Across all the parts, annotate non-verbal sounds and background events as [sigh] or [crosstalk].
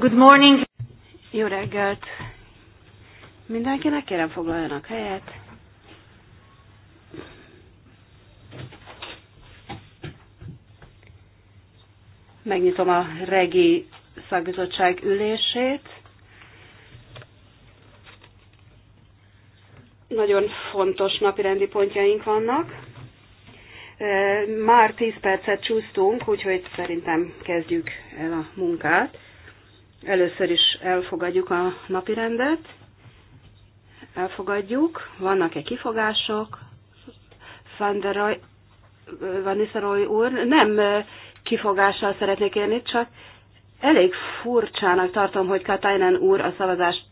Good morning. Jó reggelt. Mindenkinek kérem foglaljanak helyet. Megnyitom a regi szakbizottság ülését. Nagyon fontos napirendi pontjaink vannak. Már 10 percet csúsztunk, úgyhogy szerintem kezdjük el a munkát. Először is elfogadjuk a napirendet. Elfogadjuk. Vannak-e kifogások? Van der Roy, Van Niszaroly úr, nem kifogással szeretnék élni, csak elég furcsának tartom, hogy Katainen úr a szavazást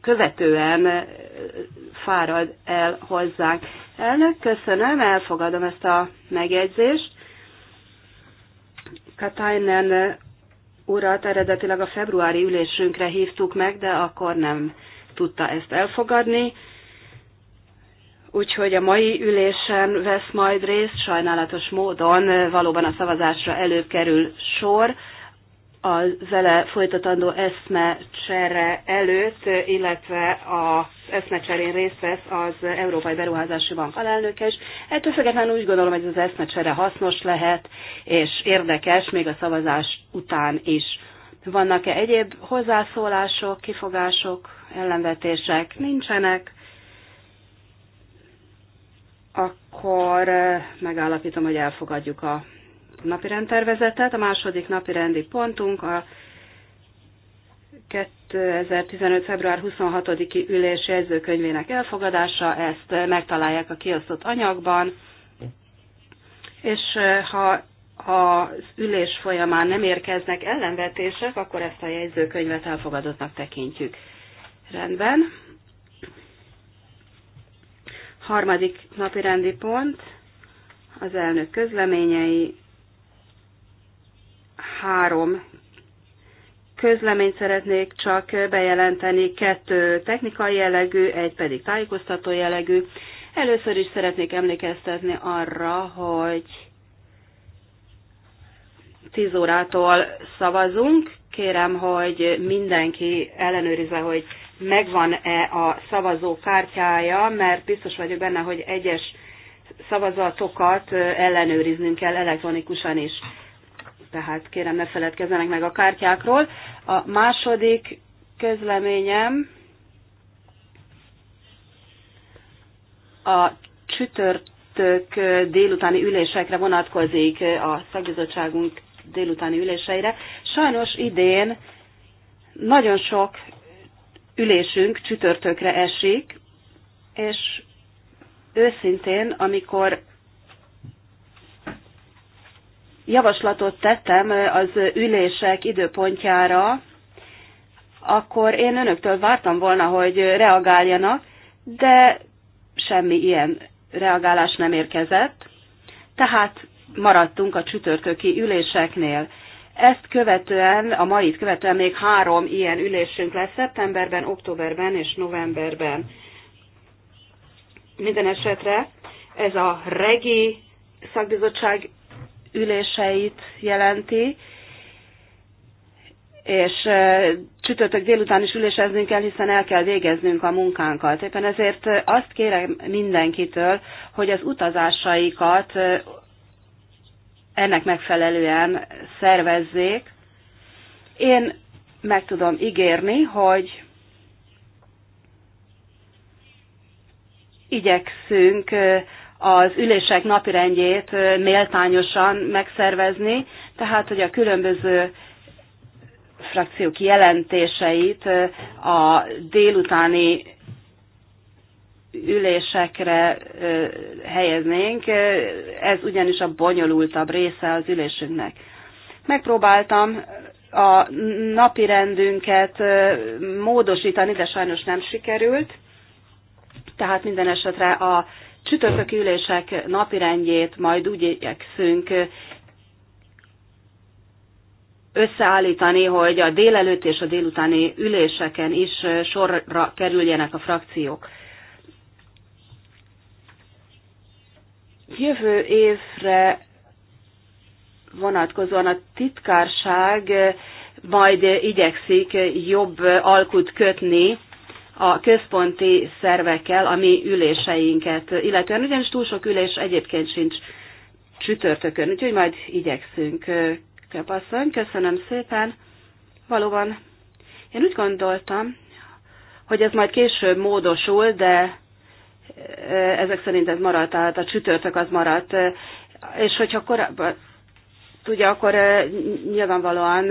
követően fárad el hozzánk. Elnök, köszönöm, elfogadom ezt a megjegyzést. Katainen urat eredetileg a februári ülésünkre hívtuk meg, de akkor nem tudta ezt elfogadni. Úgyhogy a mai ülésen vesz majd részt, sajnálatos módon valóban a szavazásra előbb kerül sor a vele folytatandó eszme csere előtt, illetve a eszmecserén részt vesz az Európai Beruházási Bank alelnöke is. Ettől függetlenül úgy gondolom, hogy ez az eszmecsere hasznos lehet, és érdekes még a szavazás után is. Vannak-e egyéb hozzászólások, kifogások, ellenvetések? Nincsenek. Akkor eh, megállapítom, hogy elfogadjuk a napirendtervezetet. A második napirendi pontunk a 2015. február 26-i ülés jegyzőkönyvének elfogadása, ezt megtalálják a kiosztott anyagban, és eh, ha az ülés folyamán nem érkeznek ellenvetések, akkor ezt a jegyzőkönyvet elfogadottnak tekintjük. Rendben. Harmadik napi rendi pont, az elnök közleményei, három közleményt szeretnék csak bejelenteni, kettő technikai jellegű, egy pedig tájékoztató jellegű. Először is szeretnék emlékeztetni arra, hogy 10 órától szavazunk. Kérem, hogy mindenki ellenőrizze, hogy megvan-e a szavazó kártyája, mert biztos vagyok benne, hogy egyes szavazatokat ellenőriznünk kell elektronikusan is tehát kérem ne feledkezzenek meg a kártyákról. A második közleményem a csütörtök délutáni ülésekre vonatkozik a szakbizottságunk délutáni üléseire. Sajnos idén nagyon sok ülésünk csütörtökre esik, és őszintén, amikor javaslatot tettem az ülések időpontjára, akkor én önöktől vártam volna, hogy reagáljanak, de semmi ilyen reagálás nem érkezett, tehát maradtunk a csütörtöki üléseknél. Ezt követően, a mait követően még három ilyen ülésünk lesz szeptemberben, októberben és novemberben. Minden esetre ez a regi szakbizottság üléseit jelenti, és csütörtök délután is üléseznünk kell, hiszen el kell végeznünk a munkánkat. Éppen ezért azt kérem mindenkitől, hogy az utazásaikat ennek megfelelően szervezzék. Én meg tudom ígérni, hogy igyekszünk az ülések napirendjét méltányosan megszervezni, tehát hogy a különböző frakciók jelentéseit a délutáni ülésekre helyeznénk, ez ugyanis a bonyolultabb része az ülésünknek. Megpróbáltam a napi rendünket módosítani, de sajnos nem sikerült. Tehát minden esetre a csütörtök ülések napirendjét majd úgy igyekszünk összeállítani, hogy a délelőtt és a délutáni üléseken is sorra kerüljenek a frakciók. Jövő évre vonatkozóan a titkárság majd igyekszik jobb alkut kötni a központi szervekkel a mi üléseinket, illetően ugyanis túl sok ülés egyébként sincs csütörtökön, úgyhogy majd igyekszünk. Köpasszony, köszönöm szépen. Valóban, én úgy gondoltam, hogy ez majd később módosul, de ezek szerint ez maradt, tehát a csütörtök az maradt. És hogyha korábban tudja, akkor nyilvánvalóan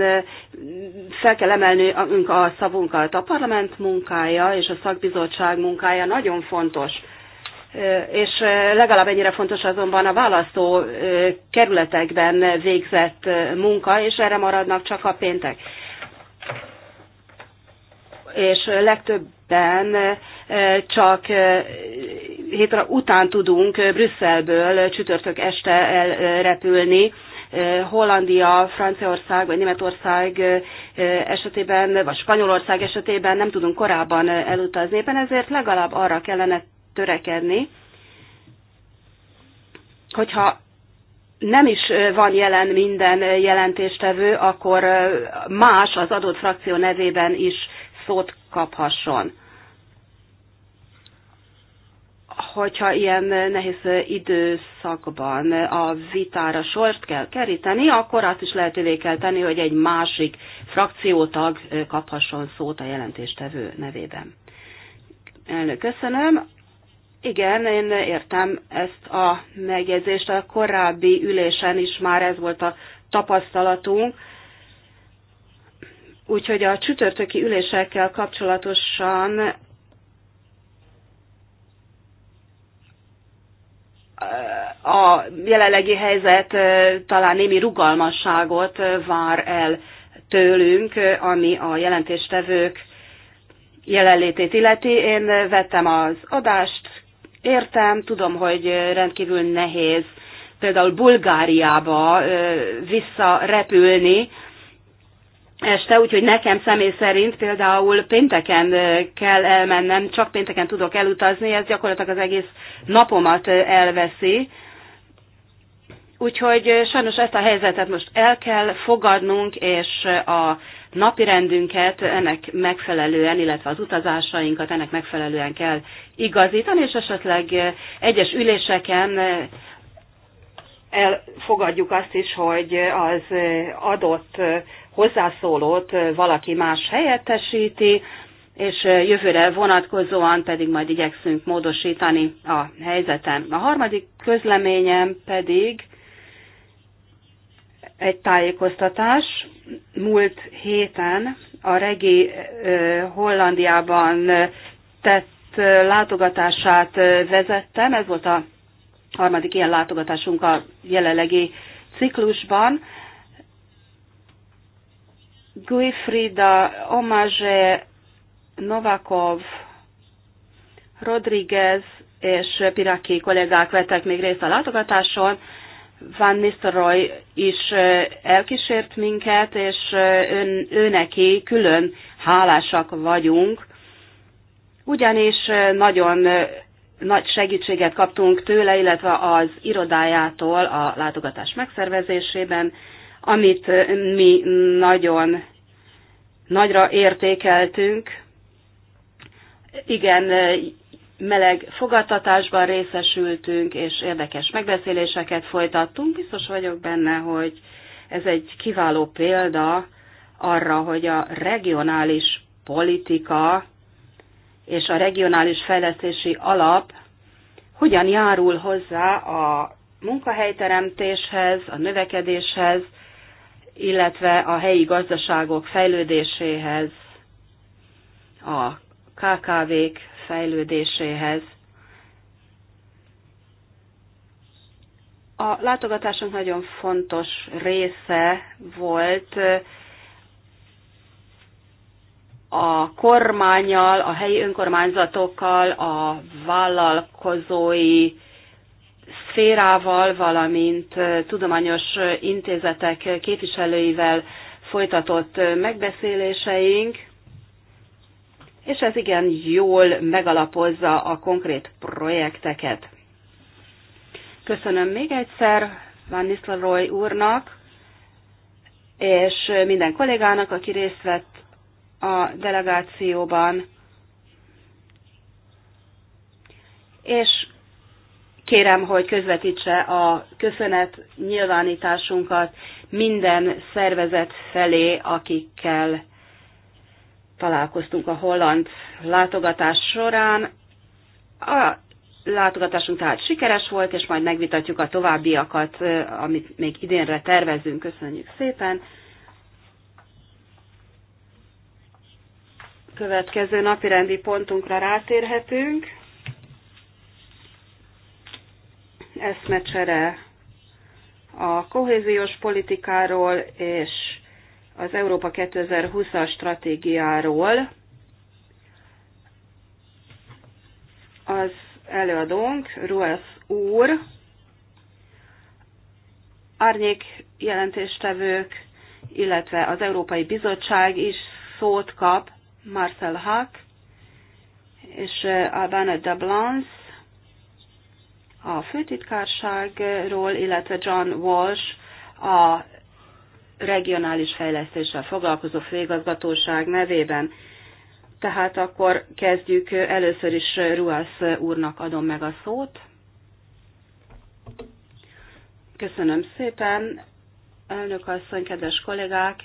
fel kell emelnünk a szavunkat. A parlament munkája és a szakbizottság munkája nagyon fontos, és legalább ennyire fontos azonban a választó kerületekben végzett munka, és erre maradnak csak a péntek. És legtöbben csak hétra után tudunk Brüsszelből csütörtök este elrepülni, Hollandia, Franciaország vagy Németország esetében, vagy Spanyolország esetében nem tudunk korábban elutazni. Éppen ezért legalább arra kellene törekedni, hogyha nem is van jelen minden jelentéstevő, akkor más az adott frakció nevében is szót kaphasson. hogyha ilyen nehéz időszakban a vitára sort kell keríteni, akkor azt is lehetővé kell tenni, hogy egy másik frakciótag kaphasson szót a jelentéstevő nevében. Elnök, köszönöm. Igen, én értem ezt a megjegyzést. A korábbi ülésen is már ez volt a tapasztalatunk. Úgyhogy a csütörtöki ülésekkel kapcsolatosan a jelenlegi helyzet talán némi rugalmasságot vár el tőlünk, ami a jelentéstevők jelenlétét illeti. Én vettem az adást, értem, tudom, hogy rendkívül nehéz például Bulgáriába visszarepülni, este, úgyhogy nekem személy szerint például pénteken kell elmennem, csak pénteken tudok elutazni, ez gyakorlatilag az egész napomat elveszi. Úgyhogy sajnos ezt a helyzetet most el kell fogadnunk, és a napi rendünket ennek megfelelően, illetve az utazásainkat ennek megfelelően kell igazítani, és esetleg egyes üléseken elfogadjuk azt is, hogy az adott hozzászólót valaki más helyettesíti, és jövőre vonatkozóan pedig majd igyekszünk módosítani a helyzeten. A harmadik közleményem pedig egy tájékoztatás. Múlt héten a regi Hollandiában tett látogatását vezettem, ez volt a harmadik ilyen látogatásunk a jelenlegi ciklusban, Guifrida, Omaze Novakov, Rodriguez és Piraki kollégák vettek még részt a látogatáson. Van Nistelrooy is elkísért minket, és ő neki külön hálásak vagyunk, ugyanis nagyon nagy segítséget kaptunk tőle, illetve az irodájától a látogatás megszervezésében, amit eh, mi nagyon nagyra értékeltünk. Igen, eh, meleg fogadtatásban részesültünk, és érdekes megbeszéléseket folytattunk. Biztos vagyok benne, hogy ez egy kiváló példa arra, hogy a regionális politika és a regionális fejlesztési alap hogyan járul hozzá a munkahelyteremtéshez, a növekedéshez, illetve a helyi gazdaságok fejlődéséhez, a KKV-k fejlődéséhez. A látogatásunk nagyon fontos része volt a kormányjal, a helyi önkormányzatokkal, a vállalkozói szférával, valamint tudományos intézetek képviselőivel folytatott megbeszéléseink, és ez igen jól megalapozza a konkrét projekteket. Köszönöm még egyszer Van Roy úrnak, és minden kollégának, aki részt vett a delegációban, és kérem, hogy közvetítse a köszönet nyilvánításunkat minden szervezet felé, akikkel találkoztunk a holland látogatás során. A látogatásunk tehát sikeres volt, és majd megvitatjuk a továbbiakat, amit még idénre tervezünk. Köszönjük szépen! Következő napi rendi pontunkra rátérhetünk. eszmecsere a kohéziós politikáról és az Európa 2020-as stratégiáról. Az előadónk, Ruesz úr, árnyék jelentéstevők, illetve az Európai Bizottság is szót kap, Marcel Hack és Albana de Blanc, a főtitkárságról, illetve John Walsh, a regionális fejlesztéssel foglalkozó főigazgatóság nevében. Tehát akkor kezdjük, először is Ruász úrnak adom meg a szót. Köszönöm szépen, elnök asszony, kedves kollégák!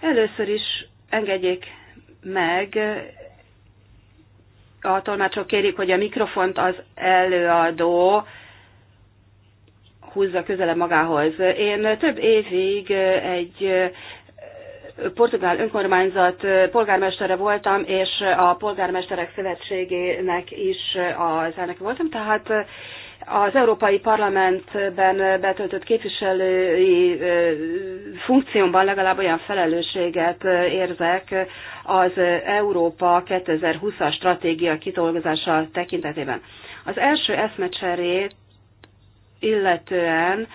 Először is engedjék meg, a tolmácsok kérik, hogy a mikrofont az előadó húzza közelebb magához. Én több évig egy portugál önkormányzat polgármestere voltam, és a polgármesterek szövetségének is az elnöke voltam, tehát az Európai Parlamentben betöltött képviselői funkciómban legalább olyan felelősséget érzek az Európa 2020-as stratégia kidolgozása tekintetében. Az első eszmecserét illetően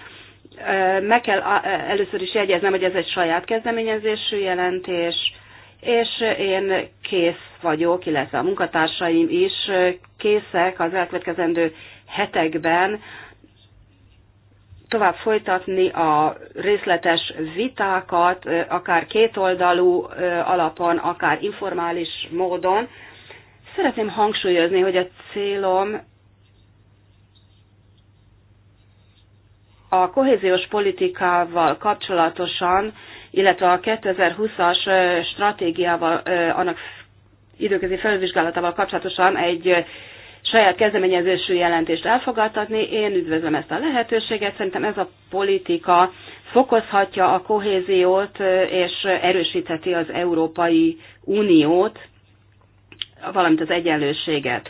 meg kell először is jegyeznem, hogy ez egy saját kezdeményezésű jelentés, és én kész vagyok, illetve a munkatársaim is készek az elkövetkezendő hetekben tovább folytatni a részletes vitákat, akár kétoldalú alapon, akár informális módon. Szeretném hangsúlyozni, hogy a célom a kohéziós politikával kapcsolatosan, illetve a 2020-as stratégiával, annak időközi felvizsgálatával kapcsolatosan egy saját kezdeményezésű jelentést elfogadtatni. Én üdvözlöm ezt a lehetőséget, szerintem ez a politika fokozhatja a kohéziót és erősítheti az Európai Uniót, valamint az egyenlőséget.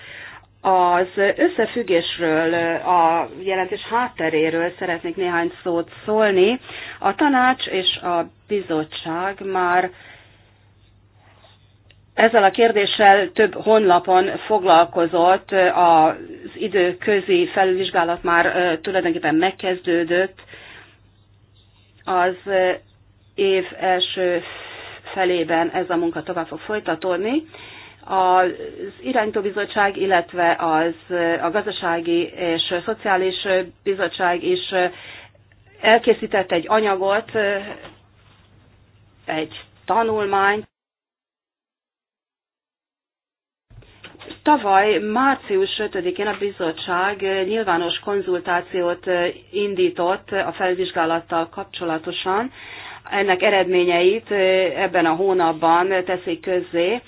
Az összefüggésről, a jelentés hátteréről szeretnék néhány szót szólni. A tanács és a bizottság már ezzel a kérdéssel több honlapon foglalkozott, az időközi felvizsgálat már tulajdonképpen megkezdődött. Az év első felében ez a munka tovább fog folytatódni. Az iránytóbizottság, illetve az, a gazdasági és szociális bizottság is elkészített egy anyagot, egy tanulmányt, Tavaly március 5-én a bizottság nyilvános konzultációt indított a felvizsgálattal kapcsolatosan. Ennek eredményeit ebben a hónapban teszik közzé.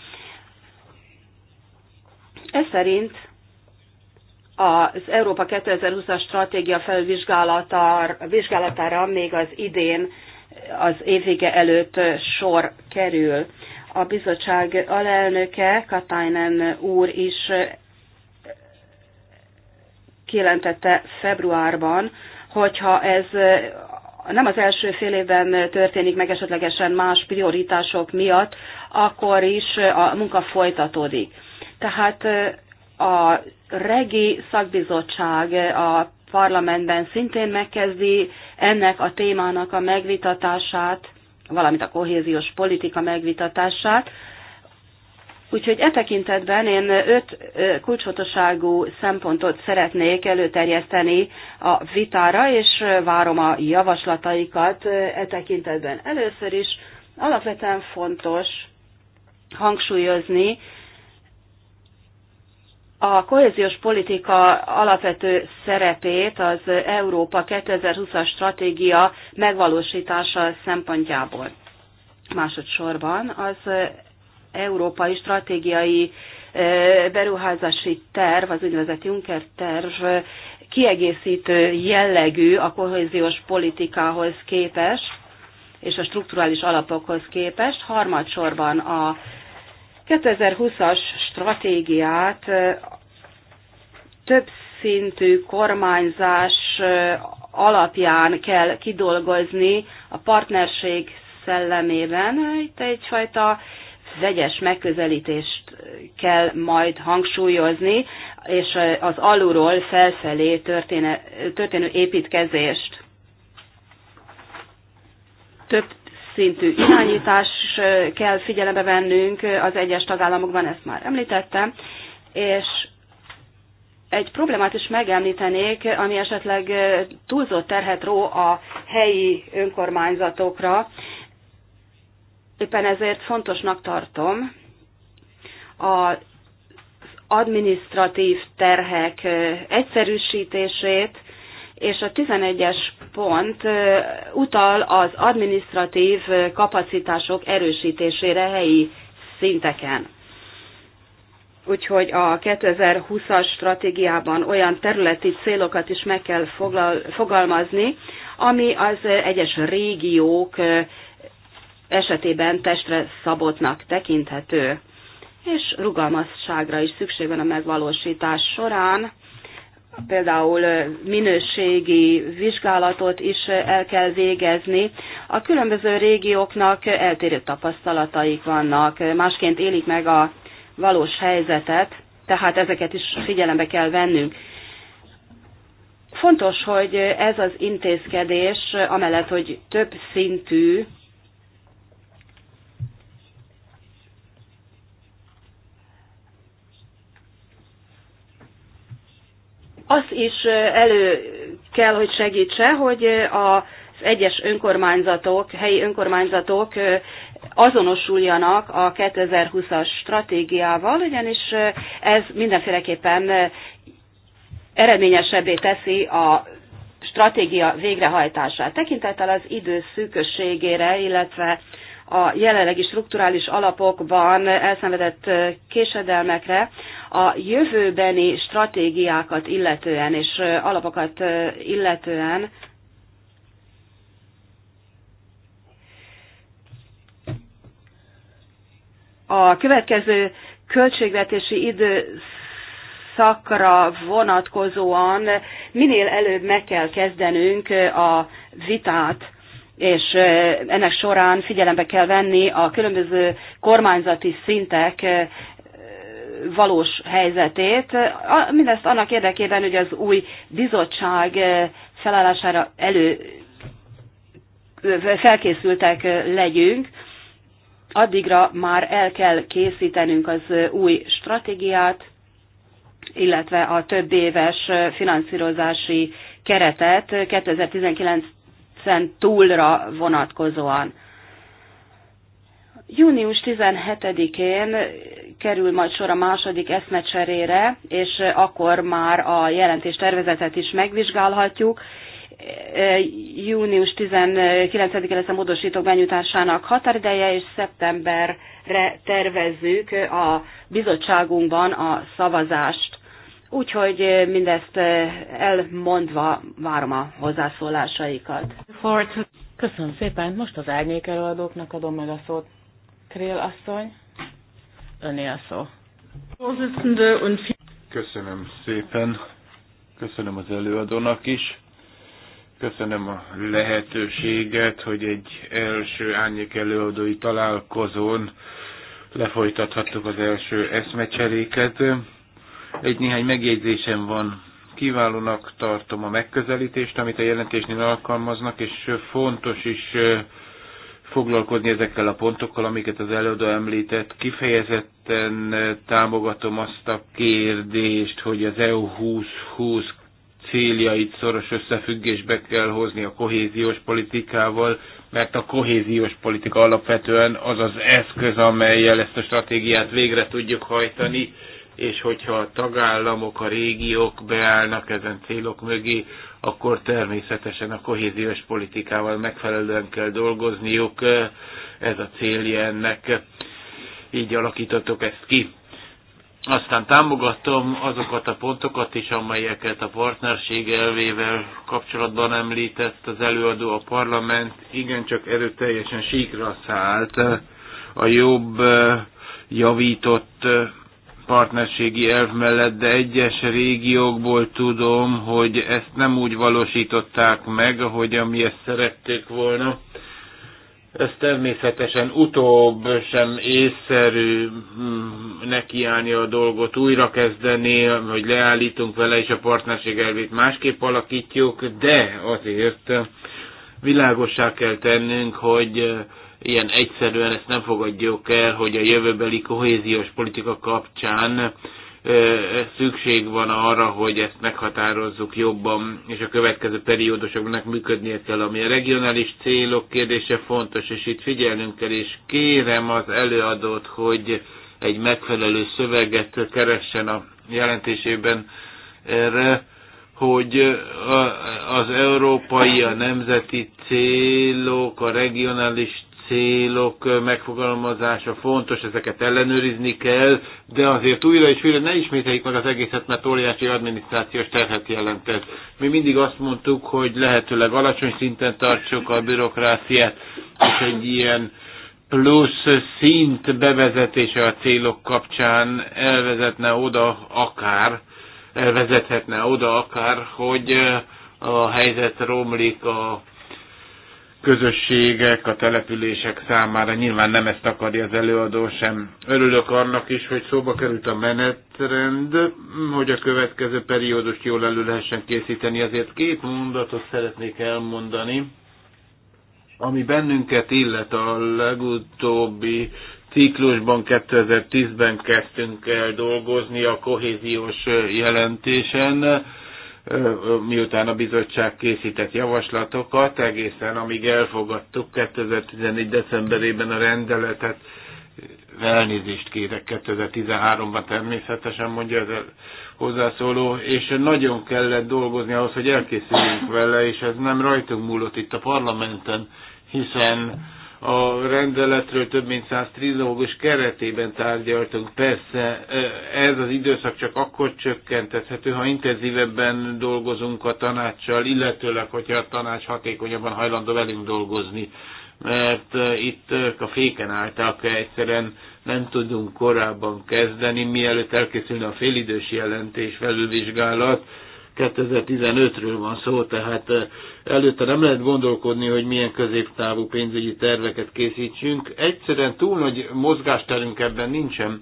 Ez szerint az Európa 2020-as stratégia felvizsgálatára még az idén az évvége előtt sor kerül a bizottság alelnöke, Katainen úr is kielentette februárban, hogyha ez nem az első fél évben történik meg esetlegesen más prioritások miatt, akkor is a munka folytatódik. Tehát a regi szakbizottság a parlamentben szintén megkezdi ennek a témának a megvitatását, valamint a kohéziós politika megvitatását. Úgyhogy e tekintetben én öt kulcsfontosságú szempontot szeretnék előterjeszteni a vitára, és várom a javaslataikat e tekintetben. Először is alapvetően fontos hangsúlyozni, a kohéziós politika alapvető szerepét az Európa 2020-as stratégia megvalósítása szempontjából. Másodszorban az Európai Stratégiai e, Beruházási Terv, az úgynevezett Juncker terv kiegészítő jellegű a kohéziós politikához képest, és a strukturális alapokhoz képest, harmadsorban a 2020-as stratégiát több szintű kormányzás alapján kell kidolgozni a partnerség szellemében. Itt egyfajta vegyes megközelítést kell majd hangsúlyozni, és az alulról felfelé történe, történő építkezést. Több szintű irányítás kell figyelembe vennünk az egyes tagállamokban, ezt már említettem, és egy problémát is megemlítenék, ami esetleg túlzott terhet ró a helyi önkormányzatokra. Éppen ezért fontosnak tartom az administratív terhek egyszerűsítését, és a 11-es pont utal az administratív kapacitások erősítésére helyi szinteken. Úgyhogy a 2020-as stratégiában olyan területi célokat is meg kell foglal, fogalmazni, ami az egyes régiók esetében testre szabottnak tekinthető, és rugalmasságra is szükség van a megvalósítás során például minőségi vizsgálatot is el kell végezni. A különböző régióknak eltérő tapasztalataik vannak, másként élik meg a valós helyzetet, tehát ezeket is figyelembe kell vennünk. Fontos, hogy ez az intézkedés, amellett, hogy több szintű, az is elő kell, hogy segítse, hogy az egyes önkormányzatok, helyi önkormányzatok azonosuljanak a 2020-as stratégiával, ugyanis ez mindenféleképpen eredményesebbé teszi a stratégia végrehajtását. Tekintettel az idő szűkösségére, illetve a jelenlegi strukturális alapokban elszenvedett késedelmekre a jövőbeni stratégiákat illetően és alapokat illetően a következő költségvetési időszakra vonatkozóan minél előbb meg kell kezdenünk a vitát és ennek során figyelembe kell venni a különböző kormányzati szintek valós helyzetét, mindezt annak érdekében, hogy az új bizottság felállására elő felkészültek legyünk, addigra már el kell készítenünk az új stratégiát, illetve a több éves finanszírozási keretet 2019 túlra vonatkozóan. Június 17-én kerül majd sor a második eszmecserére, és akkor már a jelentés tervezetet is megvizsgálhatjuk. Június 19 én lesz a módosítók benyújtásának határideje, és szeptemberre tervezzük a bizottságunkban a szavazást. Úgyhogy eh, mindezt eh, elmondva várom a hozzászólásaikat. Köszönöm szépen, most az árnyék előadóknak adom meg a szót. Krél asszony, öné a szó. Köszönöm szépen, köszönöm az előadónak is, köszönöm a lehetőséget, hogy egy első árnyék előadói találkozón lefolytathattuk az első eszmecseréket egy néhány megjegyzésem van. Kiválónak tartom a megközelítést, amit a jelentésnél alkalmaznak, és fontos is foglalkozni ezekkel a pontokkal, amiket az előadó említett. Kifejezetten támogatom azt a kérdést, hogy az EU 2020 céljait szoros összefüggésbe kell hozni a kohéziós politikával, mert a kohéziós politika alapvetően az az eszköz, amelyel ezt a stratégiát végre tudjuk hajtani, és hogyha a tagállamok, a régiók beállnak ezen célok mögé, akkor természetesen a kohéziós politikával megfelelően kell dolgozniuk, ez a célja ennek, így alakítottuk ezt ki. Aztán támogatom azokat a pontokat is, amelyeket a partnerség elvével kapcsolatban említett az előadó a parlament, igencsak erőteljesen síkra szállt a jobb eh, javított eh, partnerségi elv mellett, de egyes régiókból tudom, hogy ezt nem úgy valósították meg, ahogy ami ezt szerették volna. Ez természetesen utóbb sem észszerű mm, nekiállni a dolgot, újra kezdeni, hogy leállítunk vele, és a partnerség elvét másképp alakítjuk, de azért világossá kell tennünk, hogy ilyen egyszerűen ezt nem fogadjuk el, hogy a jövőbeli kohéziós politika kapcsán szükség van arra, hogy ezt meghatározzuk jobban, és a következő periódusoknak működnie kell, ami a regionális célok kérdése fontos, és itt figyelnünk kell, és kérem az előadót, hogy egy megfelelő szöveget keressen a jelentésében erre, hogy az európai, a nemzeti célok, a regionális célok megfogalmazása fontos, ezeket ellenőrizni kell, de azért újra és újra ne ismételjük meg az egészet, mert óriási adminisztrációs terhet jelent ez. Mi mindig azt mondtuk, hogy lehetőleg alacsony szinten tartsuk a bürokráciát, és egy ilyen plusz szint bevezetése a célok kapcsán elvezetne oda akár, elvezethetne oda akár, hogy eh, a helyzet romlik a közösségek, a települések számára. Nyilván nem ezt akarja az előadó sem. Örülök annak is, hogy szóba került a menetrend, hogy a következő periódust jól elő lehessen készíteni. Azért két mondatot szeretnék elmondani, ami bennünket illet a legutóbbi ciklusban 2010-ben kezdtünk el dolgozni a kohéziós jelentésen miután a bizottság készített javaslatokat, egészen amíg elfogadtuk 2014. decemberében a rendeletet, elnézést kérek 2013-ban természetesen, mondja az hozzászóló, és nagyon kellett dolgozni ahhoz, hogy elkészüljünk vele, és ez nem rajtunk múlott itt a parlamenten, hiszen a rendeletről több mint száz trilógus keretében tárgyaltunk. Persze ez az időszak csak akkor csökkentethető, ha intenzívebben dolgozunk a tanácssal, illetőleg, hogyha a tanács hatékonyabban hajlandó velünk dolgozni. Mert itt a féken álltak, egyszerűen nem tudunk korábban kezdeni, mielőtt elkészülne a félidős jelentés felülvizsgálat, 2015-ről van szó, tehát előtte nem lehet gondolkodni, hogy milyen középtávú pénzügyi terveket készítsünk. Egyszerűen túl nagy mozgásterünk ebben nincsen.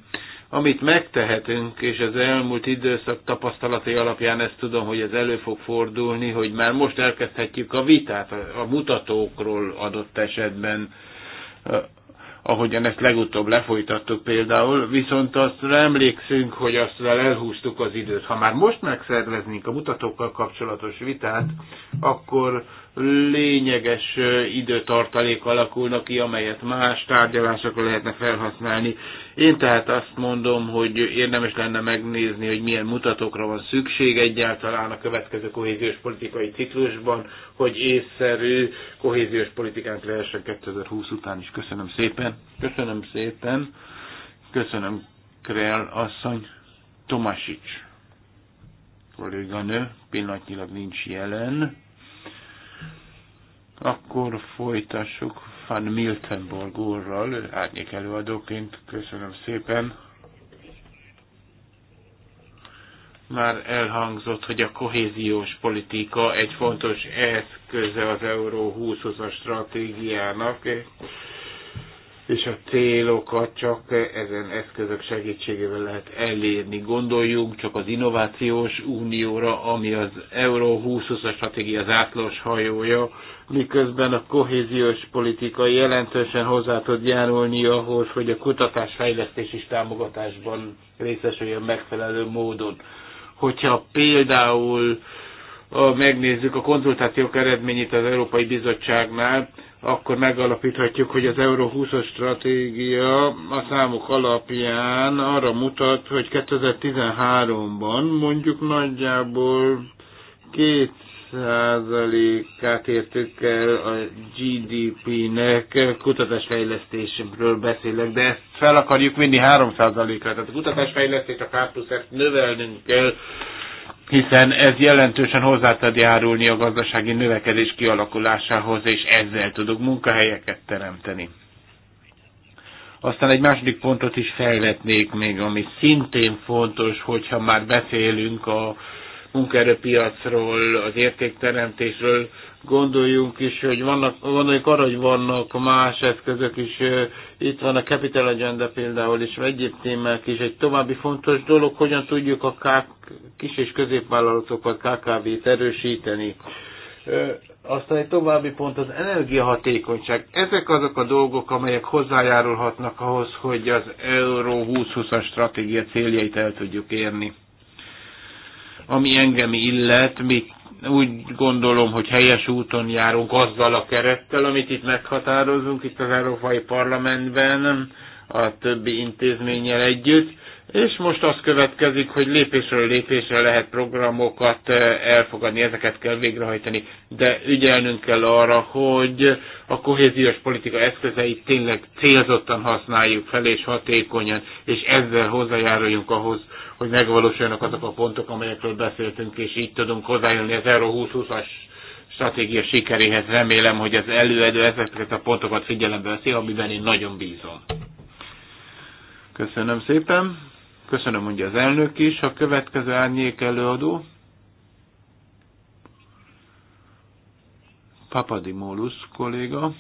Amit megtehetünk, és az elmúlt időszak tapasztalatai alapján ezt tudom, hogy ez elő fog fordulni, hogy már most elkezdhetjük a vitát a mutatókról adott esetben ahogyan ezt legutóbb lefolytattuk például, viszont azt emlékszünk, hogy azt elhúztuk az időt. Ha már most megszerveznénk a mutatókkal kapcsolatos vitát, akkor lényeges időtartalék alakulnak ki, amelyet más tárgyalásokra lehetne felhasználni. Én tehát azt mondom, hogy érdemes lenne megnézni, hogy milyen mutatókra van szükség egyáltalán a következő kohéziós politikai ciklusban, hogy észszerű kohéziós politikánk lehessen 2020 után is. Köszönöm szépen. Köszönöm szépen. Köszönöm, Krell asszony. Tomasics kolléganő pillanatnyilag nincs jelen. Akkor folytassuk Van Miltenborg úrral, árnyék előadóként. Köszönöm szépen. Már elhangzott, hogy a kohéziós politika egy fontos eszköze az Euró 20 as stratégiának, és a célokat csak ezen eszközök segítségével lehet elérni. Gondoljunk csak az innovációs unióra, ami az Euró 2020-as stratégia az átlós hajója, miközben a kohéziós politika jelentősen hozzá tud járulni ahhoz, hogy a kutatásfejlesztés is támogatásban részesüljön megfelelő módon. Hogyha például megnézzük a konzultációk eredményét az Európai Bizottságnál, akkor megalapíthatjuk, hogy az Euró 20-as stratégia a számok alapján arra mutat, hogy 2013-ban mondjuk nagyjából 2%-át értük el a GDP-nek kutatásfejlesztésről beszélek, de ezt fel akarjuk vinni 3%-ra, tehát a kutatásfejlesztést a K plusz növelnünk kell hiszen ez jelentősen hozzá tud járulni a gazdasági növekedés kialakulásához, és ezzel tudok munkahelyeket teremteni. Aztán egy második pontot is felvetnék még, ami szintén fontos, hogyha már beszélünk a munkaerőpiacról, az értékteremtésről, Gondoljunk is, hogy vannak, gondoljuk arra, hogy vannak más eszközök is, itt van a Capital Agenda például, és egyéb témák is. Egy további fontos dolog, hogyan tudjuk a K kis és középvállalatokat, KKV-t erősíteni. Aztán egy további pont az energiahatékonyság. Ezek azok a dolgok, amelyek hozzájárulhatnak ahhoz, hogy az Euró 2020-as stratégia céljait el tudjuk érni. Ami engem illet, mi úgy gondolom, hogy helyes úton járunk azzal a kerettel, amit itt meghatározunk itt az Európai Parlamentben, a többi intézménnyel együtt. És most az következik, hogy lépésről lépésre lehet programokat eh, elfogadni, ezeket kell végrehajtani, de ügyelnünk kell arra, hogy a kohéziós politika eszközeit tényleg célzottan használjuk fel és hatékonyan, és ezzel hozzájáruljunk ahhoz, hogy megvalósuljanak azok a pontok, amelyekről beszéltünk, és így tudunk hozzájönni az Euró 2020-as stratégia sikeréhez. Remélem, hogy az előedő ezeket a pontokat figyelembe veszi, amiben én nagyon bízom. Köszönöm szépen! Köszönöm, mondja az elnök is. A következő árnyék előadó. Papadimolus kolléga.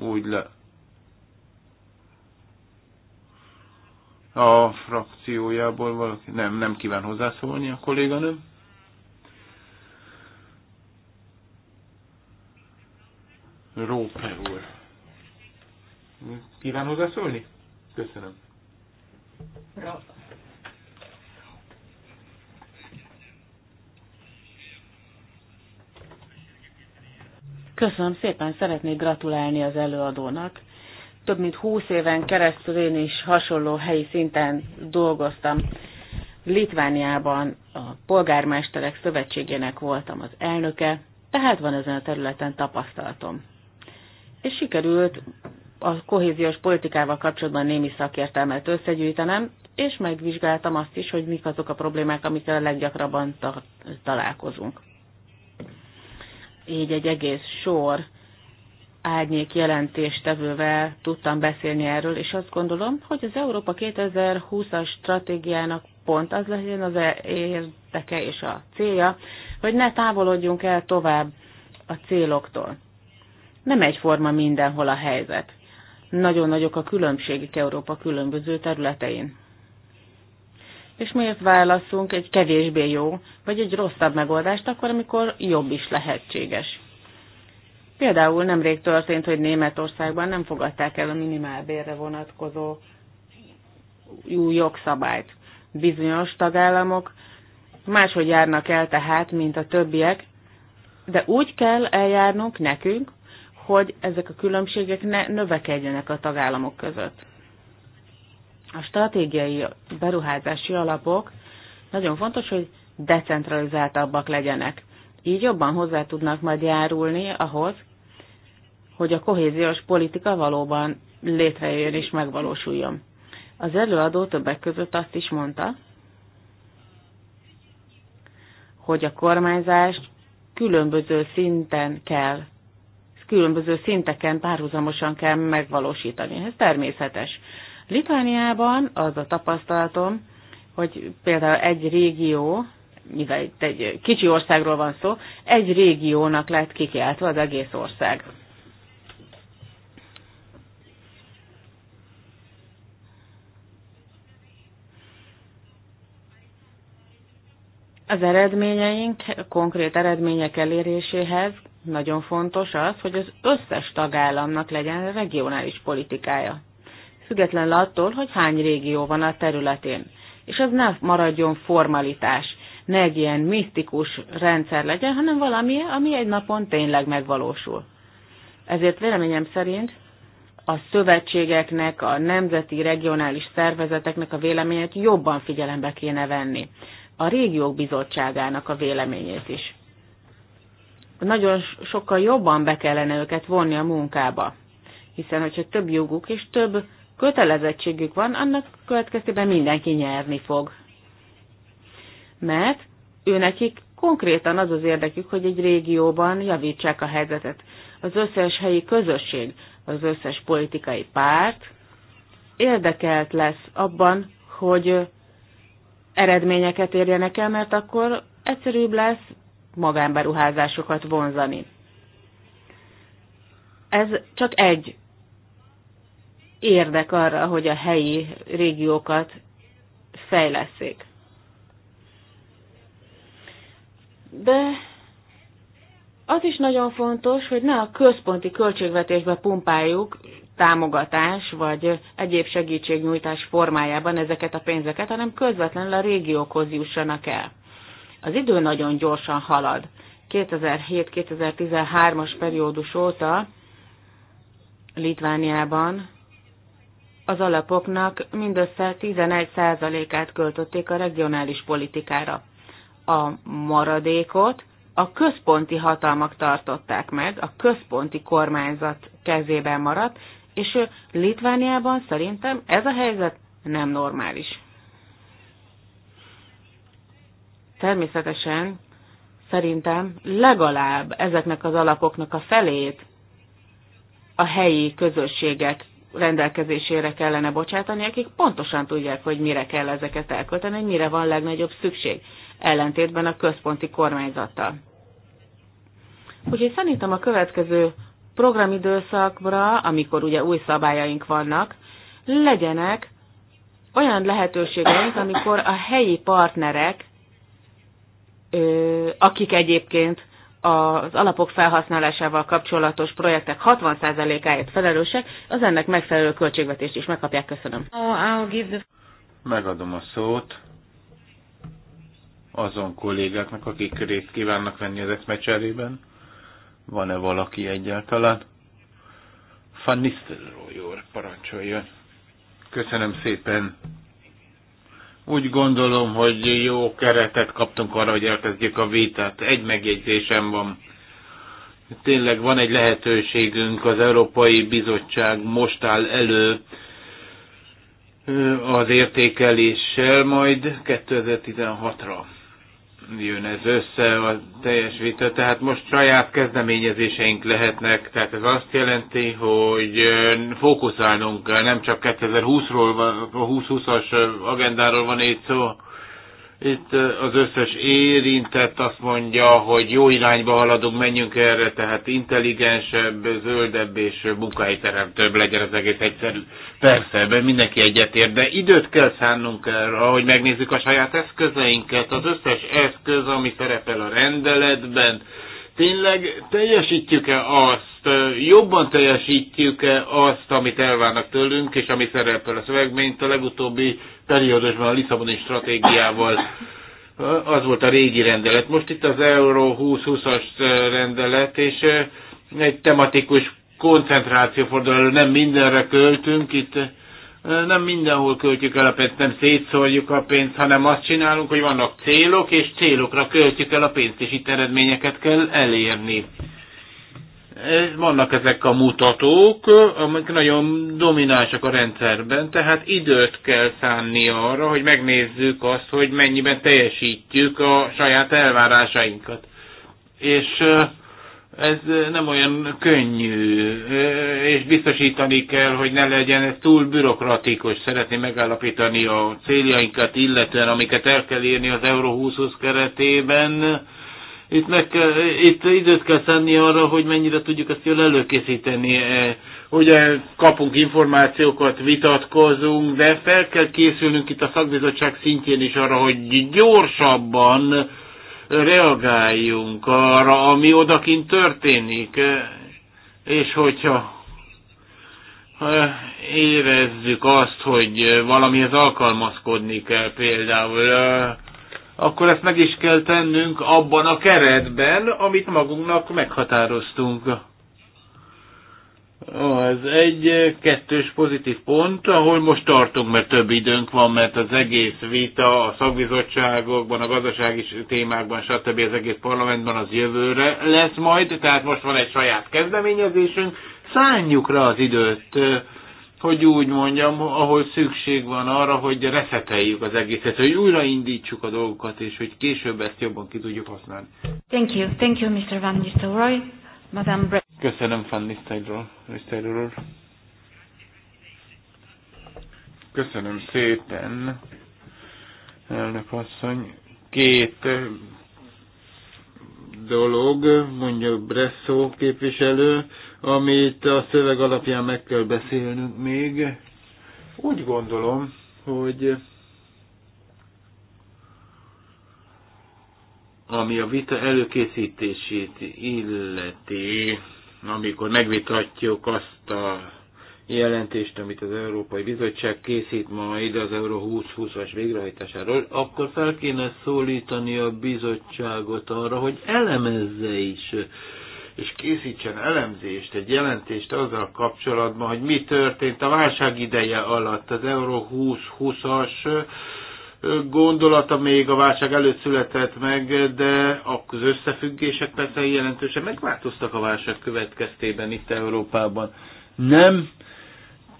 Úgy le... A frakciójából valaki... Nem, nem kíván hozzászólni a kolléganőm. Róper úr. Kíván hozzászólni? Köszönöm. Köszönöm szépen, szeretnék gratulálni az előadónak. Több mint húsz éven keresztül én is hasonló helyi szinten dolgoztam. Litvániában a Polgármesterek Szövetségének voltam az elnöke, tehát van ezen a területen tapasztalatom. És sikerült a kohéziós politikával kapcsolatban némi szakértelmet összegyűjtenem, és megvizsgáltam azt is, hogy mik azok a problémák, amikkel a leggyakrabban ta- találkozunk. Így egy egész sor árnyék jelentéstevővel tudtam beszélni erről, és azt gondolom, hogy az Európa 2020-as stratégiának pont az legyen az érdeke és a célja, hogy ne távolodjunk el tovább a céloktól. Nem egyforma mindenhol a helyzet. Nagyon nagyok a különbségek Európa különböző területein. És miért válaszunk egy kevésbé jó, vagy egy rosszabb megoldást akkor, amikor jobb is lehetséges? Például nemrég történt, hogy Németországban nem fogadták el a minimálbérre vonatkozó új jogszabályt. Bizonyos tagállamok máshogy járnak el tehát, mint a többiek, de úgy kell eljárnunk nekünk, hogy ezek a különbségek ne növekedjenek a tagállamok között. A stratégiai beruházási alapok nagyon fontos, hogy decentralizáltabbak legyenek. Így jobban hozzá tudnak majd járulni ahhoz, hogy a kohéziós politika valóban létrejön és megvalósuljon. Az előadó többek között azt is mondta, hogy a kormányzást különböző szinten kell különböző szinteken párhuzamosan kell megvalósítani. Ez természetes. Litvániában az a tapasztalatom, hogy például egy régió, mivel itt egy kicsi országról van szó, egy régiónak lett kikiáltva az egész ország. Az eredményeink konkrét eredmények eléréséhez nagyon fontos az, hogy az összes tagállamnak legyen regionális politikája. Függetlenül attól, hogy hány régió van a területén. És ez ne maradjon formalitás, ne egy ilyen misztikus rendszer legyen, hanem valami, ami egy napon tényleg megvalósul. Ezért véleményem szerint a szövetségeknek, a nemzeti regionális szervezeteknek a véleményét jobban figyelembe kéne venni. A régiók bizottságának a véleményét is nagyon sokkal jobban be kellene őket vonni a munkába. Hiszen, hogyha több joguk és több kötelezettségük van, annak következtében mindenki nyerni fog. Mert őnekik konkrétan az az érdekük, hogy egy régióban javítsák a helyzetet. Az összes helyi közösség, az összes politikai párt érdekelt lesz abban, hogy eredményeket érjenek el, mert akkor egyszerűbb lesz, magánberuházásokat vonzani. Ez csak egy érdek arra, hogy a helyi régiókat fejleszik. De az is nagyon fontos, hogy ne a központi költségvetésbe pumpáljuk támogatás vagy egyéb segítségnyújtás formájában ezeket a pénzeket, hanem közvetlenül a régiókhoz jussanak el. Az idő nagyon gyorsan halad. 2007-2013-as periódus óta Litvániában az alapoknak mindössze 11%-át költötték a regionális politikára. A maradékot a központi hatalmak tartották meg, a központi kormányzat kezében maradt, és Litvániában szerintem ez a helyzet nem normális. Természetesen szerintem legalább ezeknek az alapoknak a felét a helyi közösségek rendelkezésére kellene bocsátani, akik pontosan tudják, hogy mire kell ezeket elkölteni, hogy mire van legnagyobb szükség, ellentétben a központi kormányzattal. Úgyhogy szerintem a következő programidőszakra, amikor ugye új szabályaink vannak, legyenek olyan lehetőségeink, amikor a helyi partnerek akik egyébként az alapok felhasználásával kapcsolatos projektek 60%-áért felelősek, az ennek megfelelő költségvetést is megkapják. Köszönöm. Oh, Megadom a szót azon kollégáknak, akik részt kívánnak venni az eszmecserében. Van-e valaki egyáltalán? Fanny Nistelrooy úr, parancsoljon. Köszönöm szépen, úgy gondolom, hogy jó keretet kaptunk arra, hogy elkezdjük a vitát. Egy megjegyzésem van. Tényleg van egy lehetőségünk, az Európai Bizottság most áll elő az értékeléssel majd 2016-ra jön ez össze a teljes vita. Tehát most saját kezdeményezéseink lehetnek, tehát ez azt jelenti, hogy fókuszálnunk kell, nem csak 2020-ról, a 2020-as agendáról van itt szó, itt az összes érintett azt mondja, hogy jó irányba haladunk, menjünk erre, tehát intelligensebb, zöldebb és munkahelyteremtőbb legyen az egész egyszerű. Persze, ebben mindenki egyetért, de időt kell szánnunk erre, hogy megnézzük a saját eszközeinket, az összes eszköz, ami szerepel a rendeletben, Tényleg teljesítjük-e azt, jobban teljesítjük-e azt, amit elvárnak tőlünk, és ami szerepel a szöveg, mint a legutóbbi periódusban a Lisszaboni stratégiával az volt a régi rendelet. Most itt az Euró 2020-as rendelet, és egy tematikus koncentráció fordul elő, nem mindenre költünk, itt nem mindenhol költjük el a pénzt, nem szétszórjuk a pénzt, hanem azt csinálunk, hogy vannak célok, és célokra költjük el a pénzt, és itt eredményeket kell elérni. Vannak ezek a mutatók, amik nagyon dominánsak a rendszerben, tehát időt kell szánni arra, hogy megnézzük azt, hogy mennyiben teljesítjük a saját elvárásainkat. És ez nem olyan könnyű, és biztosítani kell, hogy ne legyen ez túl bürokratikus. Szeretné megállapítani a céljainkat, illetően amiket el kell írni az Euro 20 keretében. Itt, meg kell, itt időt kell szenni arra, hogy mennyire tudjuk ezt jól előkészíteni. E, hogy kapunk információkat, vitatkozunk, de fel kell készülnünk itt a szakbizottság szintjén is arra, hogy gyorsabban reagáljunk arra, ami odakint történik, és hogyha érezzük azt, hogy valamihez alkalmazkodni kell például, akkor ezt meg is kell tennünk abban a keretben, amit magunknak meghatároztunk ez egy kettős pozitív pont, ahol most tartunk, mert több időnk van, mert az egész vita a szakbizottságokban, a gazdasági témákban, stb. az egész parlamentben az jövőre lesz majd, tehát most van egy saját kezdeményezésünk, szálljuk rá az időt, hogy úgy mondjam, ahol szükség van arra, hogy reszeteljük az egészet, hogy újraindítsuk a dolgokat, és hogy később ezt jobban ki tudjuk használni. Thank you. Thank you, Mr. Van Nistelrooy. Madame Bre Köszönöm, Fanny Steiner Köszönöm szépen, elnök asszony. Két dolog, mondja Bresszó képviselő, amit a szöveg alapján meg kell beszélnünk még. Úgy gondolom, hogy Ami a vita előkészítését illeti, amikor megvitatjuk azt a jelentést, amit az Európai Bizottság készít majd az Euró 2020-as végrehajtásáról, akkor fel kéne szólítani a bizottságot arra, hogy elemezze is, és készítsen elemzést, egy jelentést azzal kapcsolatban, hogy mi történt a válság ideje alatt az Euró 2020-as gondolata még a válság előtt született meg, de az összefüggések persze jelentősen megváltoztak a válság következtében itt Európában. Nem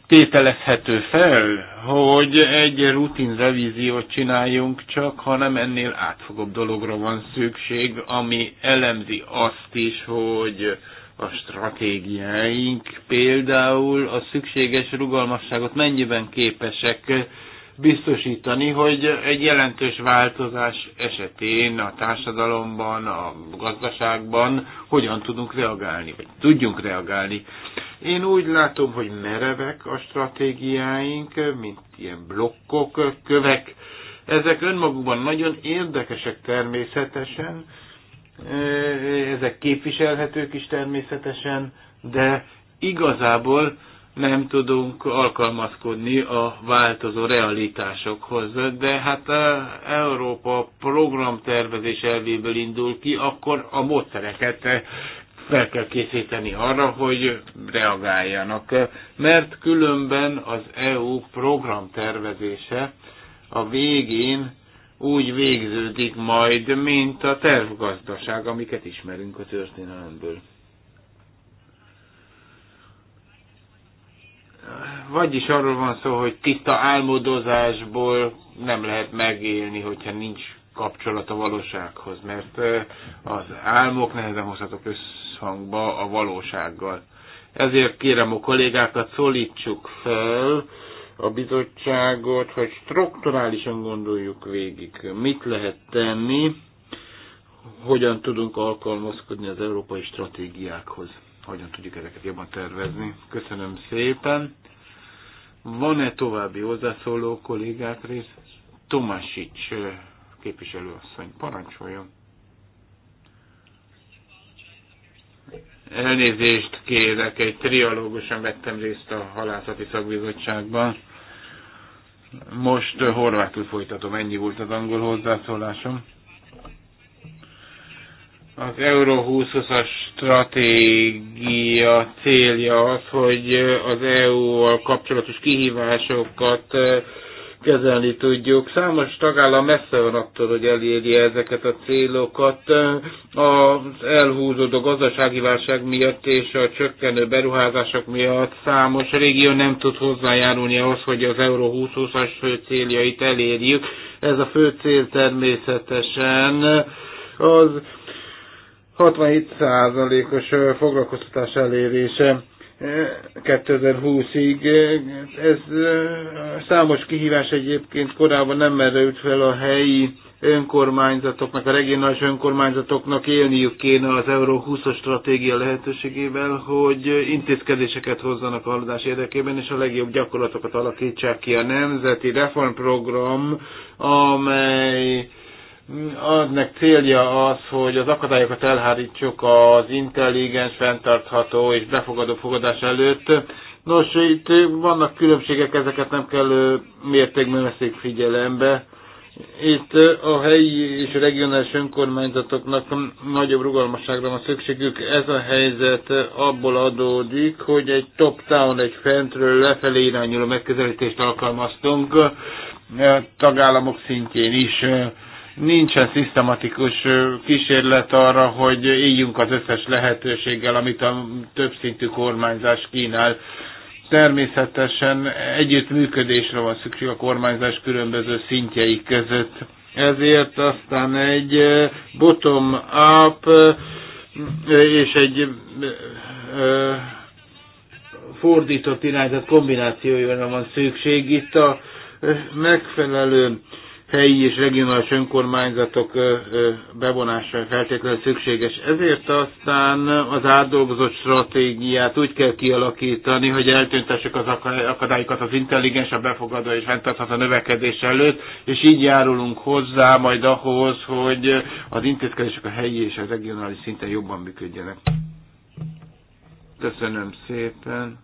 tételezhető fel, hogy egy rutin revíziót csináljunk csak, hanem ennél átfogóbb dologra van szükség, ami elemzi azt is, hogy a stratégiáink például a szükséges rugalmasságot mennyiben képesek biztosítani, hogy egy jelentős változás esetén a társadalomban, a gazdaságban hogyan tudunk reagálni, vagy tudjunk reagálni. Én úgy látom, hogy merevek a stratégiáink, mint ilyen blokkok, kövek. Ezek önmagukban nagyon érdekesek természetesen, ezek képviselhetők is természetesen, de igazából nem tudunk alkalmazkodni a változó realitásokhoz. De hát a Európa programtervezés elvéből indul ki, akkor a módszereket fel kell készíteni arra, hogy reagáljanak. Mert különben az EU programtervezése a végén úgy végződik majd, mint a tervgazdaság, amiket ismerünk a történelemből. Vagyis arról van szó, hogy tiszta álmodozásból nem lehet megélni, hogyha nincs kapcsolat a valósághoz, mert az álmok nehezen hozhatok összhangba a valósággal. Ezért kérem a kollégákat, szólítsuk fel a bizottságot, hogy strukturálisan gondoljuk végig, mit lehet tenni, hogyan tudunk alkalmazkodni az európai stratégiákhoz hogyan tudjuk ezeket jobban tervezni. Köszönöm szépen. Van-e további hozzászóló kollégák rész? Tomásics képviselőasszony, parancsoljon. Elnézést kérek, egy trialógusan vettem részt a halászati szakbizottságban. Most horvátul folytatom, ennyi volt az angol hozzászólásom. Az Euró 20 as stratégia célja az, hogy az EU-val kapcsolatos kihívásokat eh, kezelni tudjuk. Számos tagállam messze van attól, hogy elérje ezeket a célokat. Az elhúzódó gazdasági válság miatt és a csökkenő beruházások miatt számos régió nem tud hozzájárulni ahhoz, hogy az Euró 2020-as fő céljait elérjük. Ez a fő cél természetesen az 67%-os foglalkoztatás elérése 2020-ig. Ez számos kihívás egyébként korábban nem merült fel a helyi önkormányzatoknak, a regionális önkormányzatoknak élniük kéne az Euró 20-os stratégia lehetőségével, hogy intézkedéseket hozzanak a haladás érdekében, és a legjobb gyakorlatokat alakítsák ki a nemzeti reformprogram, amely Aznek célja az, hogy az akadályokat elhárítsuk az intelligens, fenntartható és befogadó fogadás előtt. Nos, itt vannak különbségek, ezeket nem kell mértékben veszik figyelembe. Itt a helyi és a regionális önkormányzatoknak nagyobb rugalmasságra van szükségük. Ez a helyzet abból adódik, hogy egy top-down, egy fentről lefelé irányuló megközelítést alkalmaztunk eh, tagállamok szintjén is nincsen szisztematikus kísérlet arra, hogy éljünk az összes lehetőséggel, amit a többszintű kormányzás kínál. Természetesen együttműködésre van szükség a kormányzás különböző szintjei között. Ezért aztán egy bottom-up és egy fordított irányzat kombinációjára van szükség. Itt a megfelelő helyi és regionális önkormányzatok bevonása feltétlenül szükséges. Ezért aztán az átdolgozott stratégiát úgy kell kialakítani, hogy eltüntessük az akadályokat az intelligens, a befogadó és fenntartható növekedés előtt, és így járulunk hozzá majd ahhoz, hogy az intézkedések a helyi és a regionális szinten jobban működjenek. Köszönöm szépen.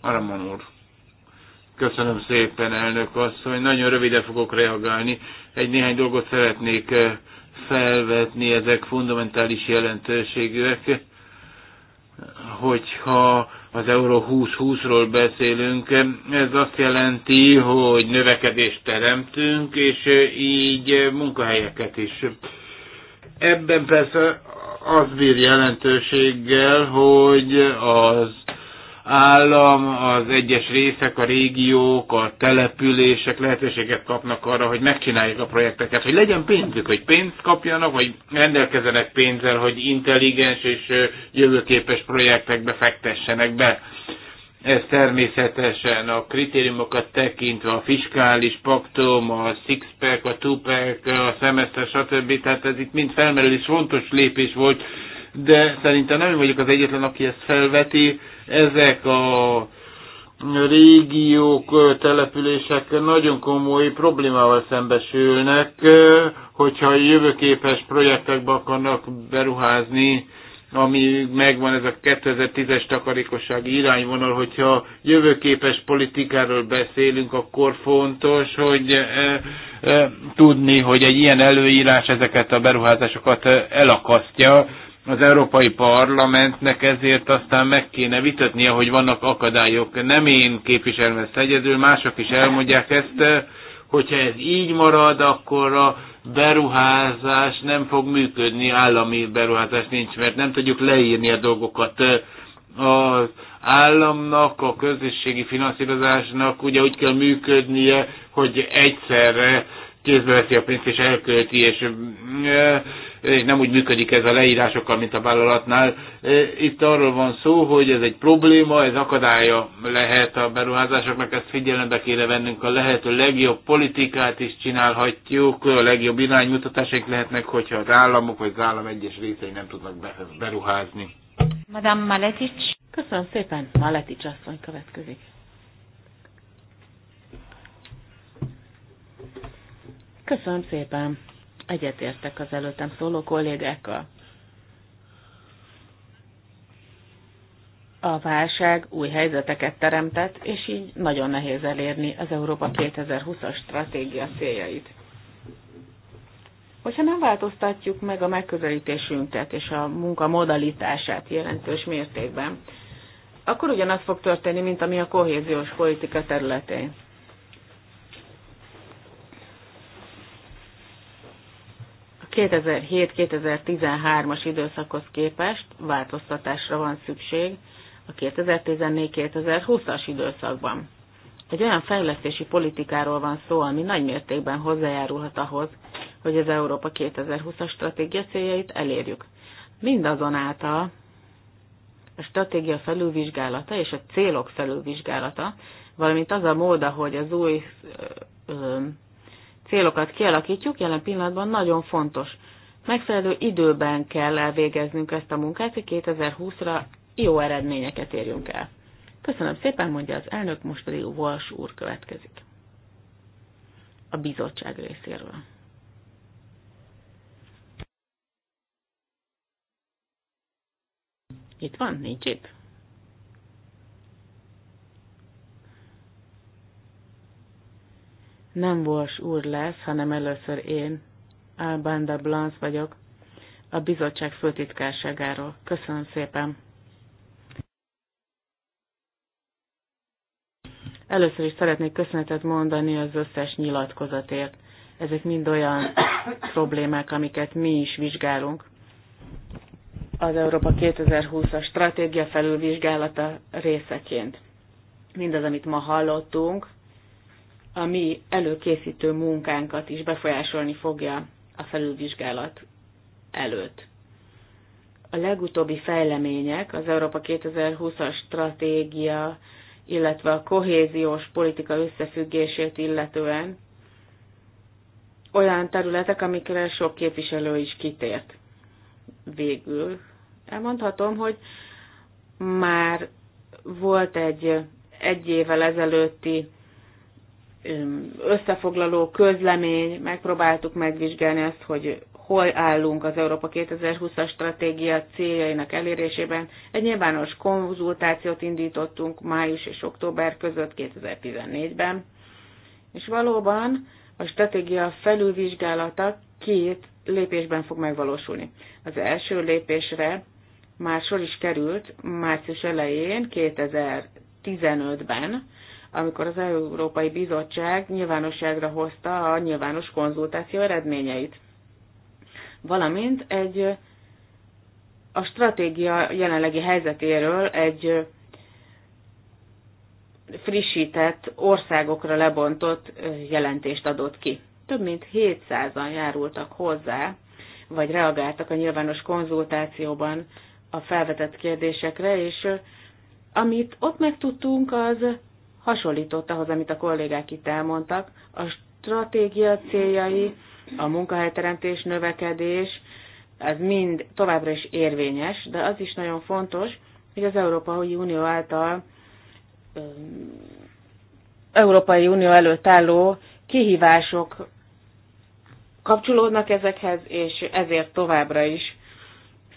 Aramon úr. Köszönöm szépen, elnök asszony. Nagyon röviden fogok reagálni. Egy néhány dolgot szeretnék eh, felvetni, ezek fundamentális jelentőségűek, hogyha az Euró 20-20-ról beszélünk, ez azt jelenti, hogy növekedést teremtünk, és eh, így munkahelyeket is. Ebben persze az bír jelentőséggel, hogy az állam, az egyes részek, a régiók, a települések lehetőséget kapnak arra, hogy megcsinálják a projekteket, hogy legyen pénzük, hogy pénzt kapjanak, vagy rendelkezenek pénzzel, hogy intelligens és jövőképes projektekbe fektessenek be. Ez természetesen a kritériumokat tekintve, a fiskális paktum, a six-pack, a two-pack, a szemeszter, stb. Tehát ez itt mind felmerül, és fontos lépés volt, de szerintem nem vagyok az egyetlen, aki ezt felveti ezek a régiók, települések nagyon komoly problémával szembesülnek, hogyha jövőképes projektekbe akarnak beruházni, ami megvan ez a 2010-es takarékossági irányvonal, hogyha jövőképes politikáról beszélünk, akkor fontos, hogy e, e, tudni, hogy egy ilyen előírás ezeket a beruházásokat elakasztja, az Európai Parlamentnek ezért aztán meg kéne vitatnia, hogy vannak akadályok. Nem én képviselem ezt egyedül, mások is elmondják ezt, hogyha ez így marad, akkor a beruházás nem fog működni, állami beruházás nincs, mert nem tudjuk leírni a dolgokat. Az államnak, a közösségi finanszírozásnak ugye úgy kell működnie, hogy egyszerre kézbe veszi a pénzt és elkölti, és és nem úgy működik ez a leírásokkal, mint a vállalatnál. Itt arról van szó, hogy ez egy probléma, ez akadálya lehet a beruházásoknak, ezt figyelembe kéne vennünk a lehető legjobb politikát is csinálhatjuk, a legjobb iránymutatásaink lehetnek, hogyha az államok vagy az állam egyes részei nem tudnak beruházni. Madame Maletic, Köszönöm szépen, Maletic asszony következik. Köszönöm szépen. Egyetértek az előttem szóló kollégákkal. A válság új helyzeteket teremtett, és így nagyon nehéz elérni az Európa 2020-as stratégia céljait. Hogyha nem változtatjuk meg a megközelítésünket és a munka modalitását jelentős mértékben, akkor ugyanaz fog történni, mint ami a kohéziós politika területén. 2007-2013-as időszakhoz képest változtatásra van szükség a 2014-2020-as időszakban. Egy olyan fejlesztési politikáról van szó, ami nagymértékben hozzájárulhat ahhoz, hogy az Európa 2020-as stratégia céljait elérjük. Mindazonáltal a stratégia felülvizsgálata és a célok felülvizsgálata, valamint az a mód, ahogy az új ö, ö, célokat kialakítjuk, jelen pillanatban nagyon fontos. Megfelelő időben kell elvégeznünk ezt a munkát, hogy 2020-ra jó eredményeket érjünk el. Köszönöm szépen, mondja az elnök, most pedig Walsh úr következik. A bizottság részéről. Itt van? Nincs itt. nem Vos úr lesz, hanem először én, Albanda Blanc vagyok, a bizottság főtitkárságáról. Köszönöm szépen! Először is szeretnék köszönetet mondani az összes nyilatkozatért. Ezek mind olyan [coughs] problémák, amiket mi is vizsgálunk. Az Európa 2020-as stratégia felülvizsgálata részeként. Mindaz, amit ma hallottunk, a mi előkészítő munkánkat is befolyásolni fogja a felülvizsgálat előtt. A legutóbbi fejlemények az Európa 2020-as stratégia, illetve a kohéziós politika összefüggését illetően olyan területek, amikre sok képviselő is kitért. Végül elmondhatom, hogy már volt egy egy évvel ezelőtti összefoglaló közlemény, megpróbáltuk megvizsgálni azt, hogy hol állunk az Európa 2020-as stratégia céljainak elérésében. Egy nyilvános konzultációt indítottunk május és október között 2014-ben, és valóban a stratégia felülvizsgálata két lépésben fog megvalósulni. Az első lépésre már sor is került március elején, 2015-ben, amikor az Európai Bizottság nyilvánosságra hozta a nyilvános konzultáció eredményeit. Valamint egy a stratégia jelenlegi helyzetéről egy frissített, országokra lebontott jelentést adott ki. Több mint 700-an járultak hozzá, vagy reagáltak a nyilvános konzultációban a felvetett kérdésekre, és amit ott megtudtunk, az hasonlított ahhoz, amit a kollégák itt elmondtak. A stratégia céljai, a munkahelyteremtés, növekedés, ez mind továbbra is érvényes, de az is nagyon fontos, hogy az Európai Unió által Európai Unió előtt álló kihívások kapcsolódnak ezekhez, és ezért továbbra is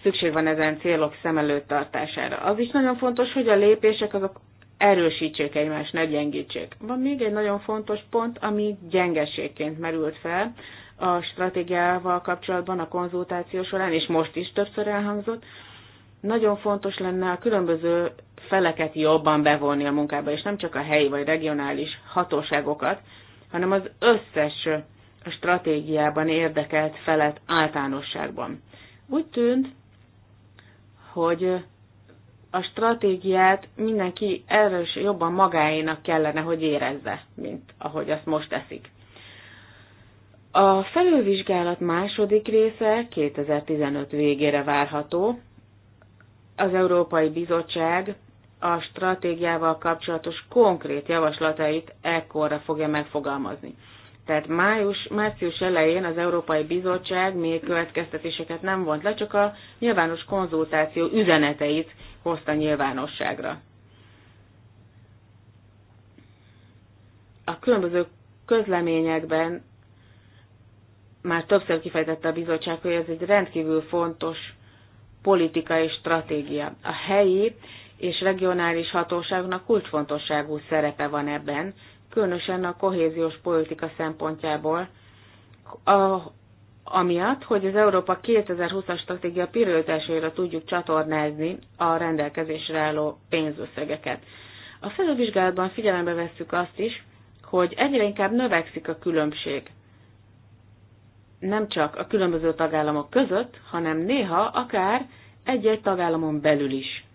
szükség van ezen célok szem előtt tartására. Az is nagyon fontos, hogy a lépések azok erősítsék egymást, ne gyengítsék. Van még egy nagyon fontos pont, ami gyengeségként merült fel a stratégiával kapcsolatban a konzultáció során, és most is többször elhangzott. Nagyon fontos lenne a különböző feleket jobban bevonni a munkába, és nem csak a helyi vagy regionális hatóságokat, hanem az összes stratégiában érdekelt felett általánosságban. Úgy tűnt, hogy a stratégiát mindenki is jobban magáénak kellene, hogy érezze, mint ahogy azt most teszik. A felülvizsgálat második része 2015 végére várható. Az Európai Bizottság a stratégiával kapcsolatos konkrét javaslatait ekkorra fogja megfogalmazni. Tehát május, március elején az Európai Bizottság még következtetéseket nem vont le, csak a nyilvános konzultáció üzeneteit hozta nyilvánosságra. A különböző közleményekben már többször kifejtette a bizottság, hogy ez egy rendkívül fontos politika és stratégia. A helyi és regionális hatóságnak kulcsfontosságú szerepe van ebben, különösen a kohéziós politika szempontjából, a, amiatt, hogy az Európa 2020-as stratégia pirőtásaira tudjuk csatornázni a rendelkezésre álló pénzösszegeket. A felülvizsgálatban figyelembe vesszük azt is, hogy egyre inkább növekszik a különbség. Nem csak a különböző tagállamok között, hanem néha akár egy-egy tagállamon belül is.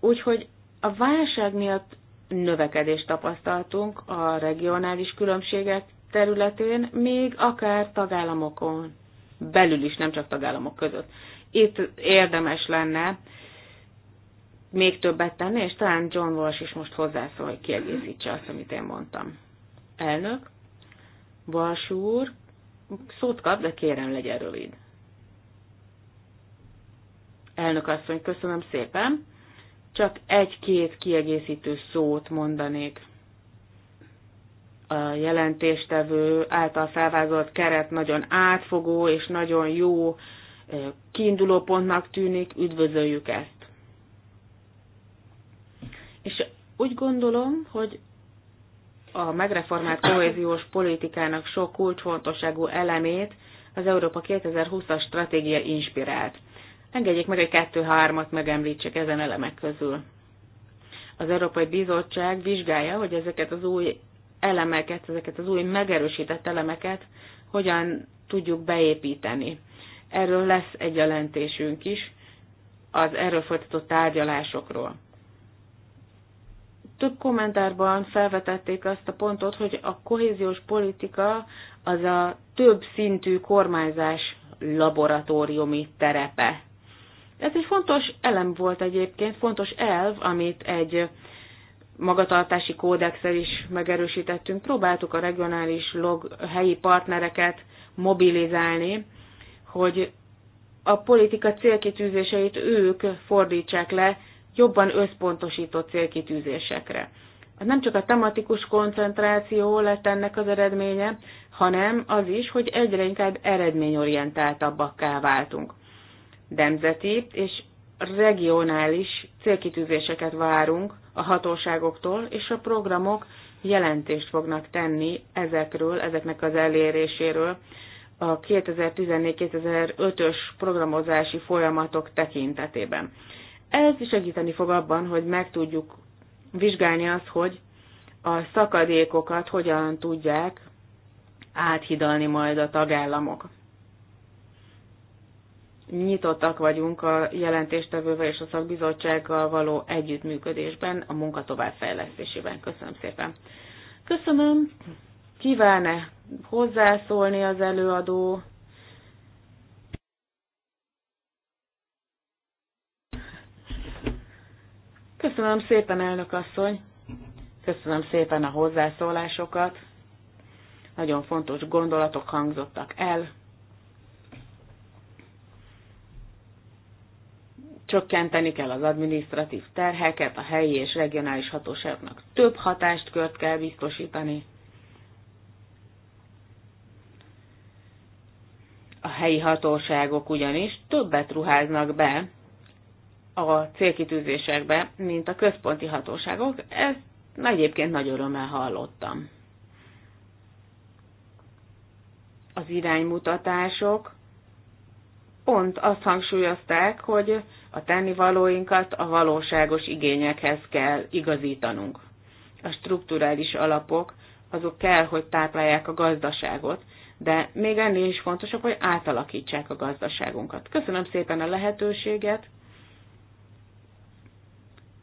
Úgyhogy a válság miatt növekedést tapasztaltunk a regionális különbségek területén, még akár tagállamokon belül is, nem csak tagállamok között. Itt érdemes lenne még többet tenni, és talán John Walsh is most hozzászól, hogy kiegészítse azt, amit én mondtam. Elnök, Walsh úr, szót kap, de kérem, legyen rövid. Elnök asszony, köszönöm szépen. Csak egy-két kiegészítő szót mondanék. A jelentéstevő által felvázolt keret nagyon átfogó és nagyon jó pontnak tűnik, üdvözöljük ezt. És úgy gondolom, hogy a megreformált kohéziós politikának sok kulcsfontosságú elemét az Európa 2020-as stratégia inspirált. Engedjék meg egy kettő-hármat megemlítsek ezen elemek közül. Az Európai Bizottság vizsgálja, hogy ezeket az új elemeket, ezeket az új megerősített elemeket hogyan tudjuk beépíteni. Erről lesz egy jelentésünk is, az erről folytatott tárgyalásokról. Több kommentárban felvetették azt a pontot, hogy a kohéziós politika az a több szintű kormányzás laboratóriumi terepe. Ez egy fontos elem volt egyébként, fontos elv, amit egy magatartási kódexel is megerősítettünk. Próbáltuk a regionális log, helyi partnereket mobilizálni, hogy a politika célkitűzéseit ők fordítsák le jobban összpontosított célkitűzésekre. Hát nem csak a tematikus koncentráció lett ennek az eredménye, hanem az is, hogy egyre inkább eredményorientáltabbakká váltunk nemzeti és regionális célkitűzéseket várunk a hatóságoktól, és a programok jelentést fognak tenni ezekről, ezeknek az eléréséről a 2014-2005-ös programozási folyamatok tekintetében. Ez is segíteni fog abban, hogy meg tudjuk vizsgálni azt, hogy a szakadékokat hogyan tudják áthidalni majd a tagállamok nyitottak vagyunk a jelentéstevővel és a szakbizottsággal való együttműködésben, a munka továbbfejlesztésében. Köszönöm szépen. Köszönöm. Kíván-e hozzászólni az előadó? Köszönöm szépen, elnök asszony. Köszönöm szépen a hozzászólásokat. Nagyon fontos gondolatok hangzottak el. Csökkenteni kell az adminisztratív terheket, a helyi és regionális hatóságnak több hatást kört kell biztosítani. A helyi hatóságok ugyanis többet ruháznak be a célkitűzésekbe, mint a központi hatóságok. Ezt egyébként nagy örömmel hallottam. Az iránymutatások pont azt hangsúlyozták, hogy a tennivalóinkat a valóságos igényekhez kell igazítanunk. A strukturális alapok azok kell, hogy táplálják a gazdaságot, de még ennél is fontosak, hogy átalakítsák a gazdaságunkat. Köszönöm szépen a lehetőséget,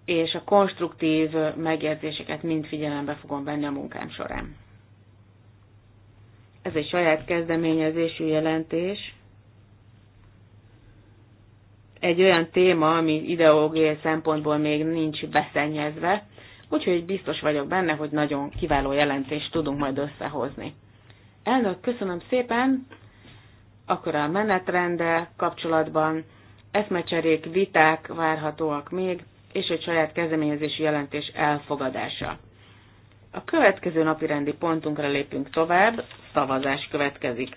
és a konstruktív megjegyzéseket mind figyelembe fogom venni a munkám során. Ez egy saját kezdeményezésű jelentés, egy olyan téma, ami ideológiai szempontból még nincs beszennyezve, úgyhogy biztos vagyok benne, hogy nagyon kiváló jelentést tudunk majd összehozni. Elnök, köszönöm szépen, akkor a menetrende kapcsolatban eszmecserék, viták várhatóak még, és egy saját kezdeményezési jelentés elfogadása. A következő napi rendi pontunkra lépünk tovább, szavazás következik.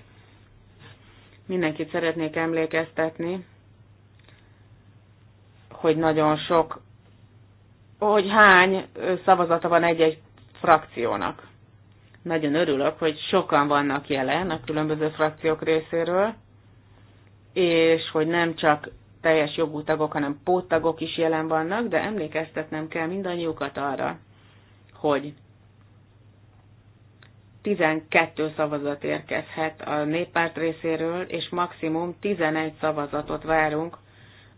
Mindenkit szeretnék emlékeztetni, hogy nagyon sok, hogy hány szavazata van egy-egy frakciónak. Nagyon örülök, hogy sokan vannak jelen a különböző frakciók részéről, és hogy nem csak teljes jogú tagok, hanem póttagok is jelen vannak, de emlékeztetnem kell mindannyiukat arra, hogy 12 szavazat érkezhet a néppárt részéről, és maximum 11 szavazatot várunk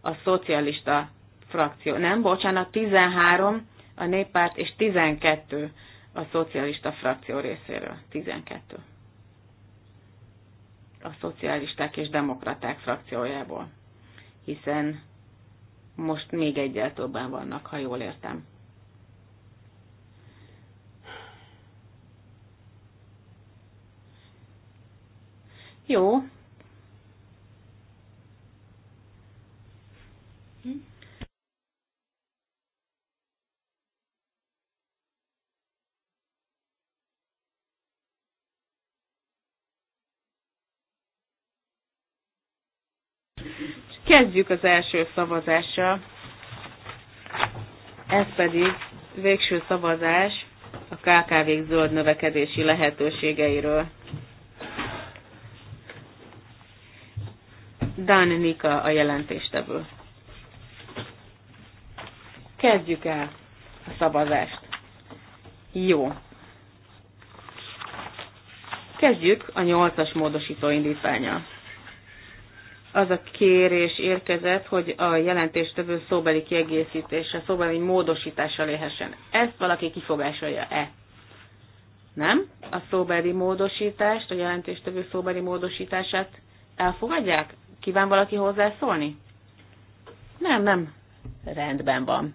a szocialista frakció. Nem, bocsánat, 13 a néppárt és 12 a szocialista frakció részéről. 12. A szocialisták és demokraták frakciójából. Hiszen most még egyel többen vannak, ha jól értem. Jó, Kezdjük az első szavazással. Ez pedig végső szavazás a kkv zöld növekedési lehetőségeiről. Dan Nika a jelentéstevő. Kezdjük el a szavazást. Jó. Kezdjük a nyolcas módosító indítványal az a kérés érkezett, hogy a jelentéstevő szóbeli kiegészítése, szóbeli módosítása léhessen. Ezt valaki kifogásolja-e? Nem? A szóbeli módosítást, a jelentéstevő szóbeli módosítását elfogadják? Kíván valaki hozzászólni? Nem, nem. Rendben van.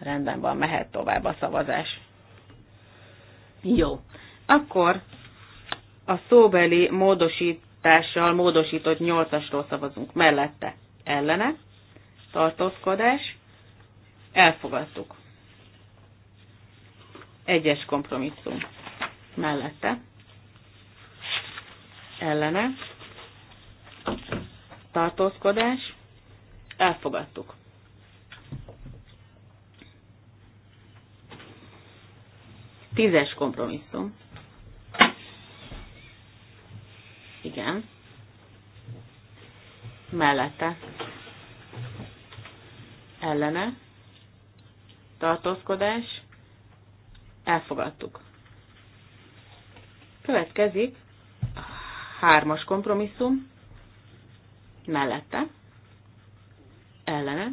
Rendben van, mehet tovább a szavazás. Jó. Akkor a szóbeli módosít támogatással módosított 8-asról szavazunk mellette ellene, tartózkodás, elfogadtuk. Egyes kompromisszum mellette, ellene, tartózkodás, elfogadtuk. Tízes kompromisszum Igen. Mellette. Ellene. Tartózkodás. Elfogadtuk. Következik a hármas kompromisszum. Mellette. Ellene.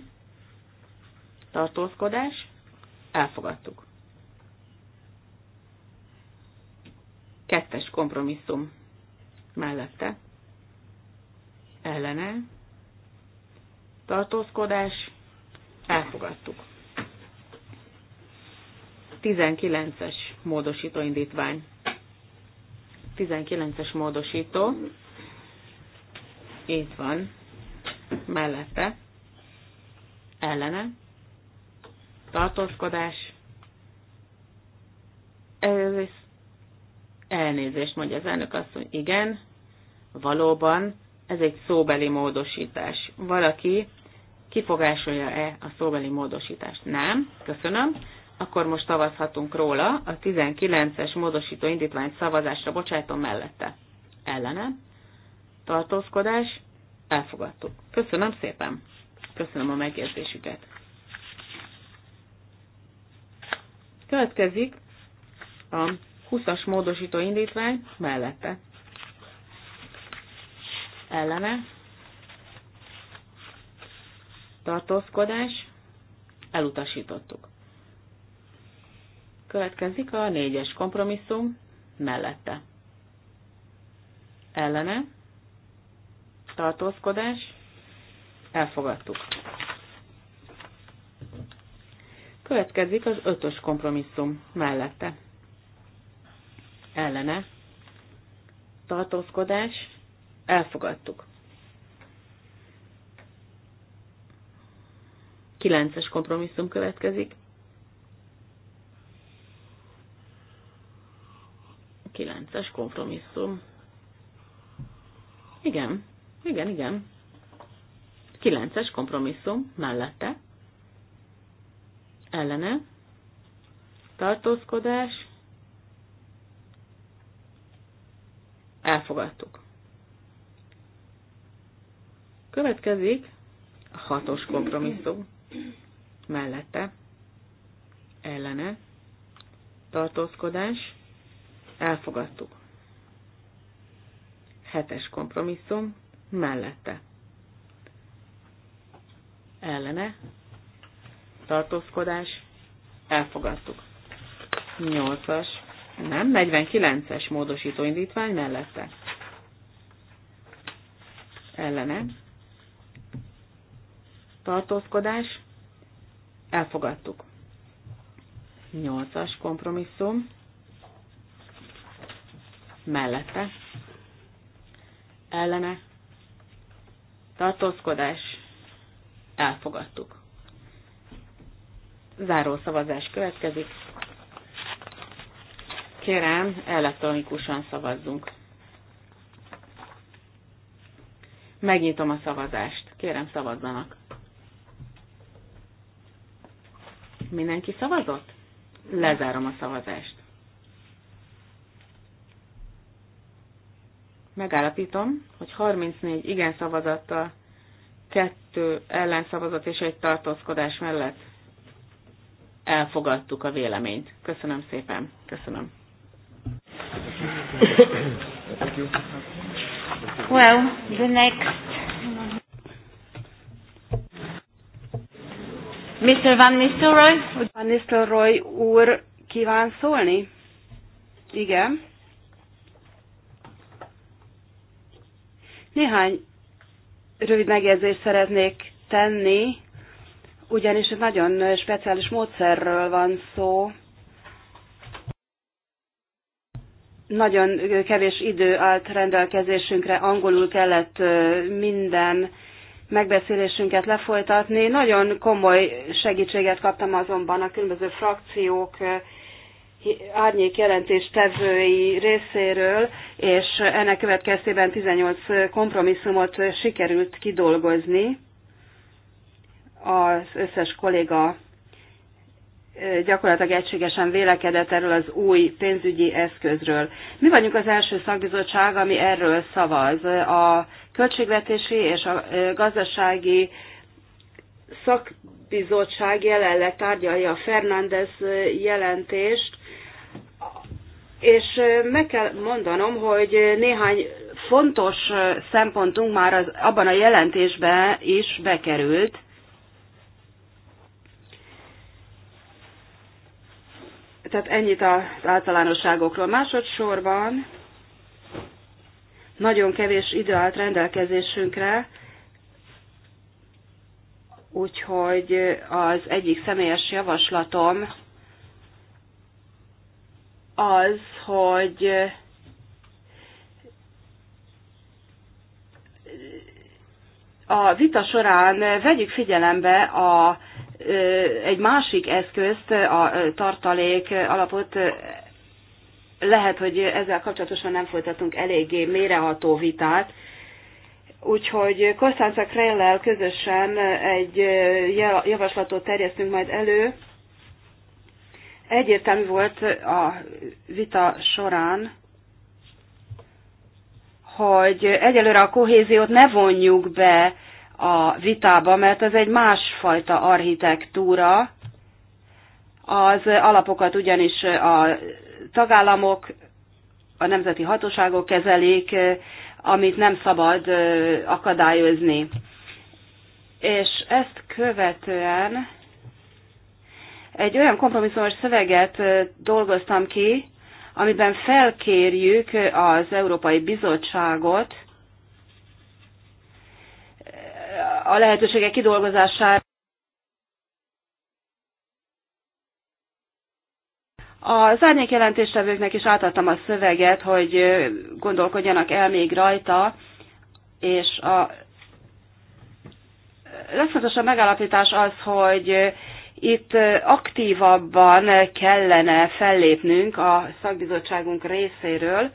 Tartózkodás. Elfogadtuk. Kettes kompromisszum mellette ellene tartózkodás elfogadtuk. 19-es módosító indítvány. 19-es módosító. Így van. Mellette. Ellene. Tartózkodás. Ez Elnézést mondja az elnök asszony, igen, valóban ez egy szóbeli módosítás. Valaki kifogásolja-e a szóbeli módosítást? Nem, köszönöm. Akkor most szavazhatunk róla. A 19-es módosító indítvány szavazásra bocsájtom mellette. Ellene. Tartózkodás. Elfogadtuk. Köszönöm szépen. Köszönöm a megérzésüket. Következik a 20-as módosító indítvány mellette. Ellene. Tartózkodás. Elutasítottuk. Következik a négyes kompromisszum mellette. Ellene. Tartózkodás. Elfogadtuk. Következik az ötös kompromisszum mellette ellene tartózkodás elfogadtuk. Kilences kompromisszum következik. Kilences kompromisszum. Igen, igen, igen. Kilences kompromisszum mellette. Ellene. Tartózkodás. Elfogadtuk. Következik a hatos kompromisszum. Mellette ellene tartózkodás. Elfogadtuk. Hetes kompromisszum mellette ellene tartózkodás. Elfogadtuk. Nyolcas nem, 49-es módosító indítvány mellette. Ellene. Tartózkodás. Elfogadtuk. 8-as kompromisszum. Mellette. Ellene. Tartózkodás. Elfogadtuk. Záró szavazás következik kérem, elektronikusan szavazzunk. Megnyitom a szavazást. Kérem, szavazzanak. Mindenki szavazott? Lezárom a szavazást. Megállapítom, hogy 34 igen szavazattal, 2 ellenszavazat és egy tartózkodás mellett elfogadtuk a véleményt. Köszönöm szépen. Köszönöm well, the next. Mr. Van Nistelrooy? Van Nistelrooy úr kíván szólni? Igen. Néhány rövid megjegyzést szeretnék tenni, ugyanis egy nagyon speciális módszerről van szó, nagyon kevés idő állt rendelkezésünkre, angolul kellett minden megbeszélésünket lefolytatni. Nagyon komoly segítséget kaptam azonban a különböző frakciók árnyék jelentés tevői részéről, és ennek következtében 18 kompromisszumot sikerült kidolgozni az összes kolléga gyakorlatilag egységesen vélekedett erről az új pénzügyi eszközről. Mi vagyunk az első szakbizottság, ami erről szavaz. A költségvetési és a gazdasági szakbizottság jelenleg tárgyalja a Fernández jelentést, és meg kell mondanom, hogy néhány fontos szempontunk már az, abban a jelentésben is bekerült, Tehát ennyit az általánosságokról. Másodszorban nagyon kevés idő állt rendelkezésünkre, úgyhogy az egyik személyes javaslatom az, hogy a vita során vegyük figyelembe a egy másik eszközt, a tartalék alapot lehet, hogy ezzel kapcsolatosan nem folytatunk eléggé méreható vitát, úgyhogy Kostánca Krellel közösen egy javaslatot terjesztünk majd elő. Egyértelmű volt a vita során, hogy egyelőre a kohéziót ne vonjuk be a vitába, mert ez egy másfajta architektúra, az alapokat ugyanis a tagállamok, a nemzeti hatóságok kezelik, amit nem szabad akadályozni. És ezt követően egy olyan kompromisszumos szöveget dolgoztam ki, amiben felkérjük az Európai Bizottságot, a lehetőségek kidolgozására. A árnyék jelentéstevőknek is átadtam a szöveget, hogy gondolkodjanak el még rajta, és a legfontosabb megállapítás az, hogy itt aktívabban kellene fellépnünk a szakbizottságunk részéről,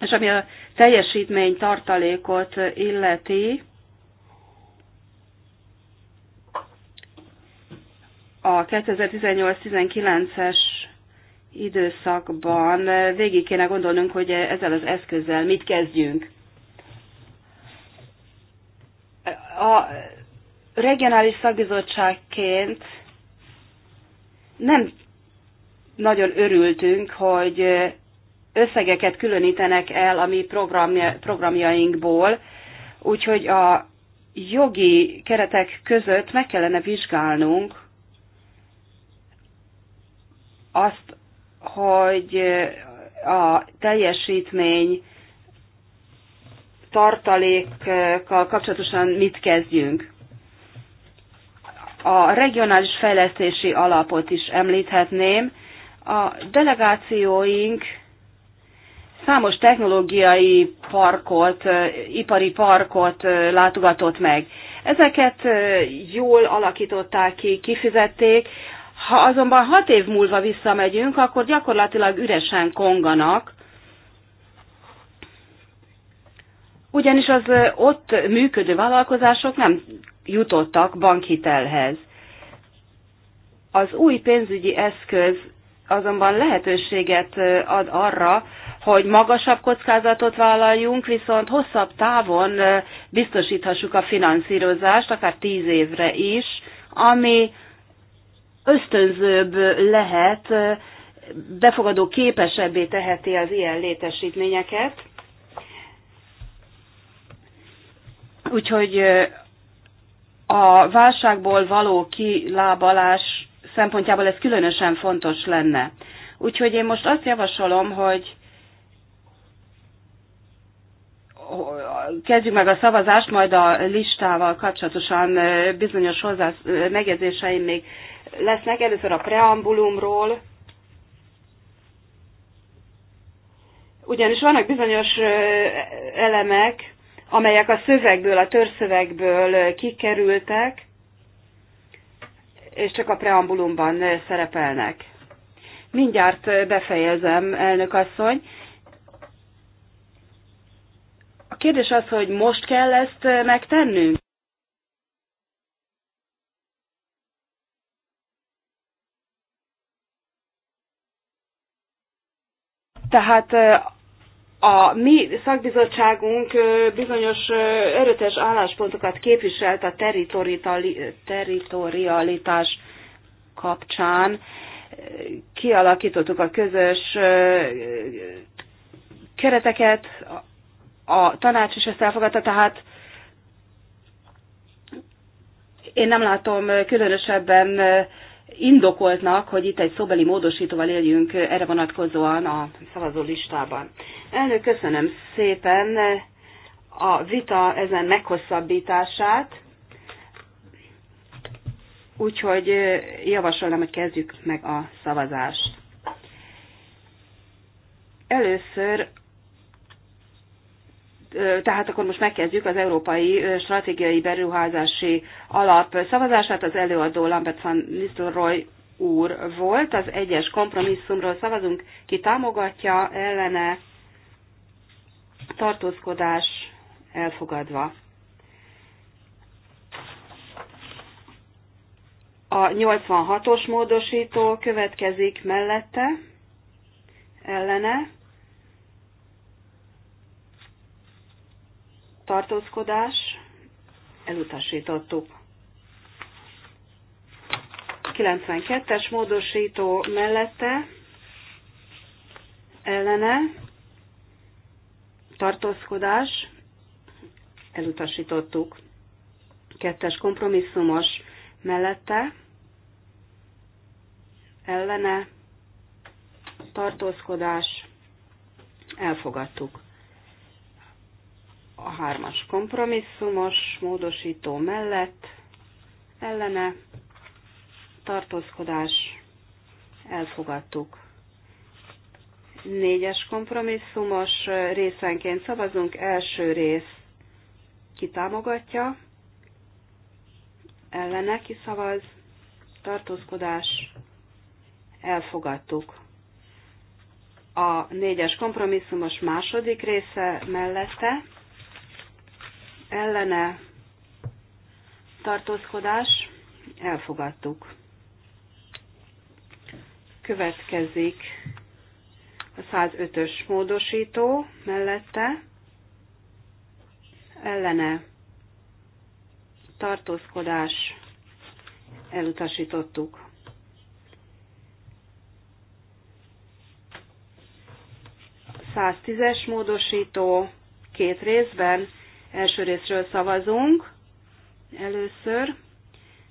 és ami a teljesítmény tartalékot illeti, a 2018-19-es időszakban végig kéne gondolnunk, hogy ezzel az eszközzel mit kezdjünk. A regionális szakbizottságként nem nagyon örültünk, hogy összegeket különítenek el a mi programja, programjainkból, úgyhogy a jogi keretek között meg kellene vizsgálnunk, azt, hogy a teljesítmény tartalékkal kapcsolatosan mit kezdjünk. A regionális fejlesztési alapot is említhetném. A delegációink számos technológiai parkot, ipari parkot látogatott meg. Ezeket jól alakították ki, kifizették. Ha azonban hat év múlva visszamegyünk, akkor gyakorlatilag üresen konganak, ugyanis az ott működő vállalkozások nem jutottak bankhitelhez. Az új pénzügyi eszköz azonban lehetőséget ad arra, hogy magasabb kockázatot vállaljunk, viszont hosszabb távon biztosíthassuk a finanszírozást, akár tíz évre is, ami ösztönzőbb lehet, befogadó képesebbé teheti az ilyen létesítményeket. Úgyhogy a válságból való kilábalás szempontjából ez különösen fontos lenne. Úgyhogy én most azt javasolom, hogy kezdjük meg a szavazást, majd a listával kapcsolatosan bizonyos hozzá megjegyzéseim még lesznek. Először a preambulumról, ugyanis vannak bizonyos elemek, amelyek a szövegből, a törszövegből kikerültek, és csak a preambulumban szerepelnek. Mindjárt befejezem, elnök asszony. A kérdés az, hogy most kell ezt megtennünk? Tehát a mi szakbizottságunk bizonyos erőtes álláspontokat képviselt a territorialitás kapcsán. Kialakítottuk a közös kereteket, a tanács is ezt elfogadta, tehát én nem látom különösebben indokoltnak, hogy itt egy szóbeli módosítóval éljünk erre vonatkozóan a szavazó listában. Elnök, köszönöm szépen a vita ezen meghosszabbítását, úgyhogy javasolnám, hogy kezdjük meg a szavazást. Először tehát akkor most megkezdjük az Európai Stratégiai Beruházási Alap szavazását. Az előadó Lambert van Nistelrooy úr volt. Az egyes kompromisszumról szavazunk. Ki támogatja, ellene, tartózkodás elfogadva. A 86-os módosító következik mellette, ellene, tartózkodás, elutasítottuk. 92-es módosító mellette, ellene, tartózkodás, elutasítottuk. Kettes kompromisszumos mellette, ellene, tartózkodás, elfogadtuk a hármas kompromisszumos módosító mellett ellene tartózkodás elfogadtuk. Négyes kompromisszumos részenként szavazunk. Első rész kitámogatja, ellene kiszavaz, tartózkodás, elfogadtuk. A négyes kompromisszumos második része mellette ellene tartózkodás elfogadtuk. Következik a 105-ös módosító mellette ellene tartózkodás elutasítottuk. A 110-es módosító két részben, Első részről szavazunk. Először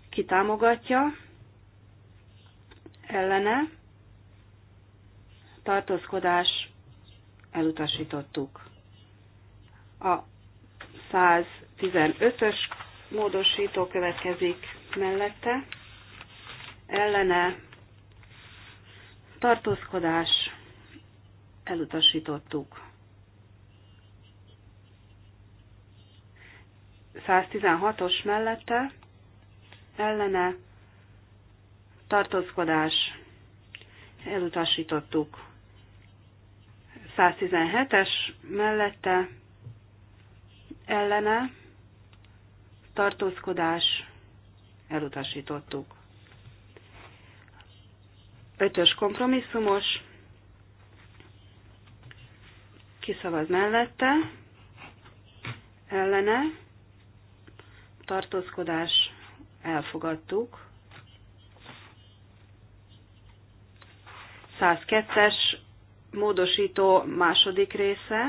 ki támogatja, ellene, tartózkodás, elutasítottuk. A 115-ös módosító következik mellette, ellene, tartózkodás, elutasítottuk. 116-os mellette ellene tartózkodás elutasítottuk. 117-es mellette ellene tartózkodás elutasítottuk. 5-ös kompromisszumos kiszavaz mellette ellene tartózkodás elfogadtuk. 102-es módosító második része.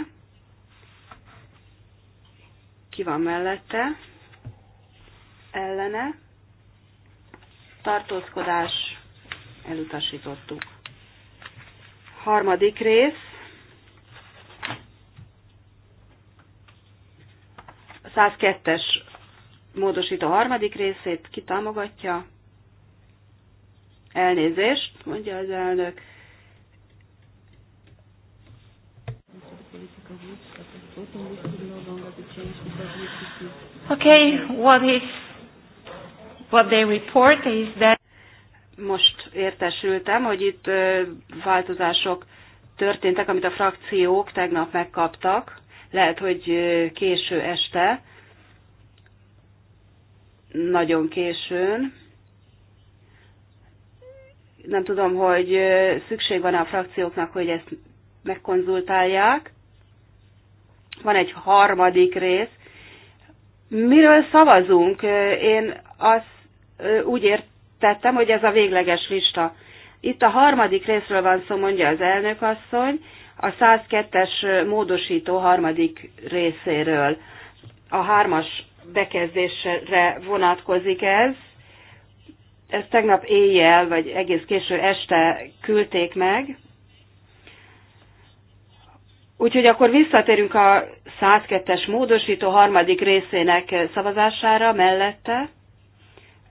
Ki van mellette? Ellene. Tartózkodás elutasítottuk. Harmadik rész. 102-es a harmadik részét kitámogatja. Elnézést, mondja az elnök. Okay, what is what they report is that most értesültem, hogy itt változások történtek, amit a frakciók tegnap megkaptak. Lehet, hogy késő este nagyon későn. Nem tudom, hogy szükség van a frakcióknak, hogy ezt megkonzultálják. Van egy harmadik rész. Miről szavazunk? Én azt úgy értettem, hogy ez a végleges lista. Itt a harmadik részről van szó, mondja az elnök asszony, a 102-es módosító harmadik részéről. A hármas bekezdésre vonatkozik ez. Ezt tegnap éjjel, vagy egész késő este küldték meg. Úgyhogy akkor visszatérünk a 102-es módosító harmadik részének szavazására mellette.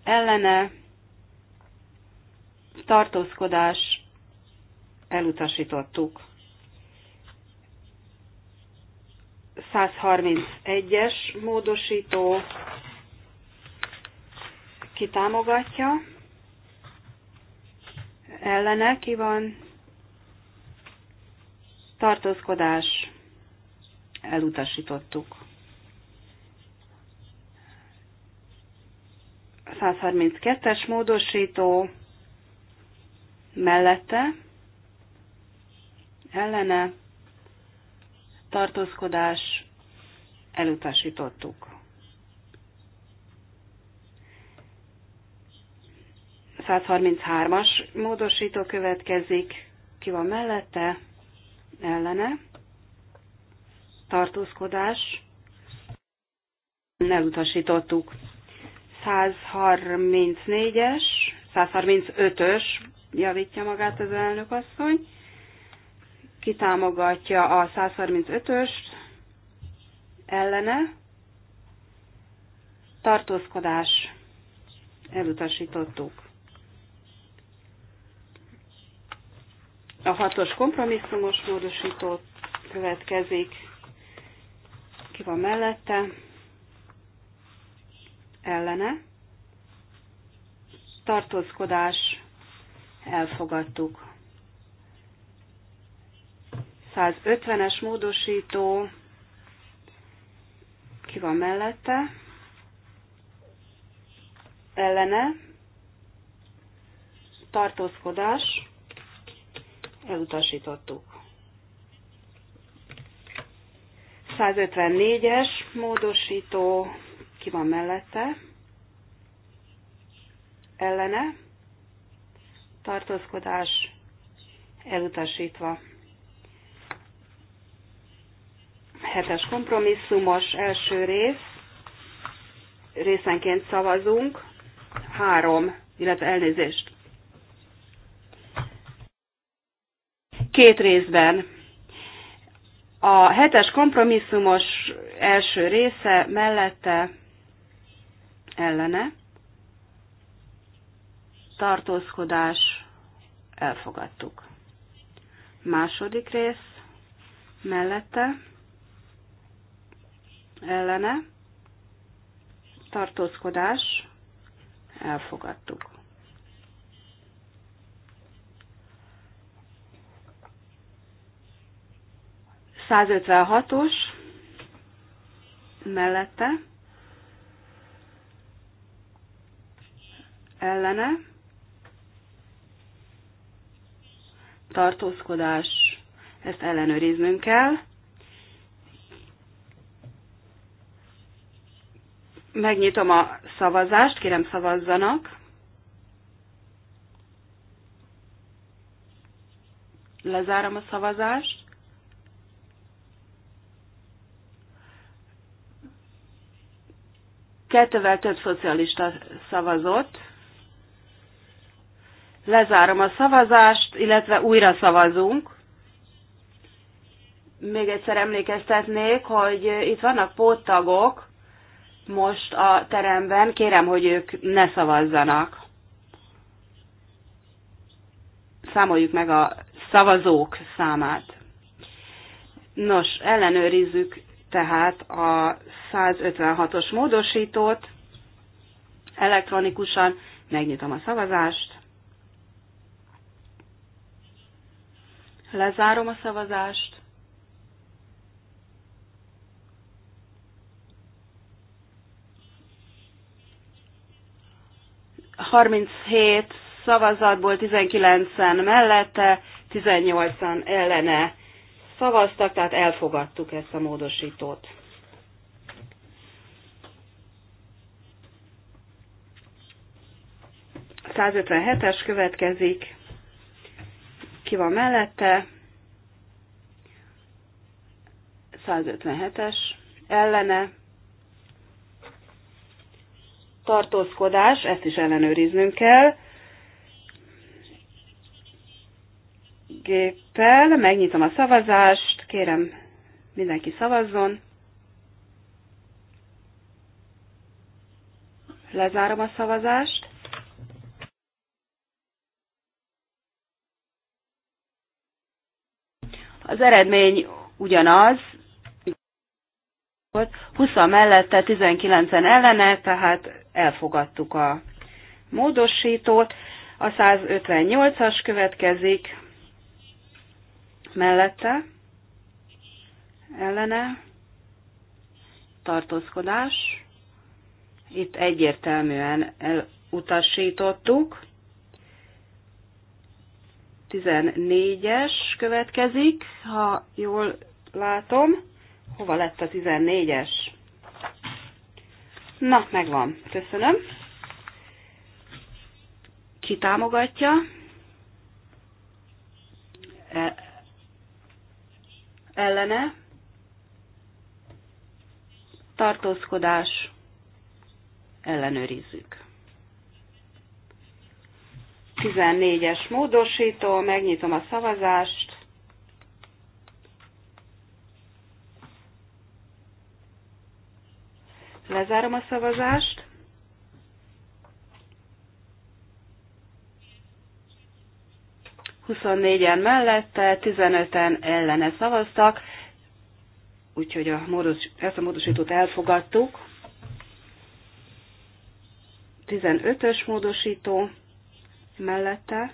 Ellene tartózkodás elutasítottuk. 131-es módosító kitámogatja, ellene ki van tartózkodás, elutasítottuk. 132-es módosító mellette, ellene, tartózkodás, elutasítottuk. 133-as módosító következik, ki van mellette, ellene, tartózkodás, elutasítottuk. 134-es, 135-ös, javítja magát az elnök asszony, kitámogatja a 135-ös, ellene, tartózkodás elutasítottuk. A hatos kompromisszumos módosító következik, ki van mellette, ellene, tartózkodás elfogadtuk. 150-es módosító ki van mellette, ellene, tartózkodás, elutasítottuk. 154-es módosító, ki van mellette, ellene, tartózkodás, elutasítva. hetes kompromisszumos első rész, részenként szavazunk, három, illetve elnézést. Két részben. A hetes kompromisszumos első része mellette ellene tartózkodás elfogadtuk. Második rész mellette ellene, tartózkodás, elfogadtuk. os mellette, ellene, tartózkodás, ezt ellenőriznünk kell. Megnyitom a szavazást, kérem szavazzanak. Lezárom a szavazást. Kettővel több szocialista szavazott. Lezárom a szavazást, illetve újra szavazunk. Még egyszer emlékeztetnék, hogy itt vannak póttagok, most a teremben, kérem, hogy ők ne szavazzanak. Számoljuk meg a szavazók számát. Nos, ellenőrizzük tehát a 156-os módosítót. Elektronikusan megnyitom a szavazást. Lezárom a szavazást. 37 szavazatból 19-en mellette, 18-an ellene szavaztak, tehát elfogadtuk ezt a módosítót. A 157-es következik. Ki van mellette? 157-es ellene tartózkodás, ezt is ellenőriznünk kell. Géppel megnyitom a szavazást, kérem mindenki szavazzon. Lezárom a szavazást. Az eredmény ugyanaz, 20 mellette, 19-en ellene, tehát elfogadtuk a módosítót. A 158-as következik mellette, ellene, tartózkodás. Itt egyértelműen elutasítottuk. 14-es következik, ha jól látom. Hova lett a 14-es? Na, megvan. Köszönöm. Ki támogatja? E- ellene? Tartózkodás. Ellenőrizzük. 14-es módosító, megnyitom a szavazást. Lezárom a szavazást. Huszonnégyen mellette, 15-en ellene szavaztak, úgyhogy a módos, ezt a módosítót elfogadtuk. 15-ös módosító mellette,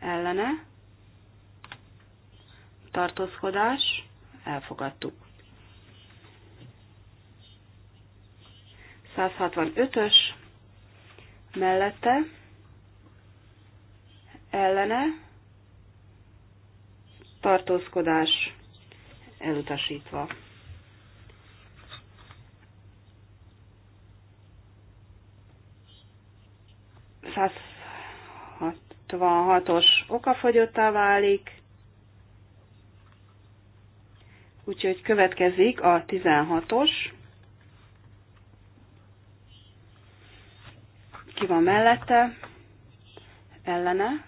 ellene, tartózkodás, elfogadtuk. 165-ös mellette ellene tartózkodás elutasítva. Száz 66-os okafogyottá válik, úgyhogy következik a 16-os Ki van mellette? Ellene.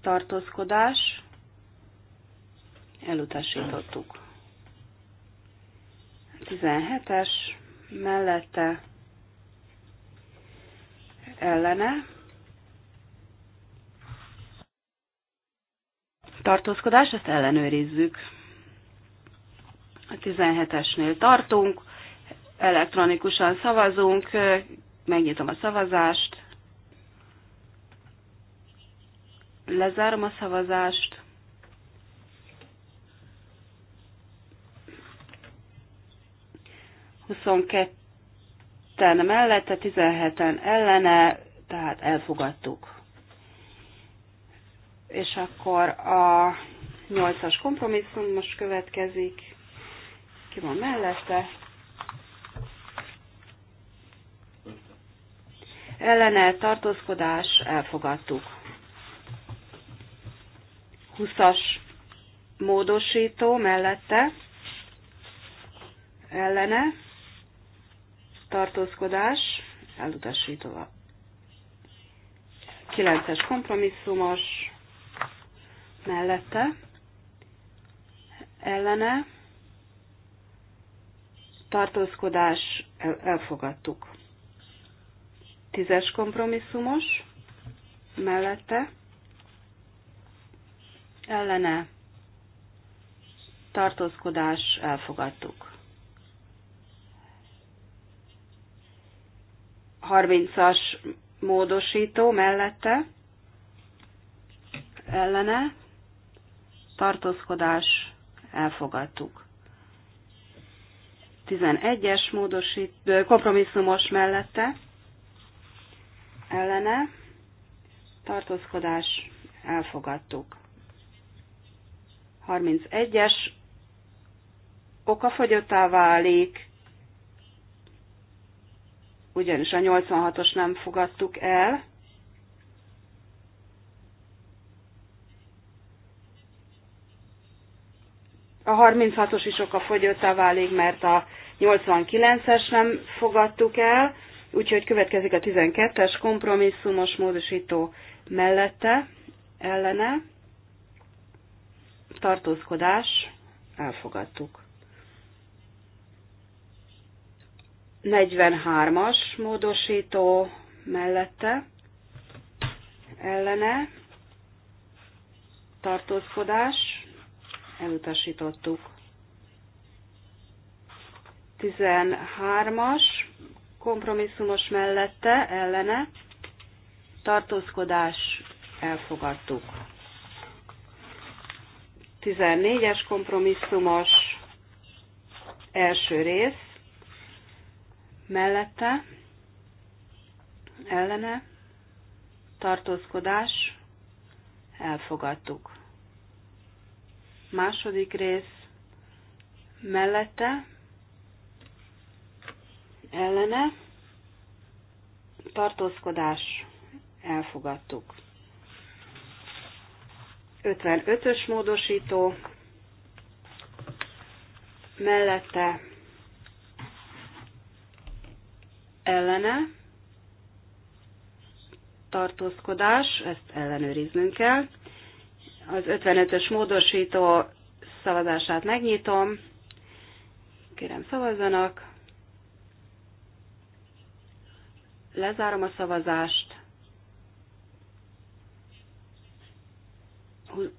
Tartózkodás. Elutasítottuk. 17-es mellette ellene tartózkodás, ezt ellenőrizzük. A 17-esnél tartunk, elektronikusan szavazunk, megnyitom a szavazást, lezárom a szavazást, Huszonketten mellette, 17-en ellene, tehát elfogadtuk. És akkor a 8-as kompromisszum most következik. Ki van mellette? ellene tartózkodás elfogadtuk. 20-as módosító mellette ellene tartózkodás elutasítva. 9-es kompromisszumos mellette ellene tartózkodás elfogadtuk. Tízes kompromisszumos mellette ellene tartózkodás elfogadtuk. 30-as módosító mellette ellene tartózkodás elfogadtuk. 11-es módosít, kompromisszumos mellette ellene tartózkodás elfogadtuk. 31-es okafogyottá válik, ugyanis a 86-os nem fogadtuk el. A 36-os is okafogyottá válik, mert a 89-es nem fogadtuk el. Úgyhogy következik a 12-es kompromisszumos módosító mellette, ellene, tartózkodás, elfogadtuk. 43-as módosító mellette, ellene, tartózkodás, elutasítottuk. 13-as kompromisszumos mellette, ellene, tartózkodás, elfogadtuk. 14-es kompromisszumos első rész, mellette, ellene, tartózkodás, elfogadtuk. Második rész, mellette, ellene, tartózkodás, elfogadtuk. 55-ös módosító, mellette ellene, tartózkodás, ezt ellenőriznünk kell. Az 55-ös módosító szavazását megnyitom. Kérem szavazzanak. Lezárom a szavazást.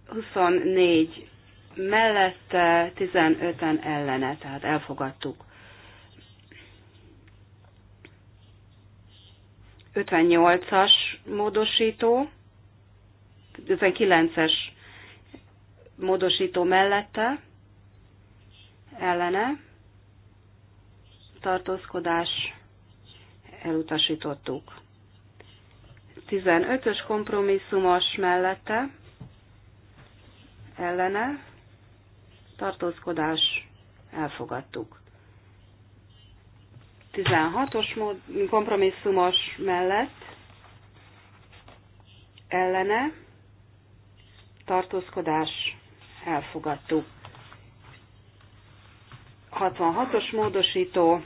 24 mellette, 15-en ellene, tehát elfogadtuk. 58-as módosító, 59-es módosító mellette, ellene, tartózkodás elutasítottuk. 15-ös kompromisszumos mellette ellene tartózkodás elfogadtuk. 16-os kompromisszumos mellett ellene tartózkodás elfogadtuk. 66-os módosító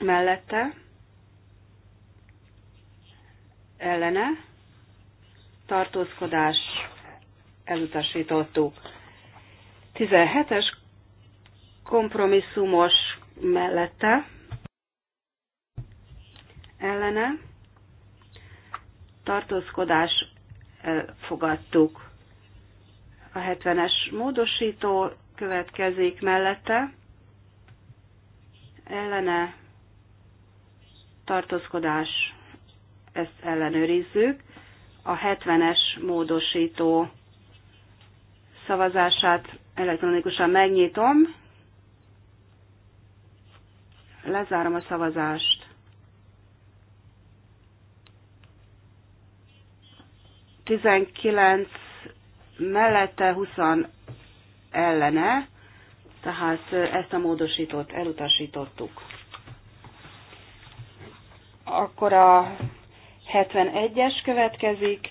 mellette, ellene, tartózkodás, elutasítottuk. 17-es kompromisszumos mellette, ellene, tartózkodás, elfogadtuk. A 70-es módosító következik mellette, ellene tartózkodás, ezt ellenőrizzük. A 70-es módosító szavazását elektronikusan megnyitom, lezárom a szavazást. Tizenkilenc mellette 20 ellene, tehát ezt a módosítót elutasítottuk. Akkor a 71-es következik.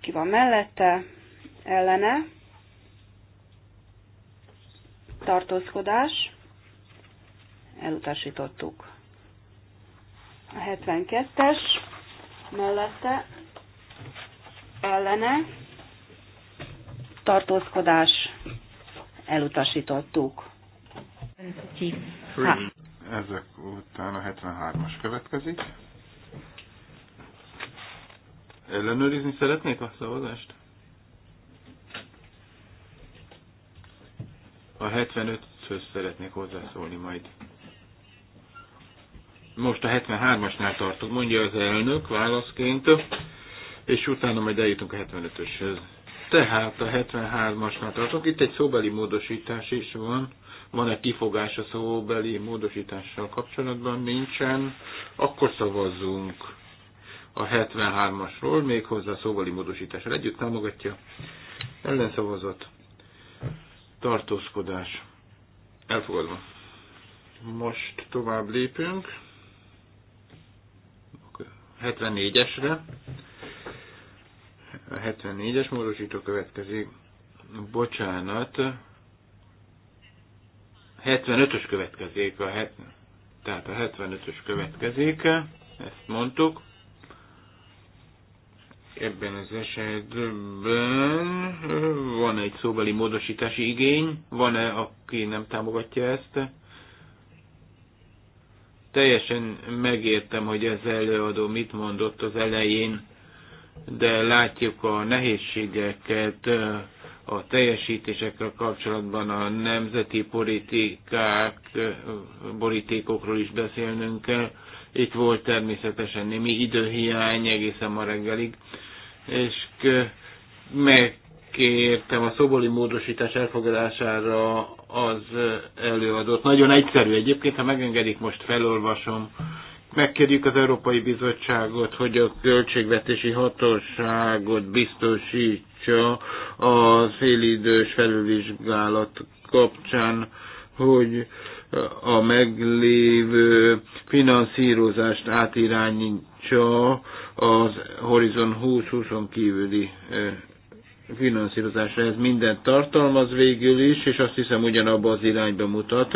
Ki van mellette? Ellene. Tartózkodás. Elutasítottuk. A 72-es mellette ellene tartózkodás elutasítottuk. Ha, ezek után a 73-as következik. Ellenőrizni szeretnék a szavazást? A 75-höz szeretnék hozzászólni majd. Most a 73-asnál tartok. mondja az elnök válaszként, és utána majd eljutunk a 75-öshöz. Tehát a 73-asnál tartok. Itt egy szóbeli módosítás is van van-e kifogás a szóbeli módosítással kapcsolatban? Nincsen. Akkor szavazzunk a 73-asról, méghozzá szóbeli módosítással együtt támogatja. Ellenszavazat. Tartózkodás. Elfogadva. Most tovább lépünk. 74-esre. A 74-es módosító következik. Bocsánat, 75-ös következik, a het, tehát a 75-ös következéke, ezt mondtuk. Ebben az esetben van egy szóbeli módosítási igény, van-e, aki nem támogatja ezt? Teljesen megértem, hogy ez előadó mit mondott az elején, de látjuk a nehézségeket, a teljesítésekkel kapcsolatban a nemzeti politikák, politikokról is beszélnünk kell. Itt volt természetesen némi időhiány egészen ma reggelig, és megkértem a szoboli módosítás elfogadására az előadót. Nagyon egyszerű egyébként, ha megengedik, most felolvasom. Megkérjük az Európai Bizottságot, hogy a költségvetési hatóságot biztosít állítja a félidős felülvizsgálat kapcsán, hogy a meglévő finanszírozást átirányítsa az Horizon 2020-on kívüli finanszírozásra. Ez mindent tartalmaz végül is, és azt hiszem ugyanabba az irányba mutat,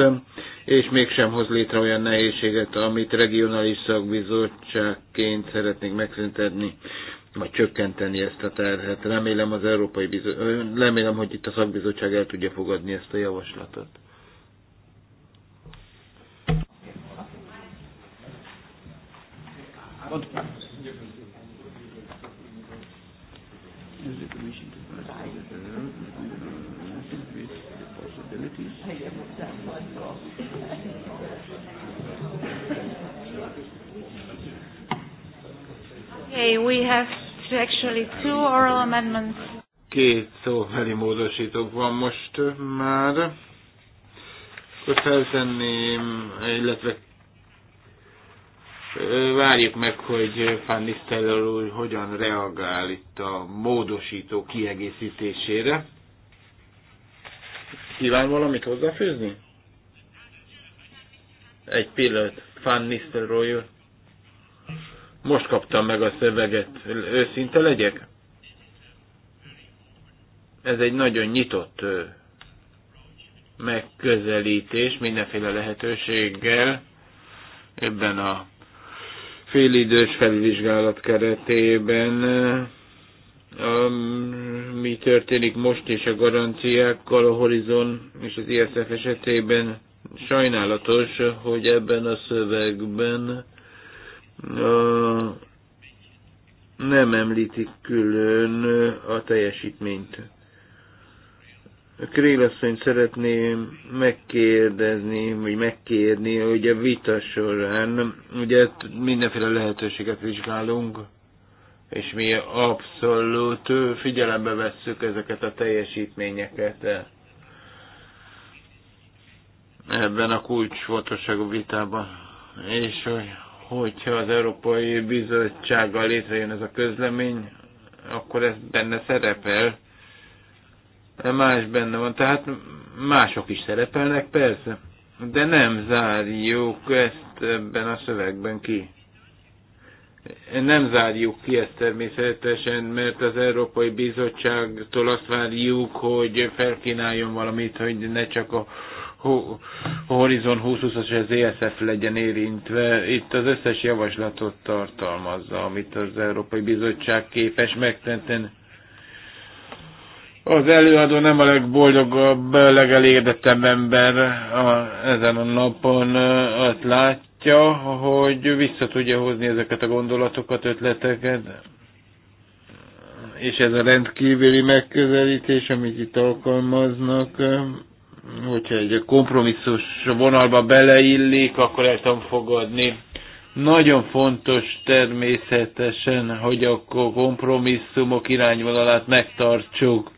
és mégsem hoz létre olyan nehézséget, amit regionális szakbizottságként szeretnénk megszüntetni majd csökkenteni ezt a terhet. Remélem, az Európai Bizottság, remélem, hogy itt a szakbizottság el tudja fogadni ezt a javaslatot. Okay, we have Két szóbeli módosítók van most már. Akkor feltenném, illetve várjuk meg, hogy Fanny Steller úr hogyan reagál itt a módosító kiegészítésére. Kíván valamit hozzáfűzni? Egy pillanat, Fanny Steller úr. Most kaptam meg a szöveget, őszinte legyek? Ez egy nagyon nyitott megközelítés mindenféle lehetőséggel ebben a félidős felvizsgálat keretében mi történik most és a garanciákkal a Horizon és az ISF esetében sajnálatos, hogy ebben a szövegben nem említik külön a teljesítményt. Krélasszony szeretném megkérdezni, vagy megkérni, hogy a vita során, ugye mindenféle lehetőséget vizsgálunk, és mi abszolút figyelembe vesszük ezeket a teljesítményeket ebben a kulcsfontosságú vitában. És hogy hogyha az Európai Bizottsággal létrejön ez a közlemény, akkor ez benne szerepel. Más benne van, tehát mások is szerepelnek, persze, de nem zárjuk ezt ebben a szövegben ki. Nem zárjuk ki ezt természetesen, mert az Európai Bizottságtól azt várjuk, hogy felkínáljon valamit, hogy ne csak a Horizon 2020-as az ESF legyen érintve. Itt az összes javaslatot tartalmazza, amit az Európai Bizottság képes megtenni. Az előadó nem a legboldogabb, legelégedettebb ember a, ezen a napon. Azt látja, hogy vissza tudja hozni ezeket a gondolatokat, ötleteket. És ez a rendkívüli megközelítés, amit itt alkalmaznak, hogyha egy kompromisszus vonalba beleillik, akkor el tudom fogadni. Nagyon fontos természetesen, hogy a kompromisszumok irányvonalát megtartsuk,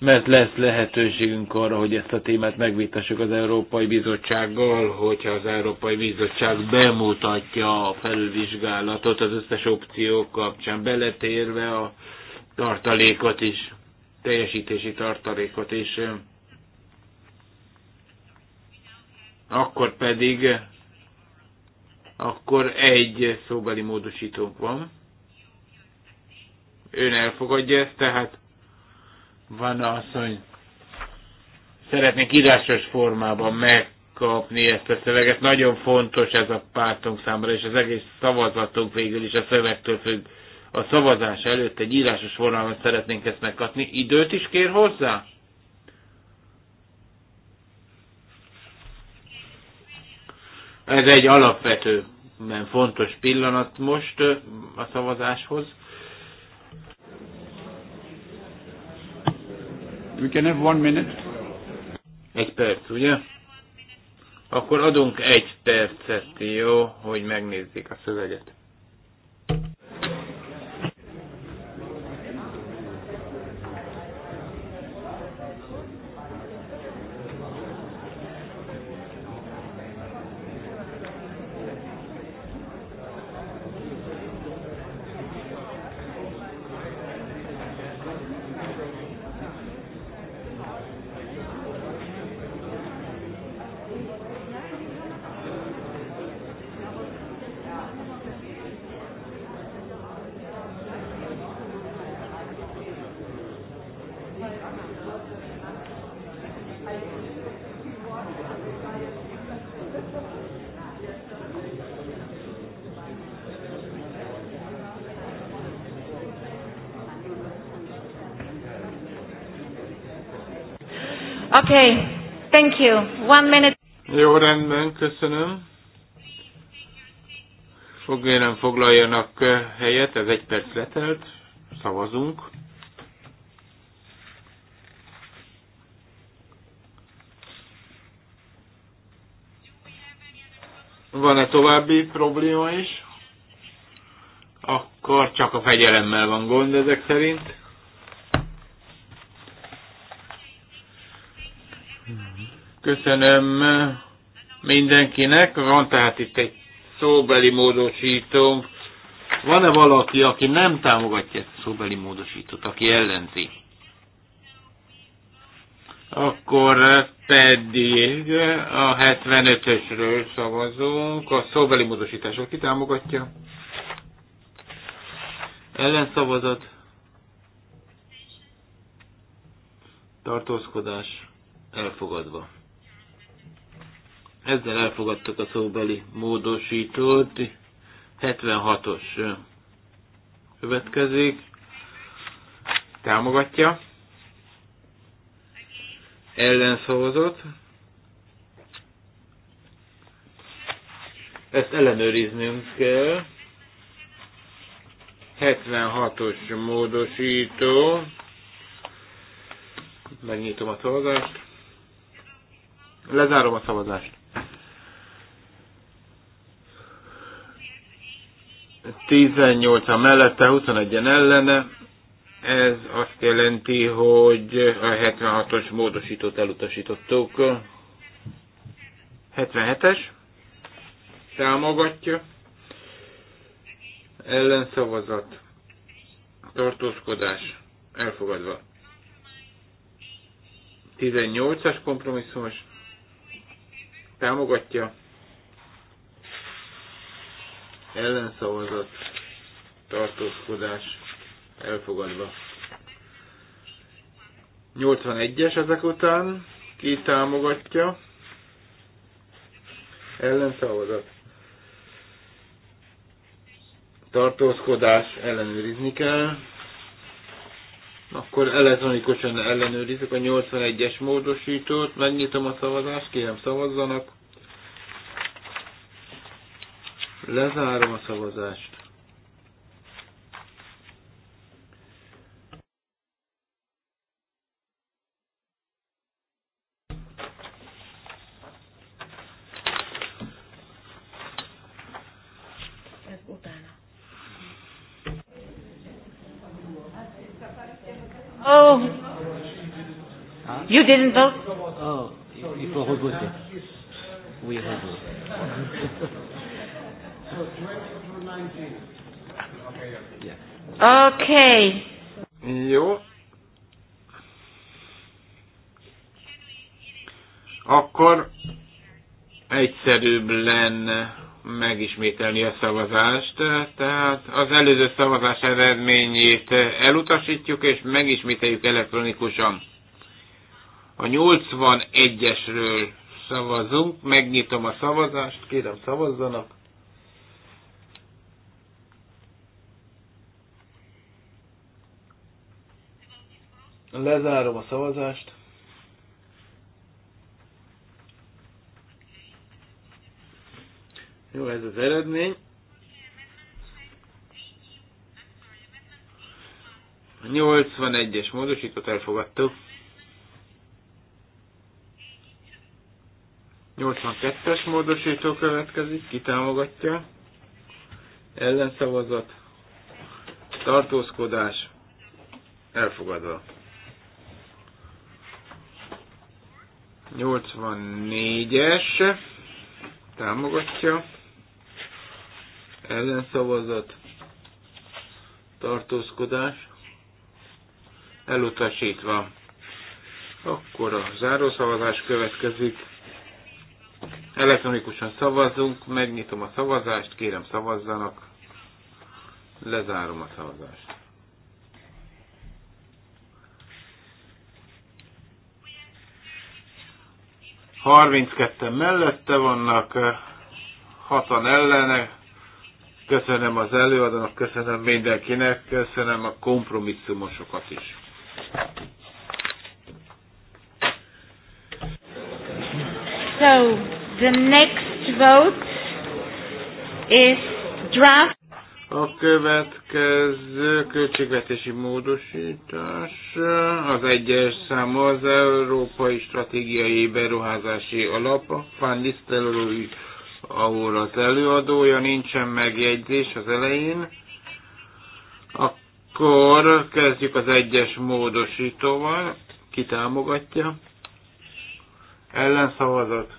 mert lesz lehetőségünk arra, hogy ezt a témát megvitassuk az Európai Bizottsággal, hogyha az Európai Bizottság bemutatja a felülvizsgálatot az összes opció kapcsán, beletérve a tartalékot is, teljesítési tartalékot is akkor pedig akkor egy szóbeli módosítónk van. Ön elfogadja ezt, tehát van hogy szeretnék írásos formában megkapni ezt a szöveget. Nagyon fontos ez a pártunk számára, és az egész szavazatunk végül is a szövegtől függ. A szavazás előtt egy írásos formában szeretnénk ezt megkapni. Időt is kér hozzá? Ez egy alapvető, alapvetően fontos pillanat most a szavazáshoz. We can have one minute. Egy perc, ugye? Akkor adunk egy percet, jó, hogy megnézzék a szöveget. Okay, thank you. One minute. Jó, rendben, köszönöm. Fogjénem, foglaljanak eh, helyet, ez egy perc letelt, szavazunk. Van-e további probléma is? Akkor csak a fegyelemmel van gond ezek szerint. Köszönöm mindenkinek. Van tehát itt egy szóbeli módosítónk. Van-e valaki, aki nem támogatja ezt a szóbeli módosítót, aki ellenzi? Akkor pedig a 75-ösről szavazunk. A szóbeli módosításról ki támogatja? Ellenszavazat. Tartózkodás elfogadva. Ezzel elfogadtak a szóbeli módosítót. 76-os következik. Támogatja. Ellenszavazott. Ezt ellenőriznünk kell. 76-os módosító. Megnyitom a szavazást. Lezárom a szavazást. 18 a mellette, 21-en ellene. Ez azt jelenti, hogy a 76-os módosítót elutasítottuk. 77-es támogatja. Ellenszavazat. Tartózkodás. Elfogadva. 18-as kompromisszumos támogatja ellenszavazat, tartózkodás elfogadva. 81-es ezek után, ki támogatja, ellenszavazat. Tartózkodás ellenőrizni kell. Akkor elektronikusan ellenőrizzük a 81-es módosítót, megnyitom a szavazást, kérem szavazzanak. Lezárom a szavazást. Oh. You didn't vote? Oh, il faut We Oui, revoter. Okay. Jó. Akkor egyszerűbb lenne megismételni a szavazást, tehát az előző szavazás eredményét elutasítjuk és megismételjük elektronikusan. A 81-esről szavazunk, megnyitom a szavazást, kérem szavazzanak. Lezárom a szavazást. Jó, ez az eredmény. A 81-es módosítót elfogadtuk. 82-es módosító következik, kitámogatja. Ellenszavazat, tartózkodás, elfogadva. 84-es támogatja, ellenszavazat, tartózkodás, elutasítva. Akkor a zárószavazás következik. Elektronikusan szavazunk, megnyitom a szavazást, kérem szavazzanak, lezárom a szavazást. 32-en mellette vannak, 6-an ellene. Köszönöm az előadónak, köszönöm mindenkinek, köszönöm a kompromisszumosokat is. So, the next vote is draft a következő költségvetési módosítás az egyes számú az Európai Stratégiai Beruházási Alap. Fán Lisztelői, ahol az előadója nincsen megjegyzés az elején. Akkor kezdjük az egyes módosítóval. Ki támogatja? Ellenszavazat.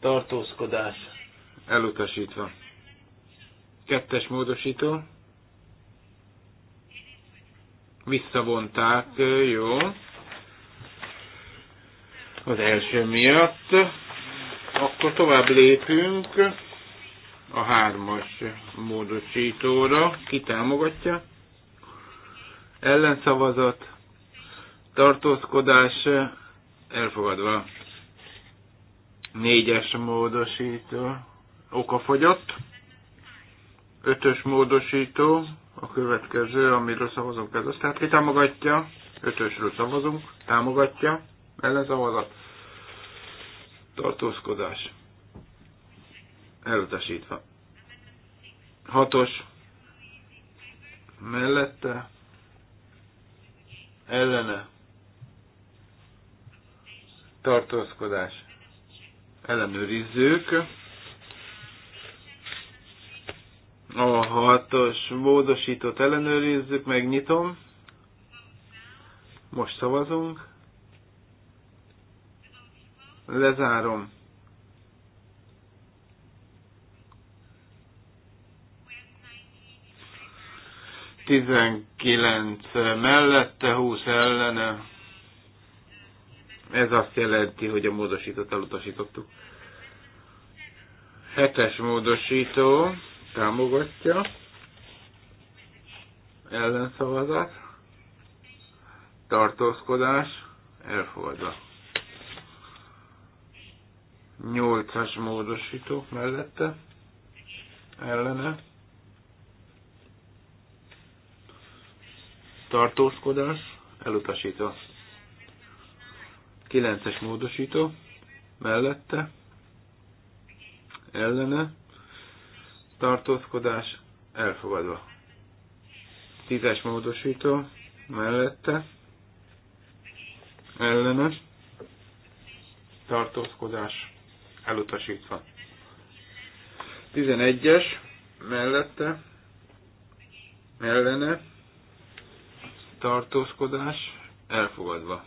Tartózkodás. Elutasítva Kettes módosító. Visszavonták, jó. Az első miatt. Akkor tovább lépünk a hármas módosítóra. Ki támogatja? Ellenszavazat, tartózkodás elfogadva. Négyes módosító okafogyott. Ötös módosító, a következő, amiről szavazunk ez az. Tehát ki támogatja? Ötösről szavazunk, támogatja, ellenszavazat, tartózkodás, elutasítva. Hatos, mellette, ellene, tartózkodás, ellenőrizzük, A hatos módosítót ellenőrizzük, megnyitom. Most szavazunk. Lezárom. Tizenkilenc mellette, húsz ellene. Ez azt jelenti, hogy a módosítót elutasítottuk. Hetes módosító támogatja, ellenszavazat, tartózkodás, elfogadva. Nyolcas módosító mellette, ellene, tartózkodás, elutasító, Kilences módosító mellette, ellene, tartózkodás elfogadva. Tízes módosító mellette ellene tartózkodás elutasítva. tizenegyes mellette ellene tartózkodás elfogadva.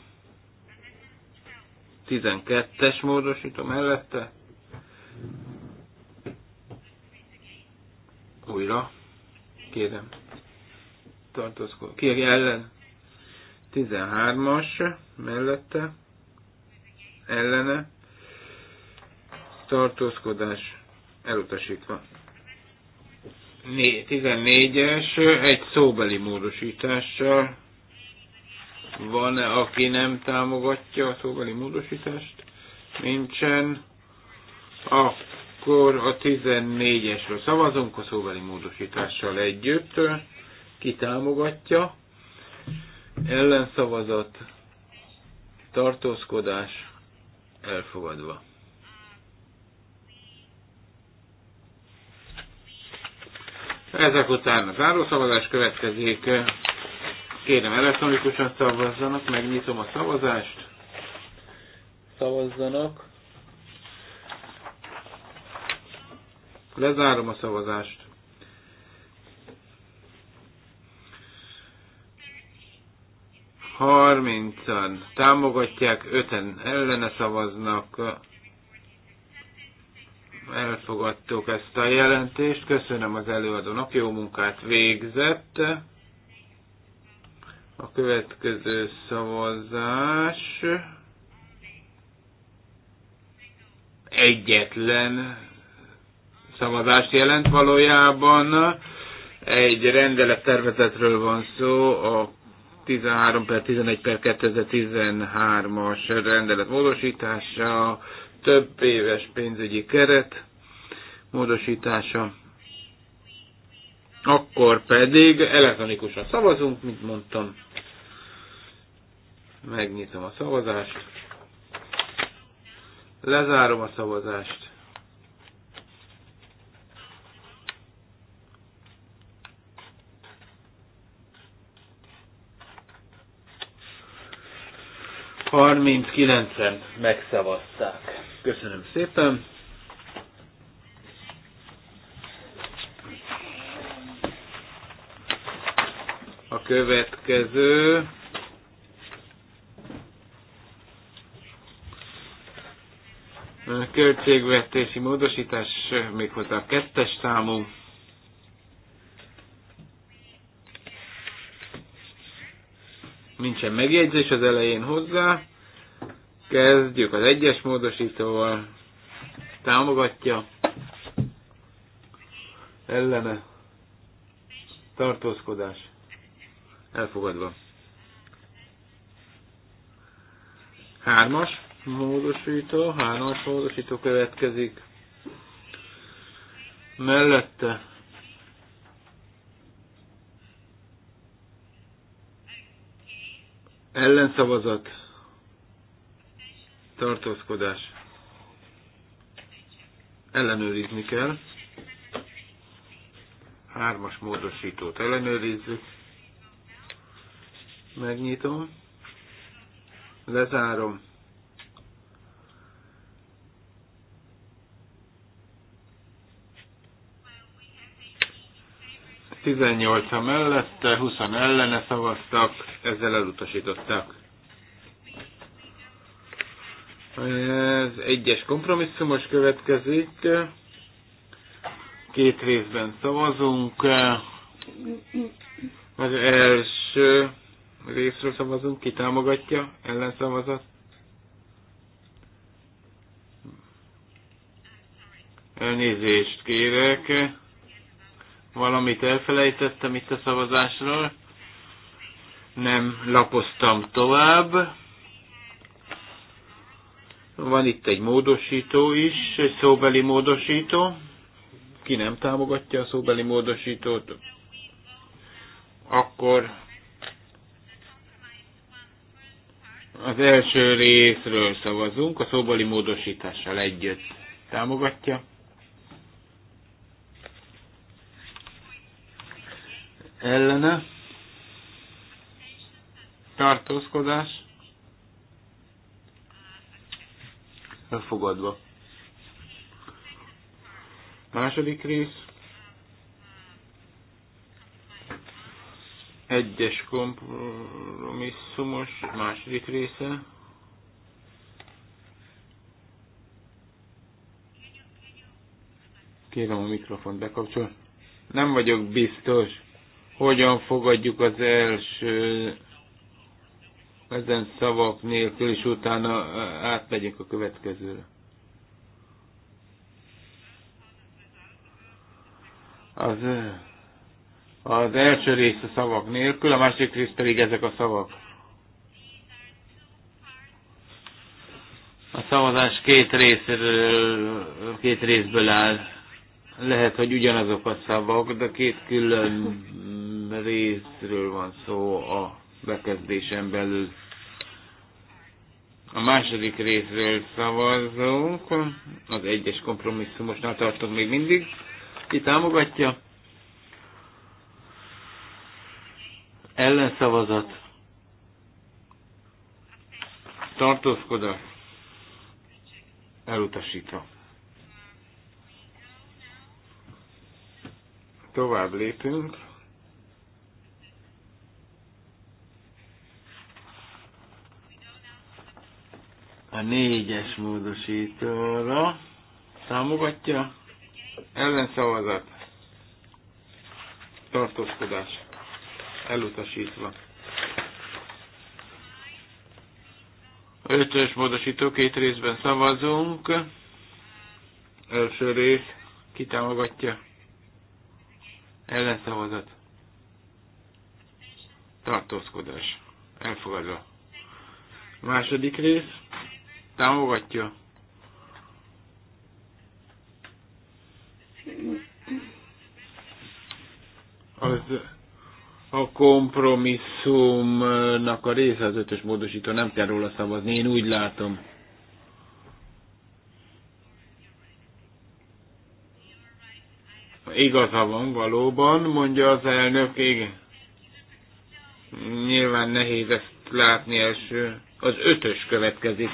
12-es módosító mellette újra. Kérem. tartozko Ki ellen? 13-as mellette. Ellene. Tartózkodás elutasítva. 14-es, egy szóbeli módosítással. Van-e, aki nem támogatja a szóbeli módosítást? Nincsen. Akkor akkor a 14-esről szavazunk a szóbeli módosítással együtt. Ki támogatja? Ellenszavazat, tartózkodás, elfogadva. Ezek után a zárószavazás következik. Kérem elektronikusan szavazzanak, megnyitom a szavazást. Szavazzanak. Lezárom a szavazást. Harmincan támogatják, öten ellene szavaznak. Elfogadtuk ezt a jelentést. Köszönöm az előadónak, jó munkát végzett. A következő szavazás egyetlen szavazást jelent valójában. Egy rendelettervezetről van szó, a 13 per 11 per 2013-as rendelet módosítása, több éves pénzügyi keret módosítása. Akkor pedig elektronikusan szavazunk, mint mondtam. Megnyitom a szavazást. Lezárom a szavazást. 39-en megszavazták. Köszönöm szépen. A következő költségvetési módosítás méghozzá a kettes számú nincsen megjegyzés az elején hozzá. Kezdjük az egyes módosítóval. Támogatja. Ellene. Tartózkodás. Elfogadva. Hármas módosító, hármas módosító következik. Mellette Ellenszavazat. Tartózkodás. Ellenőrizni kell. Hármas módosítót ellenőrizzük. Megnyitom. Lezárom. 18-a mellette, 20 ellene szavaztak, ezzel elutasították. Ez egyes kompromisszumos következik. Két részben szavazunk. Az első részről szavazunk, ki támogatja, ellenszavazat. Elnézést kérek Valamit elfelejtettem itt a szavazásról. Nem lapoztam tovább. Van itt egy módosító is, egy szóbeli módosító. Ki nem támogatja a szóbeli módosítót, akkor az első részről szavazunk, a szóbeli módosítással együtt támogatja. ellene tartózkodás elfogadva. Második rész. Egyes kompromisszumos második része. Kérem a mikrofon bekapcsol. Nem vagyok biztos hogyan fogadjuk az első ezen szavak nélkül, és utána átmegyek a következőre. Az, az első rész a szavak nélkül, a másik rész pedig ezek a szavak. A szavazás két, részről, két részből áll. Lehet, hogy ugyanazok a szavak, de két külön részről van szó a bekezdésen belül. A második részről szavazunk, az egyes kompromisszumosnál tartunk még mindig. Ki támogatja? Ellenszavazat. Tartózkodás. Elutasítva. Tovább lépünk. a négyes módosítóra. Támogatja? Ellenszavazat. Tartózkodás. Elutasítva. Ötös módosító két részben szavazunk. Első rész. Kitámogatja? Ellenszavazat. Tartózkodás. Elfogadva. Második rész támogatja. Az a kompromisszumnak a része az ötös módosító, nem kell róla szavazni, én úgy látom. Igaza van valóban, mondja az elnök, igen. Nyilván nehéz ezt látni első. Az ötös következik.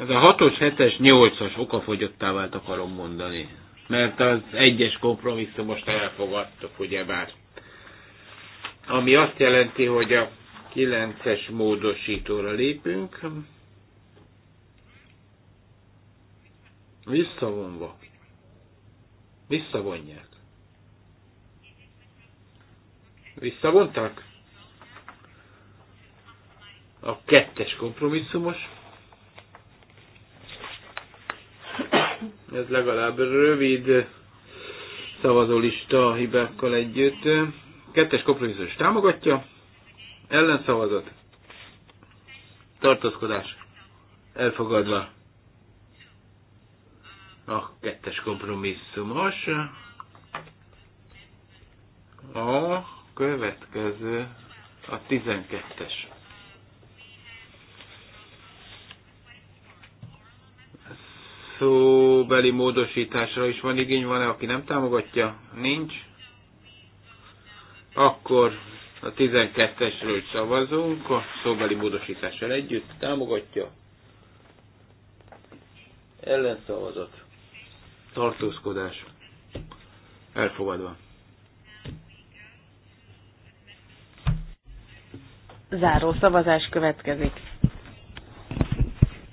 Ez a 6-os, 7-es, 8-as okafogyottá vált akarom mondani. Mert az egyes kompromisszumost elfogadtuk, ugyebár. Ami azt jelenti, hogy a 9-es módosítóra lépünk. Visszavonva. Visszavonják. Visszavontak? A kettes kompromisszumos ez legalább rövid szavazólista hibákkal együtt. Kettes kompromisszus támogatja, ellenszavazat, tartózkodás, elfogadva a kettes kompromisszumos. A következő a 12-es. szóbeli módosításra is van igény, van-e, aki nem támogatja? Nincs. Akkor a 12-esről szavazunk, a szóbeli módosítással együtt támogatja. Ellenszavazat. Tartózkodás. Elfogadva. Záró szavazás következik.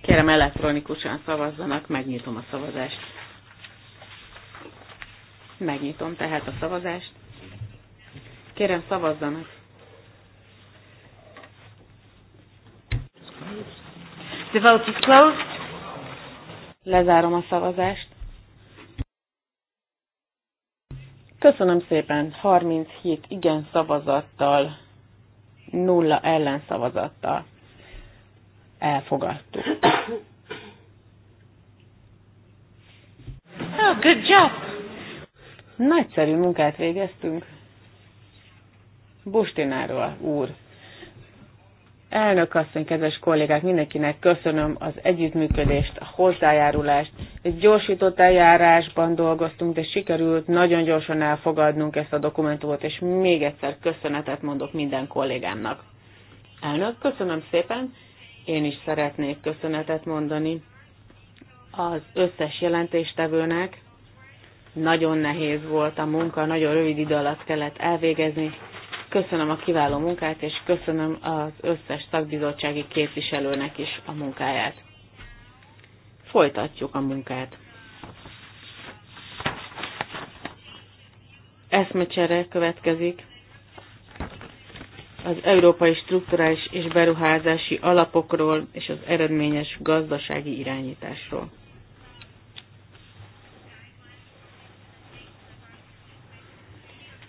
Kérem elektronikusan szavazzanak, megnyitom a szavazást. Megnyitom tehát a szavazást. Kérem szavazzanak. The vote is closed. Lezárom a szavazást. Köszönöm szépen, 37 igen szavazattal, nulla ellen szavazattal elfogadtuk. Oh, good job! Nagyszerű munkát végeztünk. Bustináról úr. Elnök asszony, kedves kollégák, mindenkinek köszönöm az együttműködést, a hozzájárulást. Egy gyorsított eljárásban dolgoztunk, de sikerült nagyon gyorsan elfogadnunk ezt a dokumentumot, és még egyszer köszönetet mondok minden kollégámnak. Elnök, köszönöm szépen. Én is szeretnék köszönetet mondani az összes jelentéstevőnek. Nagyon nehéz volt a munka, nagyon rövid idő alatt kellett elvégezni. Köszönöm a kiváló munkát, és köszönöm az összes szakbizottsági képviselőnek is a munkáját. Folytatjuk a munkát. Eszmecsere következik az európai strukturális és beruházási alapokról és az eredményes gazdasági irányításról.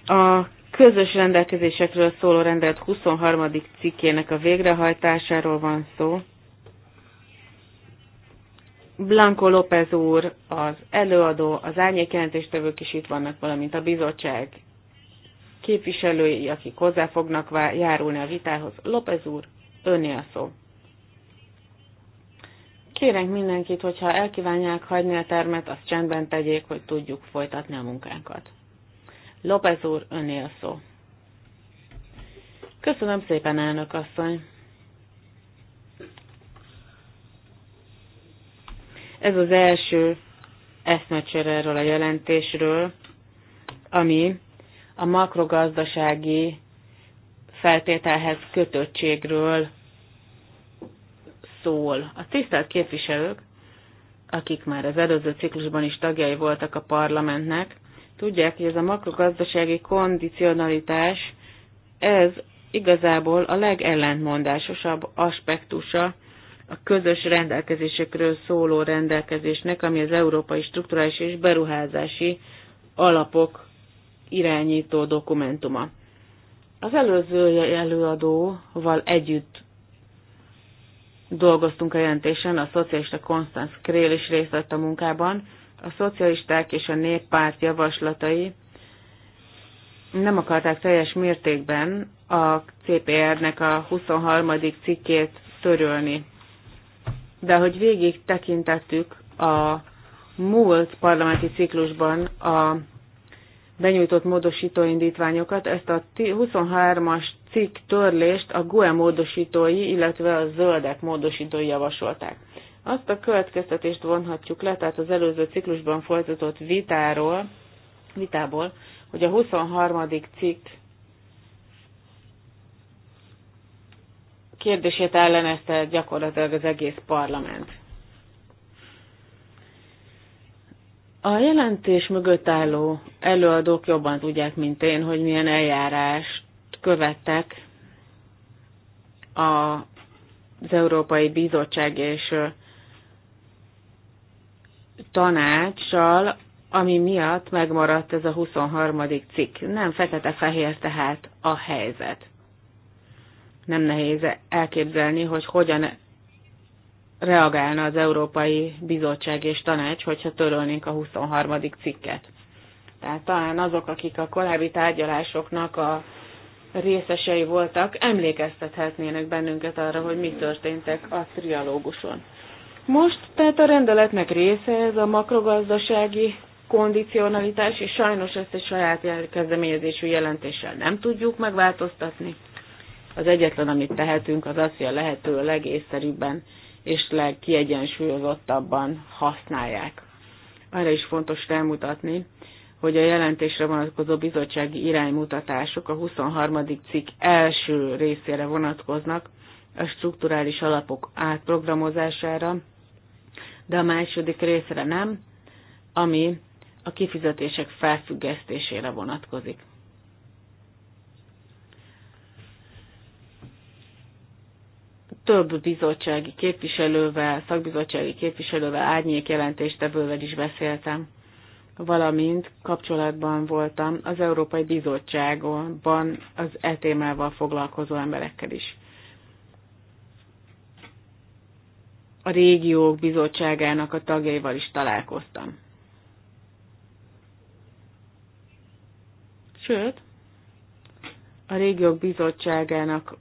A közös rendelkezésekről szóló rendelet 23. cikkének a végrehajtásáról van szó. Blanco López úr, az előadó, az árnyékjelentéstevők is itt vannak, valamint a bizottság képviselői, akik hozzá fognak járulni a vitához. López úr, önné a szó. Kérek mindenkit, hogyha elkívánják hagyni a termet, azt csendben tegyék, hogy tudjuk folytatni a munkánkat. López úr, önné a szó. Köszönöm szépen, elnök asszony. Ez az első eszmecsere erről a jelentésről, ami a makrogazdasági feltételhez kötöttségről szól. A tisztelt képviselők, akik már az előző ciklusban is tagjai voltak a parlamentnek, tudják, hogy ez a makrogazdasági kondicionalitás, ez igazából a legellentmondásosabb aspektusa a közös rendelkezésekről szóló rendelkezésnek, ami az európai strukturális és beruházási alapok irányító dokumentuma. Az előző előadóval együtt dolgoztunk a jelentésen, a szocialista Konstanz Krél is részt vett a munkában. A szocialisták és a néppárt javaslatai nem akarták teljes mértékben a CPR-nek a 23. cikkét törölni. De hogy végig tekintettük a múlt parlamenti ciklusban a benyújtott módosító indítványokat. Ezt a 23-as cikk törlést a GUE módosítói, illetve a zöldek módosítói javasolták. Azt a következtetést vonhatjuk le, tehát az előző ciklusban folytatott vitáról, vitából, hogy a 23. cikk kérdését ellenezte gyakorlatilag az egész parlament. A jelentés mögött álló előadók jobban tudják, mint én, hogy milyen eljárást követtek a, az Európai Bizottság és tanácssal, ami miatt megmaradt ez a 23. cikk. Nem fekete-fehér tehát a helyzet. Nem nehéz elképzelni, hogy hogyan reagálna az Európai Bizottság és Tanács, hogyha törölnénk a 23. cikket. Tehát talán azok, akik a korábbi tárgyalásoknak a részesei voltak, emlékeztethetnének bennünket arra, hogy mi történtek a trialóguson. Most tehát a rendeletnek része ez a makrogazdasági kondicionalitás, és sajnos ezt egy saját kezdeményezésű jelentéssel nem tudjuk megváltoztatni. Az egyetlen, amit tehetünk, az az, hogy a lehető legészszerűbben és legkiegyensúlyozottabban használják. Arra is fontos felmutatni, hogy a jelentésre vonatkozó bizottsági iránymutatások a 23. cikk első részére vonatkoznak, a strukturális alapok átprogramozására, de a második részre nem, ami a kifizetések felfüggesztésére vonatkozik. több bizottsági képviselővel, szakbizottsági képviselővel, árnyék jelentéstevővel is beszéltem, valamint kapcsolatban voltam az Európai Bizottságban az e témával foglalkozó emberekkel is. A régiók bizottságának a tagjaival is találkoztam. Sőt, a régiók bizottságának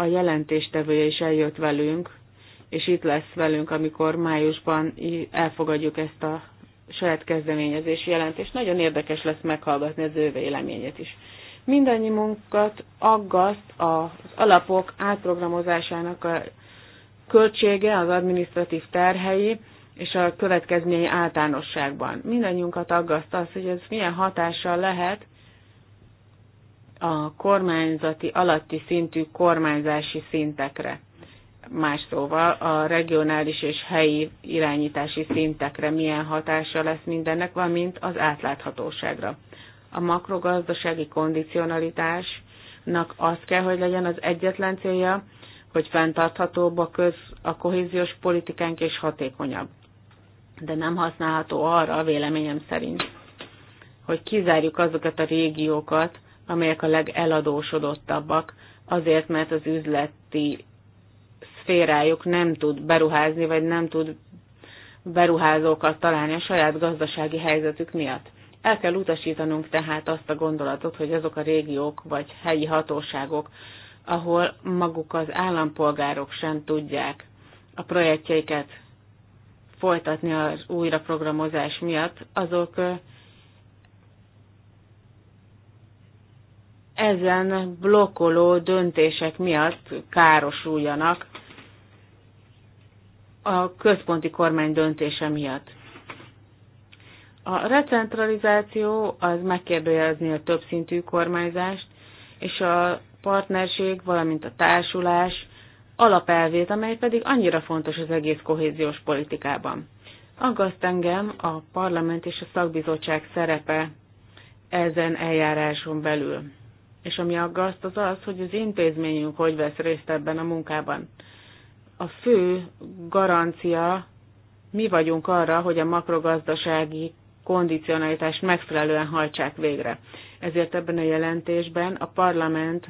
a jelentéstevője is eljött velünk, és itt lesz velünk, amikor májusban elfogadjuk ezt a saját kezdeményezési jelentést. Nagyon érdekes lesz meghallgatni az ő véleményét is. Mindennyi munkat aggaszt az alapok átprogramozásának a költsége, az adminisztratív terhei és a következményei általánosságban. Mindannyiunkat aggaszt az, hogy ez milyen hatással lehet a kormányzati alatti szintű kormányzási szintekre. Más szóval a regionális és helyi irányítási szintekre milyen hatása lesz mindennek, valamint az átláthatóságra. A makrogazdasági kondicionalitásnak az kell, hogy legyen az egyetlen célja, hogy fenntarthatóbb a, köz, a kohéziós politikánk és hatékonyabb. De nem használható arra, véleményem szerint, hogy kizárjuk azokat a régiókat, amelyek a legeladósodottabbak, azért, mert az üzleti szférájuk nem tud beruházni, vagy nem tud beruházókat találni a saját gazdasági helyzetük miatt. El kell utasítanunk tehát azt a gondolatot, hogy azok a régiók vagy helyi hatóságok, ahol maguk az állampolgárok sem tudják a projektjeiket folytatni az újraprogramozás miatt, azok ezen blokkoló döntések miatt károsuljanak a központi kormány döntése miatt. A recentralizáció az megkérdőjelezni a többszintű kormányzást, és a partnerség, valamint a társulás alapelvét, amely pedig annyira fontos az egész kohéziós politikában. Aggaszt engem a parlament és a szakbizottság szerepe ezen eljáráson belül. És ami aggaszt az az, hogy az intézményünk hogy vesz részt ebben a munkában. A fő garancia mi vagyunk arra, hogy a makrogazdasági kondicionalitást megfelelően hajtsák végre. Ezért ebben a jelentésben a parlament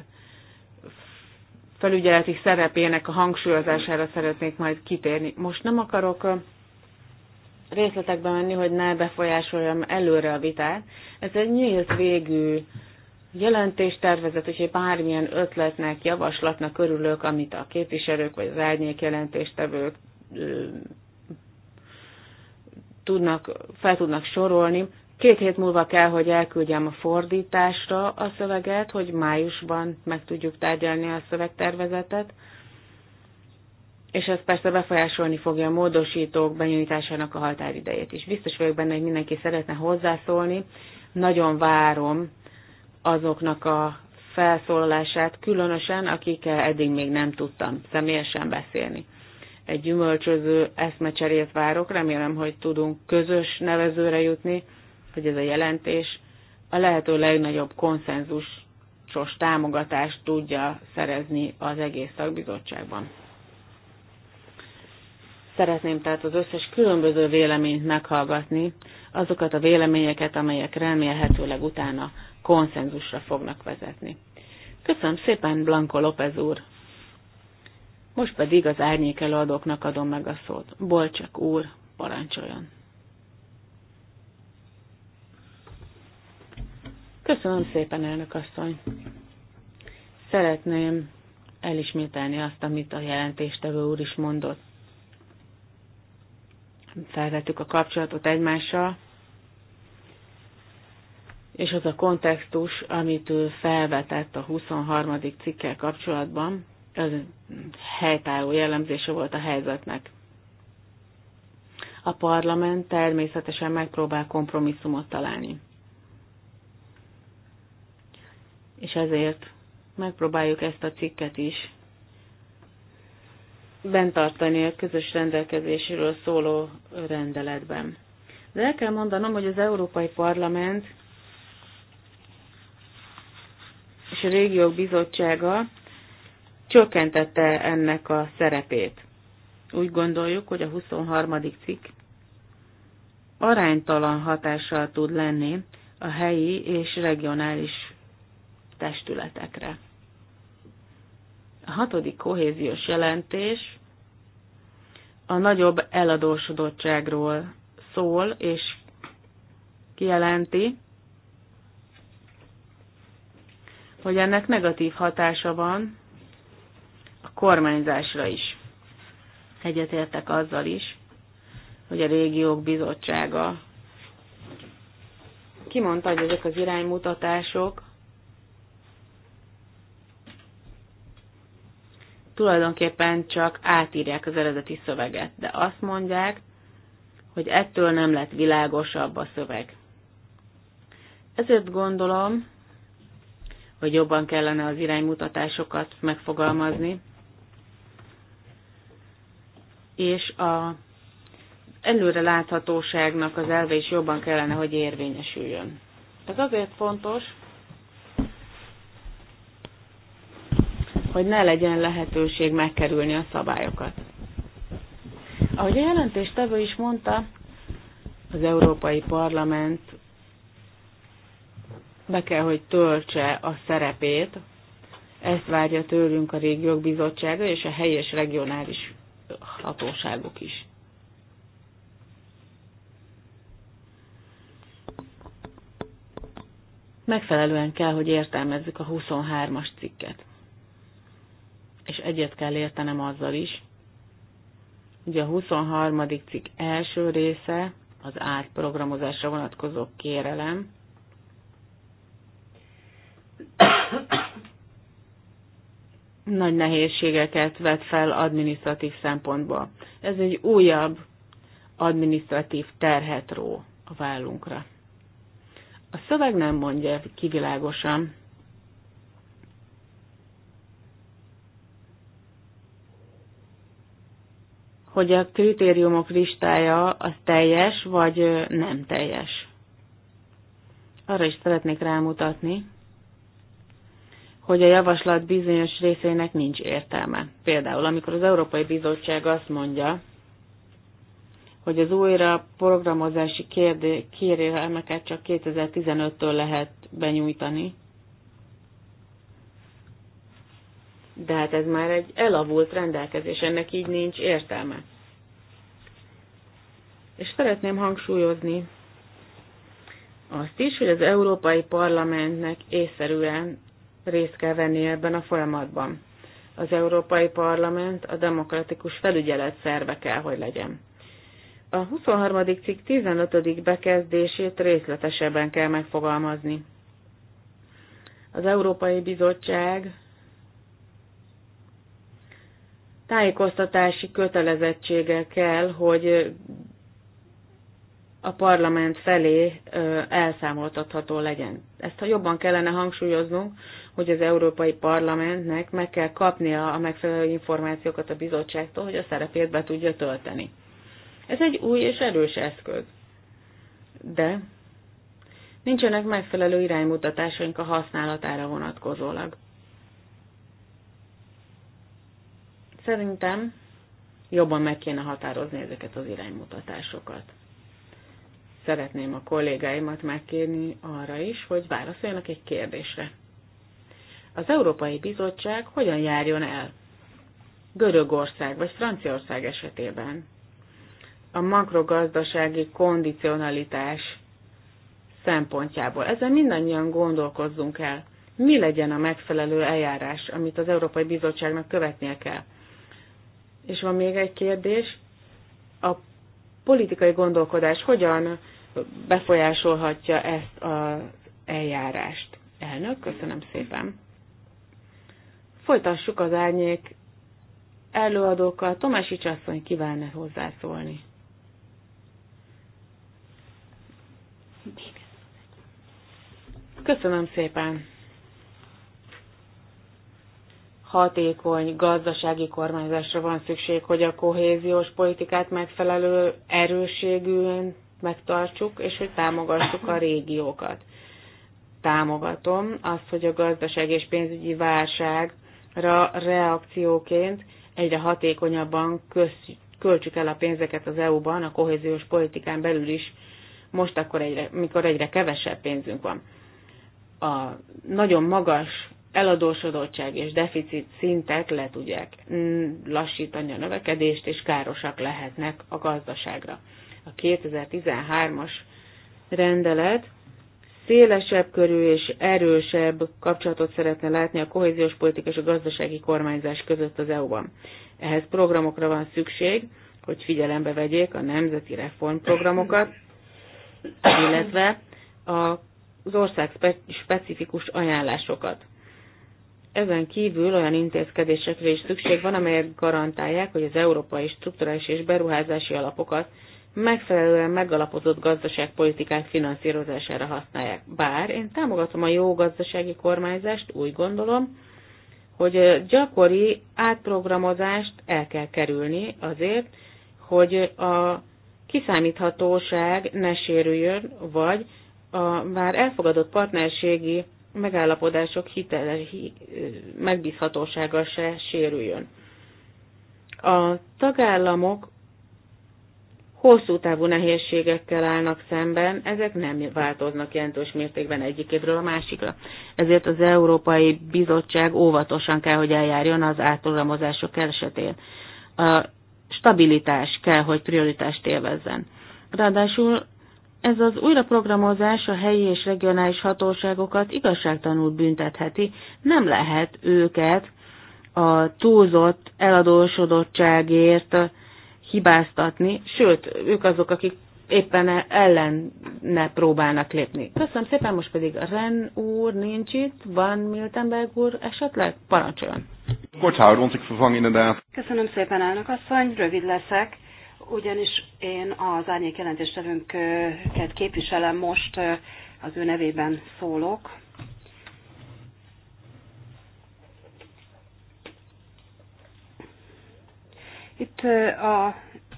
felügyeleti szerepének a hangsúlyozására szeretnék majd kitérni. Most nem akarok részletekbe menni, hogy ne befolyásoljam előre a vitát. Ez egy nyílt végű jelentéstervezet, úgyhogy bármilyen ötletnek, javaslatnak örülök, amit a képviselők vagy az árnyék jelentéstevők tudnak, fel tudnak sorolni. Két hét múlva kell, hogy elküldjem a fordításra a szöveget, hogy májusban meg tudjuk tárgyalni a szövegtervezetet, és ez persze befolyásolni fogja a módosítók benyújtásának a határidejét is. Biztos vagyok benne, hogy mindenki szeretne hozzászólni. Nagyon várom azoknak a felszólalását, különösen akikkel eddig még nem tudtam személyesen beszélni. Egy gyümölcsöző eszmecserét várok, remélem, hogy tudunk közös nevezőre jutni, hogy ez a jelentés a lehető legnagyobb konszenzusos támogatást tudja szerezni az egész szakbizottságban. Szeretném tehát az összes különböző véleményt meghallgatni, azokat a véleményeket, amelyek remélhetőleg utána konszenzusra fognak vezetni. Köszönöm szépen, Blanco López úr! Most pedig az árnyék előadóknak adom meg a szót. Bolcsak úr, parancsoljon! Köszönöm szépen, elnök asszony! Szeretném elismételni azt, amit a jelentéstevő úr is mondott. Felvettük a kapcsolatot egymással, és az a kontextus, amit ő felvetett a 23. cikkel kapcsolatban, ez helytálló jellemzése volt a helyzetnek. A parlament természetesen megpróbál kompromisszumot találni. És ezért megpróbáljuk ezt a cikket is bentartani a közös rendelkezésről szóló rendeletben. De el kell mondanom, hogy az Európai Parlament és Régiók Bizottsága csökkentette ennek a szerepét. Úgy gondoljuk, hogy a 23. cikk aránytalan hatással tud lenni a helyi és regionális testületekre. A hatodik kohéziós jelentés a nagyobb eladósodottságról szól, és kijelenti, hogy ennek negatív hatása van a kormányzásra is. Egyetértek azzal is, hogy a régiók bizottsága kimondta, hogy ezek az iránymutatások tulajdonképpen csak átírják az eredeti szöveget, de azt mondják, hogy ettől nem lett világosabb a szöveg. Ezért gondolom, hogy jobban kellene az iránymutatásokat megfogalmazni. És a előre láthatóságnak az elve is jobban kellene, hogy érvényesüljön. Ez azért fontos, hogy ne legyen lehetőség megkerülni a szabályokat. Ahogy a jelentéstevő is mondta, az Európai Parlament be kell, hogy töltse a szerepét. Ezt várja tőlünk a régiók bizottsága és a helyes regionális hatóságok is. Megfelelően kell, hogy értelmezzük a 23-as cikket. És egyet kell értenem azzal is, hogy a 23. cikk első része az átprogramozásra vonatkozó kérelem, nagy nehézségeket vet fel adminisztratív szempontból. Ez egy újabb adminisztratív terhet ró a vállunkra. A szöveg nem mondja kivilágosan, hogy a kritériumok listája az teljes vagy nem teljes. Arra is szeretnék rámutatni, hogy a javaslat bizonyos részének nincs értelme. Például, amikor az Európai Bizottság azt mondja, hogy az újra programozási kérelmeket csak 2015-től lehet benyújtani. De hát ez már egy elavult rendelkezés, ennek így nincs értelme. És szeretném hangsúlyozni azt is, hogy az Európai Parlamentnek észszerűen részt kell venni ebben a folyamatban. Az Európai Parlament a demokratikus felügyelet szerve kell, hogy legyen. A 23. cikk 15. bekezdését részletesebben kell megfogalmazni. Az Európai Bizottság tájékoztatási kötelezettsége kell, hogy a parlament felé elszámoltatható legyen. Ezt ha jobban kellene hangsúlyoznunk, hogy az Európai Parlamentnek meg kell kapnia a megfelelő információkat a bizottságtól, hogy a szerepét be tudja tölteni. Ez egy új és erős eszköz. De nincsenek megfelelő iránymutatásaink a használatára vonatkozólag. Szerintem jobban meg kéne határozni ezeket az iránymutatásokat. Szeretném a kollégáimat megkérni arra is, hogy válaszoljanak egy kérdésre az Európai Bizottság hogyan járjon el Görögország vagy Franciaország esetében a makrogazdasági kondicionalitás szempontjából. Ezen mindannyian gondolkozzunk el, mi legyen a megfelelő eljárás, amit az Európai Bizottságnak követnie kell. És van még egy kérdés, a politikai gondolkodás hogyan befolyásolhatja ezt az eljárást? Elnök, köszönöm szépen. Folytassuk az árnyék előadókkal. Tomási Császony kívánne hozzászólni. Köszönöm szépen! Hatékony gazdasági kormányzásra van szükség, hogy a kohéziós politikát megfelelő erőségűen megtartsuk, és hogy támogassuk a régiókat. Támogatom azt, hogy a gazdaság és pénzügyi válság ra reakcióként egyre hatékonyabban költsük el a pénzeket az EU-ban, a kohéziós politikán belül is, most akkor egyre, mikor egyre kevesebb pénzünk van. A nagyon magas eladósodottság és deficit szintek le tudják lassítani a növekedést, és károsak lehetnek a gazdaságra. A 2013-as rendelet szélesebb körű és erősebb kapcsolatot szeretne látni a kohéziós politika és a gazdasági kormányzás között az EU-ban. Ehhez programokra van szükség, hogy figyelembe vegyék a nemzeti reformprogramokat, illetve az ország specifikus ajánlásokat. Ezen kívül olyan intézkedésekre is szükség van, amelyek garantálják, hogy az európai strukturális és beruházási alapokat megfelelően megalapozott gazdaságpolitikák finanszírozására használják. Bár én támogatom a jó gazdasági kormányzást, úgy gondolom, hogy gyakori átprogramozást el kell kerülni azért, hogy a kiszámíthatóság ne sérüljön, vagy a már elfogadott partnerségi megállapodások hiteles megbízhatósága se sérüljön. A tagállamok hosszú távú nehézségekkel állnak szemben, ezek nem változnak jelentős mértékben egyik évről a másikra. Ezért az Európai Bizottság óvatosan kell, hogy eljárjon az átprogramozások esetén. A stabilitás kell, hogy prioritást élvezzen. Ráadásul ez az újraprogramozás a helyi és regionális hatóságokat igazságtanul büntetheti, nem lehet őket a túlzott eladósodottságért hibáztatni, sőt, ők azok, akik éppen ellenne próbálnak lépni. Köszönöm szépen, most pedig Ren úr nincs itt, van Miltenberg úr esetleg? Parancsoljon. Köszönöm szépen, elnök asszony, rövid leszek, ugyanis én az árnyék jelentéstevőnket képviselem most, az ő nevében szólok. Itt a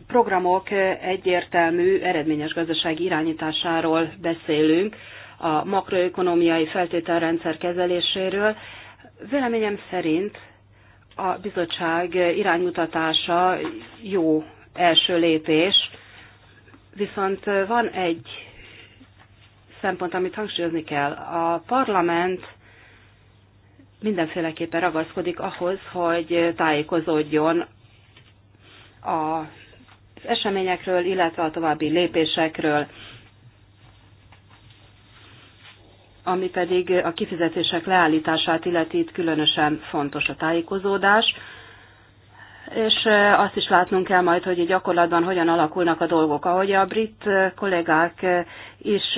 programok egyértelmű, eredményes gazdasági irányításáról beszélünk, a makroökonomiai feltételrendszer kezeléséről. Véleményem szerint a bizottság iránymutatása jó első lépés, viszont van egy szempont, amit hangsúlyozni kell. A parlament mindenféleképpen ragaszkodik ahhoz, hogy tájékozódjon az eseményekről, illetve a további lépésekről, ami pedig a kifizetések leállítását illeti, itt különösen fontos a tájékozódás és azt is látnunk kell majd, hogy gyakorlatban hogyan alakulnak a dolgok. Ahogy a brit kollégák is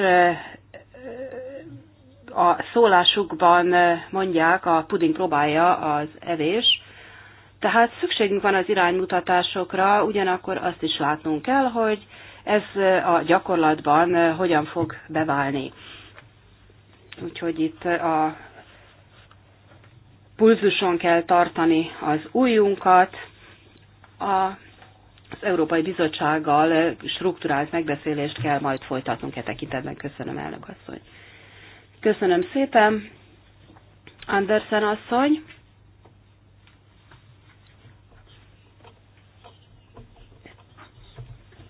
a szólásukban mondják, a puding próbálja az evés, tehát szükségünk van az iránymutatásokra, ugyanakkor azt is látnunk kell, hogy ez a gyakorlatban hogyan fog beválni. Úgyhogy itt a pulzuson kell tartani az újunkat, az Európai Bizottsággal struktúrált megbeszélést kell majd folytatnunk e tekintetben. Köszönöm, elnök asszony. Köszönöm szépen, Andersen asszony.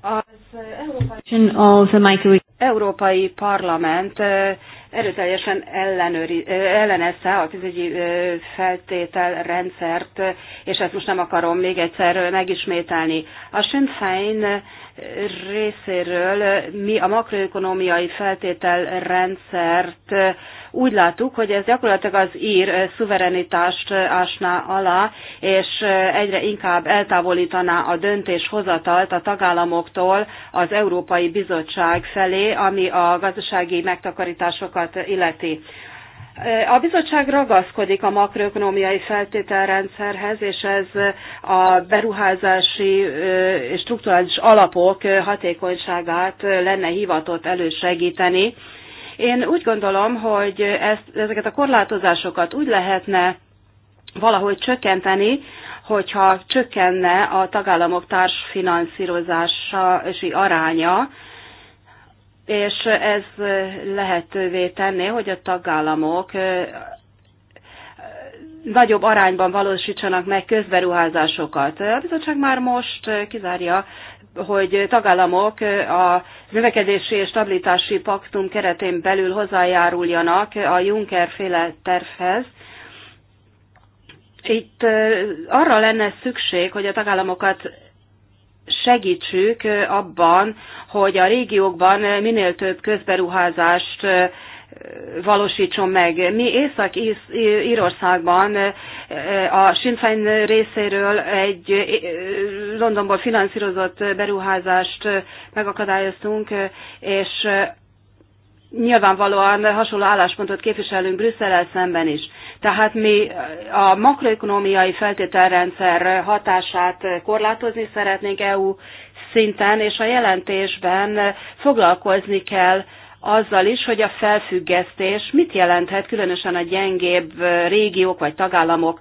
Az Európai, Európai Parlament erőteljesen ellenőri, ellenezte a feltétel rendszert, és ezt most nem akarom még egyszer megismételni. A Sinn Féin részéről mi a makroökonomiai rendszert úgy láttuk, hogy ez gyakorlatilag az ír eh, szuverenitást eh, ásná alá, és eh, egyre inkább eltávolítaná a döntéshozatalt a tagállamoktól az Európai Bizottság felé, ami a gazdasági megtakarításokat illeti. A bizottság ragaszkodik a makroökonomiai feltételrendszerhez, és ez a beruházási és strukturális alapok hatékonyságát lenne hivatott elősegíteni, én úgy gondolom, hogy ezt, ezeket a korlátozásokat úgy lehetne valahogy csökkenteni, hogyha csökkenne a tagállamok és aránya, és ez lehetővé tenné, hogy a tagállamok nagyobb arányban valósítsanak meg közberuházásokat. A bizottság már most kizárja hogy tagállamok a növekedési és stabilitási paktum keretén belül hozzájáruljanak a Juncker féle tervhez. Itt arra lenne szükség, hogy a tagállamokat segítsük abban, hogy a régiókban minél több közberuházást valósítson meg. Mi Észak-Írországban eh, eh, a Sinn Féin részéről egy eh, Londonból finanszírozott beruházást megakadályoztunk, és nyilvánvalóan hasonló álláspontot képviselünk Brüsszel szemben is. Tehát mi a makroekonomiai feltételrendszer hatását korlátozni szeretnénk EU szinten, és a jelentésben foglalkozni kell azzal is, hogy a felfüggesztés mit jelenthet különösen a gyengébb régiók vagy tagállamok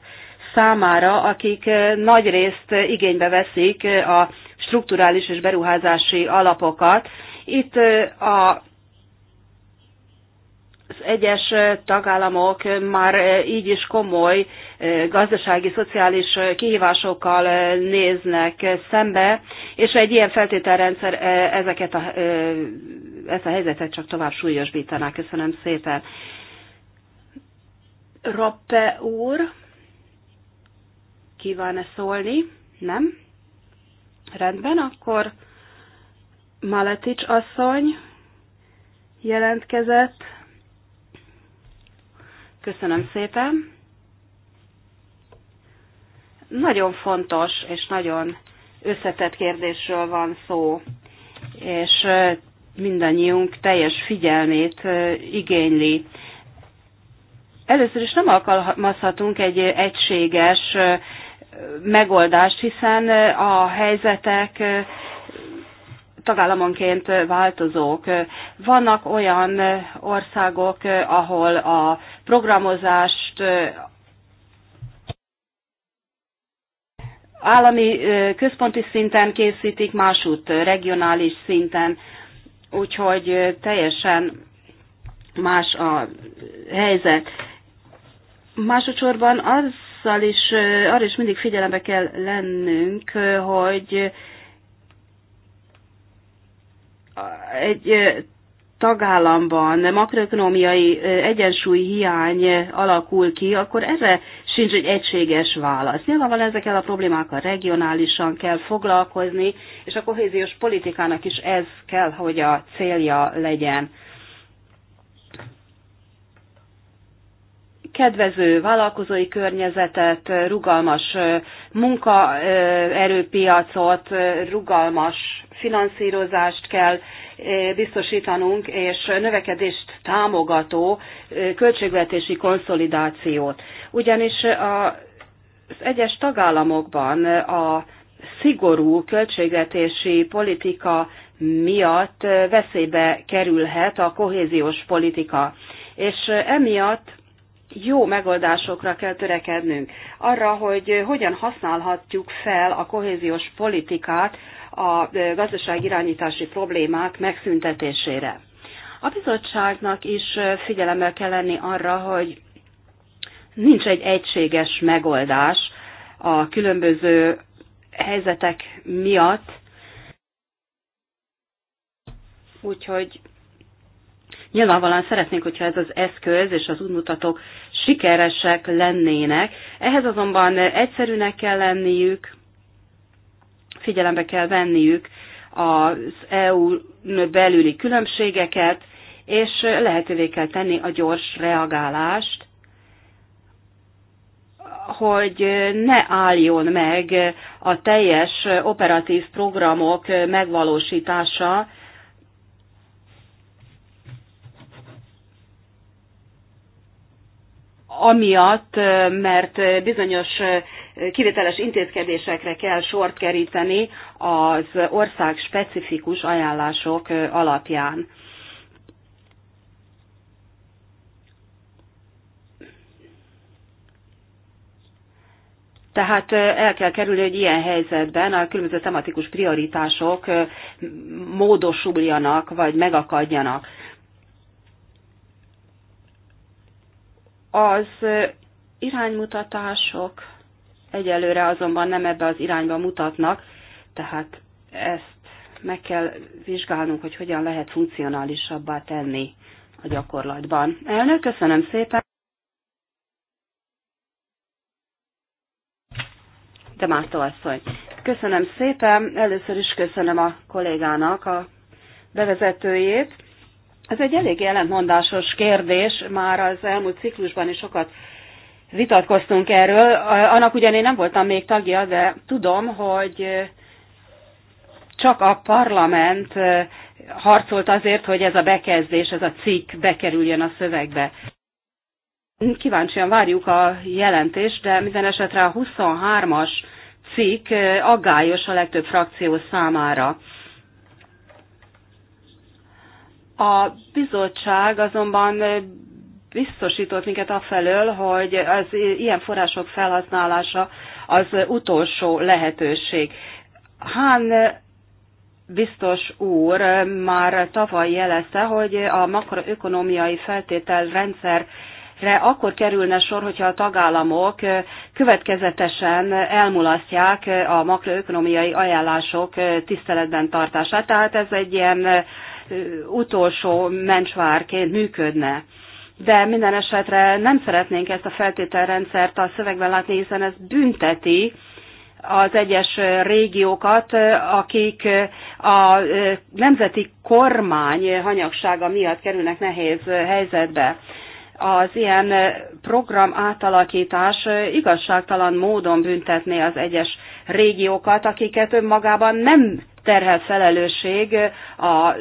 számára, akik nagy részt igénybe veszik a strukturális és beruházási alapokat. Itt a az egyes tagállamok már így is komoly eh, gazdasági, szociális kihívásokkal eh, néznek szembe, és egy ilyen feltételrendszer eh, ezeket a, ezt a helyzetet csak tovább súlyosbítaná. Köszönöm szépen. Roppe úr, kíván-e szólni? Nem? Rendben, akkor Maletics asszony jelentkezett. Köszönöm szépen. Nagyon fontos és nagyon összetett kérdésről van szó, és mindannyiunk teljes figyelmét igényli. Először is nem alkalmazhatunk egy egységes megoldást, hiszen a helyzetek tagállamonként változók. Vannak olyan országok, ahol a programozást állami központi szinten készítik, másút regionális szinten, úgyhogy teljesen más a helyzet. Másodszorban azzal is, arra is mindig figyelembe kell lennünk, hogy egy tagállamban makroekonomiai egyensúly hiány alakul ki, akkor erre sincs egy egységes válasz. Nyilvánvalóan ezekkel a problémákkal regionálisan kell foglalkozni, és a kohéziós politikának is ez kell, hogy a célja legyen. kedvező vállalkozói környezetet, rugalmas munkaerőpiacot, rugalmas finanszírozást kell biztosítanunk, és növekedést támogató költségvetési konszolidációt. Ugyanis az egyes tagállamokban a szigorú költségvetési politika miatt veszélybe kerülhet a kohéziós politika. És emiatt jó megoldásokra kell törekednünk. Arra, hogy hogyan használhatjuk fel a kohéziós politikát a e, gazdaság irányítási problémák megszüntetésére. A bizottságnak is e, figyelemmel kell lenni arra, hogy nincs egy egységes megoldás a különböző helyzetek miatt, úgyhogy Nyilvánvalóan szeretnénk, hogyha ez az eszköz és az útmutatók sikeresek lennének. Ehhez azonban egyszerűnek kell lenniük, figyelembe kell venniük az EU belüli különbségeket, és lehetővé kell tenni a gyors reagálást, hogy ne álljon meg a teljes operatív programok megvalósítása, amiatt, mert bizonyos kivételes intézkedésekre kell sort keríteni az ország specifikus ajánlások alapján. Tehát el kell kerülni, hogy ilyen helyzetben a különböző tematikus prioritások módosuljanak, vagy megakadjanak. Az iránymutatások egyelőre azonban nem ebbe az irányba mutatnak, tehát ezt meg kell vizsgálnunk, hogy hogyan lehet funkcionálisabbá tenni a gyakorlatban. Elnök, köszönöm szépen! De Mártó asszony. Köszönöm szépen, először is köszönöm a kollégának a bevezetőjét. Ez egy elég ellentmondásos kérdés, már az elmúlt ciklusban is sokat vitatkoztunk erről. Annak ugyan én nem voltam még tagja, de tudom, hogy csak a parlament harcolt azért, hogy ez a bekezdés, ez a cikk bekerüljön a szövegbe. Kíváncsian várjuk a jelentést, de minden esetre a 23-as cikk aggályos a legtöbb frakció számára. A bizottság azonban biztosított minket afelől, hogy az ilyen források felhasználása az utolsó lehetőség. Hán biztos úr már tavaly jelezte, hogy a makroökonomiai feltételrendszer akkor kerülne sor, hogyha a tagállamok következetesen elmulasztják a makroökonomiai ajánlások tiszteletben tartását. Tehát ez egy ilyen utolsó mencsvárként működne. De minden esetre nem szeretnénk ezt a feltételrendszert a szövegben látni, hiszen ez bünteti az egyes régiókat, akik a nemzeti kormány hanyagsága miatt kerülnek nehéz helyzetbe az ilyen program átalakítás igazságtalan módon büntetné az egyes régiókat, akiket önmagában nem terhel felelősség a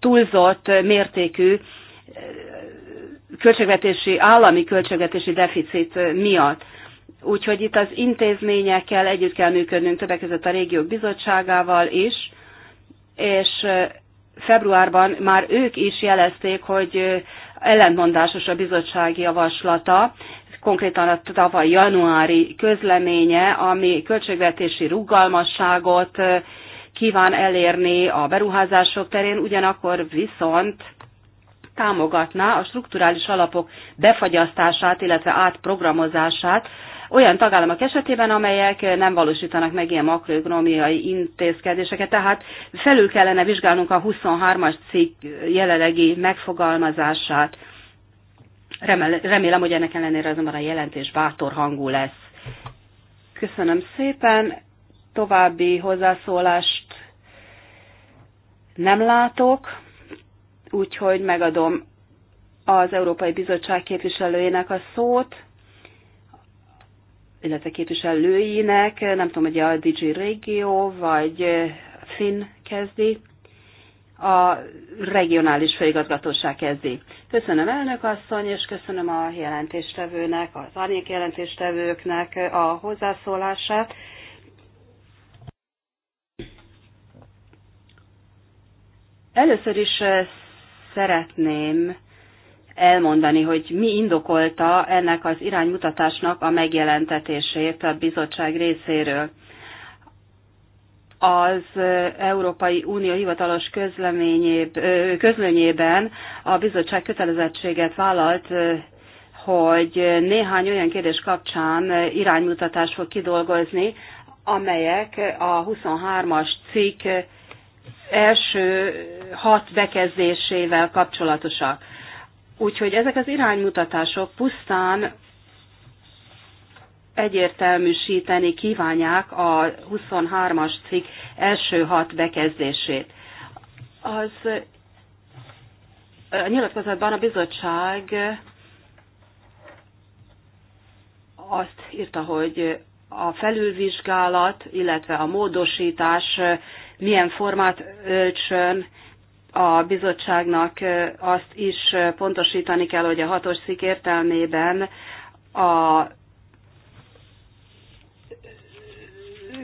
túlzott mértékű költségvetési, állami költségvetési deficit miatt. Úgyhogy itt az intézményekkel együtt kell működnünk, többek között a régiók bizottságával is, és februárban már ők is jelezték, hogy ellentmondásos a bizottság javaslata, konkrétan a tavaly januári közleménye, ami költségvetési rugalmasságot kíván elérni a beruházások terén, ugyanakkor viszont támogatná a strukturális alapok befagyasztását, illetve átprogramozását olyan tagállamok esetében, amelyek nem valósítanak meg ilyen makroökonomiai intézkedéseket. Tehát felül kellene vizsgálnunk a 23-as cikk jelenlegi megfogalmazását. Remélem, hogy ennek ellenére azonban a jelentés bátor hangú lesz. Köszönöm szépen. További hozzászólás nem látok, úgyhogy megadom az Európai Bizottság képviselőjének a szót, illetve képviselőinek, nem tudom, hogy a DG Régió vagy Finn kezdi, a regionális főigazgatóság kezdi. Köszönöm elnök asszony, és köszönöm a jelentéstevőnek, az árnyék jelentéstevőknek a hozzászólását. Először is eh, szeretném elmondani, hogy mi indokolta ennek az iránymutatásnak a megjelentetését a bizottság részéről. Az eh, Európai Unió hivatalos eh, közlönyében a bizottság kötelezettséget vállalt, hogy néhány olyan kérdés kapcsán iránymutatást fog kidolgozni, amelyek a 23-as cikk első hat bekezdésével kapcsolatosak. Úgyhogy ezek az iránymutatások pusztán egyértelműsíteni kívánják a 23-as cikk első hat bekezdését. Az a nyilatkozatban a bizottság azt írta, hogy a felülvizsgálat, illetve a módosítás milyen formát öltsön, a bizottságnak azt is pontosítani kell, hogy a hatos szik értelmében a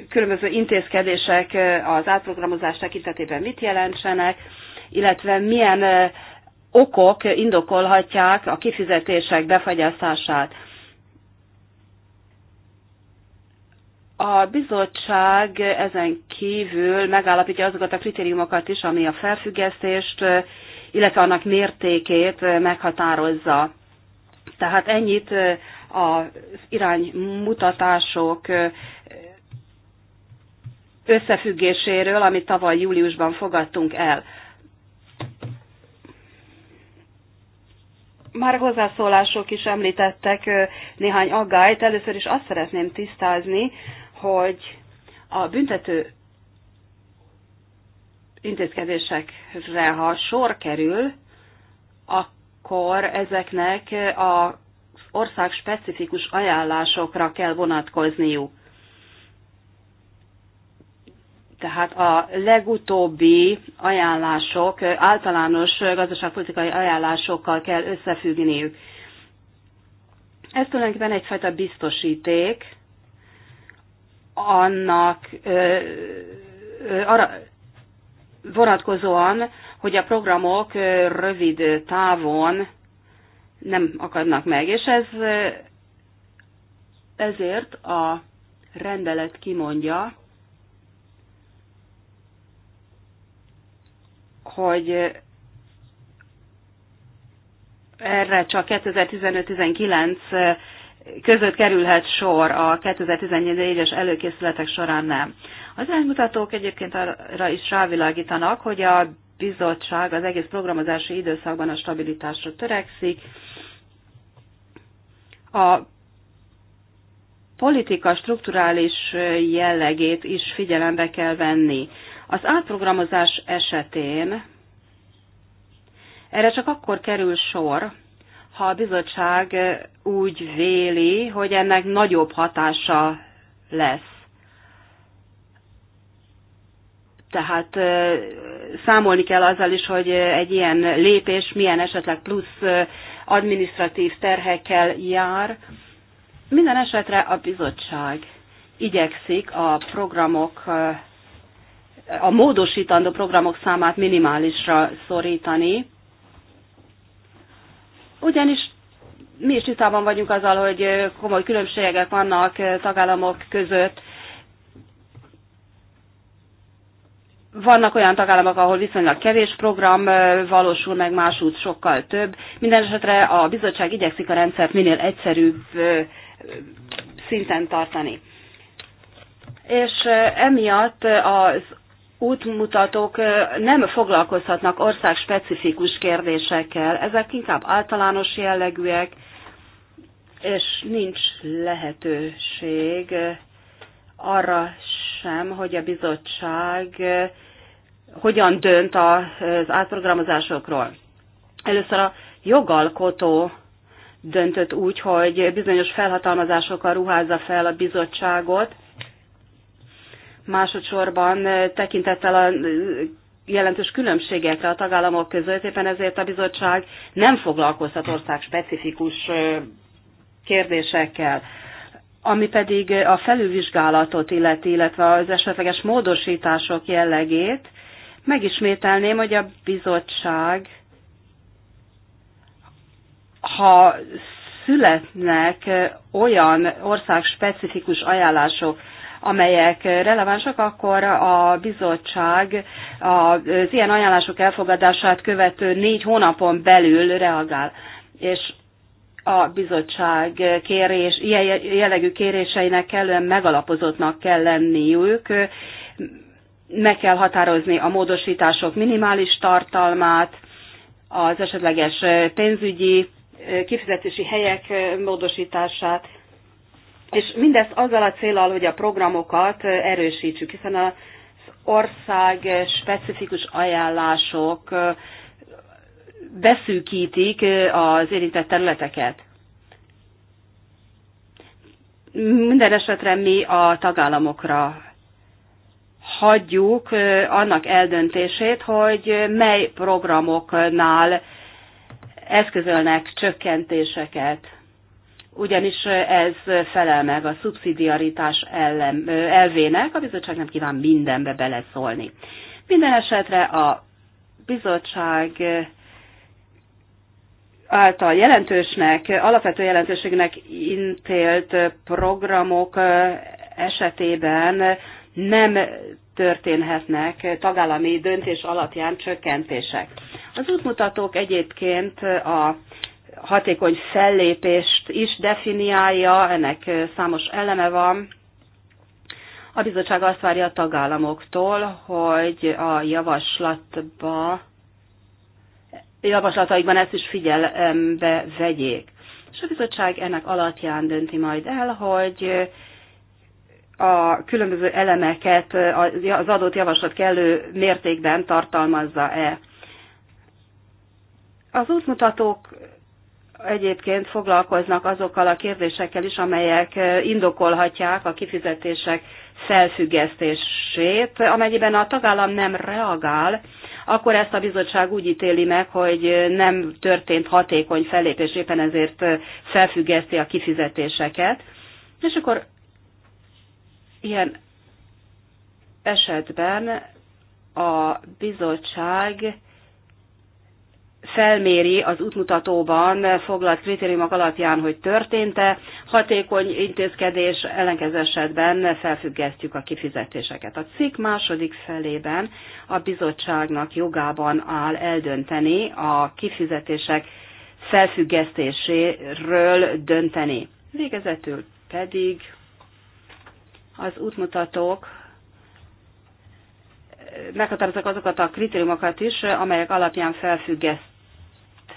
különböző intézkedések az átprogramozás tekintetében mit jelentsenek, illetve milyen okok indokolhatják a kifizetések befagyasztását. A bizottság ezen kívül megállapítja azokat a kritériumokat is, ami a felfüggesztést, illetve annak mértékét meghatározza. Tehát ennyit az iránymutatások összefüggéséről, amit tavaly júliusban fogadtunk el. Már hozzászólások is említettek néhány aggályt. Először is azt szeretném tisztázni, hogy a büntető intézkedésekre, ha sor kerül, akkor ezeknek az ország specifikus ajánlásokra kell vonatkozniuk. Tehát a legutóbbi ajánlások, általános gazdaságpolitikai ajánlásokkal kell összefüggniük. Ez tulajdonképpen egyfajta biztosíték, annak arra vonatkozóan, hogy a programok rövid távon nem akadnak meg, és ez ezért a rendelet kimondja, hogy erre csak 2015-19 között kerülhet sor a 2014-es előkészületek során nem. Az elmutatók egyébként arra is rávilágítanak, hogy a bizottság az egész programozási időszakban a stabilitásra törekszik. A politika strukturális jellegét is figyelembe kell venni. Az átprogramozás esetén erre csak akkor kerül sor, ha a bizottság úgy véli, hogy ennek nagyobb hatása lesz. Tehát számolni kell azzal is, hogy egy ilyen lépés milyen esetleg plusz administratív terhekkel jár. Minden esetre a bizottság igyekszik a programok, a módosítandó programok számát minimálisra szorítani, ugyanis mi is tisztában vagyunk azzal, hogy komoly különbségek vannak tagállamok között. Vannak olyan tagállamok, ahol viszonylag kevés program valósul meg, másút sokkal több. Minden esetre a bizottság igyekszik a rendszert minél egyszerűbb szinten tartani. És emiatt az útmutatók nem foglalkozhatnak országspecifikus kérdésekkel, ezek inkább általános jellegűek, és nincs lehetőség arra sem, hogy a bizottság hogyan dönt az átprogramozásokról. Először a jogalkotó döntött úgy, hogy bizonyos felhatalmazásokkal ruházza fel a bizottságot, másodszorban tekintettel a jelentős különbségekre a tagállamok között, éppen ezért a bizottság nem foglalkoztat ország specifikus kérdésekkel. Ami pedig a felülvizsgálatot illeti, illetve az esetleges módosítások jellegét, megismételném, hogy a bizottság, ha születnek olyan országspecifikus ajánlások, amelyek relevánsak, akkor a bizottság az ilyen ajánlások elfogadását követő négy hónapon belül reagál. És a bizottság kérés, jellegű kéréseinek kellően megalapozottnak kell lenniük, meg kell határozni a módosítások minimális tartalmát, az esetleges pénzügyi kifizetési helyek módosítását, és mindezt azzal a célral, hogy a programokat erősítsük, hiszen az ország specifikus ajánlások beszűkítik az érintett területeket. Minden esetre mi a tagállamokra hagyjuk annak eldöntését, hogy mely programoknál eszközölnek csökkentéseket ugyanis ez felel meg a szubszidiaritás ellen, elvének, a bizottság nem kíván mindenbe beleszólni. Minden esetre a bizottság által jelentősnek, alapvető jelentőségnek intélt programok esetében nem történhetnek tagállami döntés alapján csökkentések. Az útmutatók egyébként a hatékony fellépést is definiálja, ennek számos eleme van. A bizottság azt várja a tagállamoktól, hogy a javaslatba, javaslataikban ezt is figyelembe vegyék. És a bizottság ennek alapján dönti majd el, hogy a különböző elemeket az adott javaslat kellő mértékben tartalmazza-e. Az útmutatók egyébként foglalkoznak azokkal a kérdésekkel is, amelyek indokolhatják a kifizetések felfüggesztését. Amennyiben a tagállam nem reagál, akkor ezt a bizottság úgy ítéli meg, hogy nem történt hatékony fellépés, éppen ezért felfüggeszti a kifizetéseket. És akkor ilyen esetben a bizottság felméri az útmutatóban foglalt kritériumok alapján, hogy történt-e hatékony intézkedés, ellenkező esetben felfüggesztjük a kifizetéseket. A cikk második felében a bizottságnak jogában áll eldönteni a kifizetések felfüggesztéséről dönteni. Végezetül pedig az útmutatók meghatározzák azokat a kritériumokat is, amelyek alapján felfüggeszt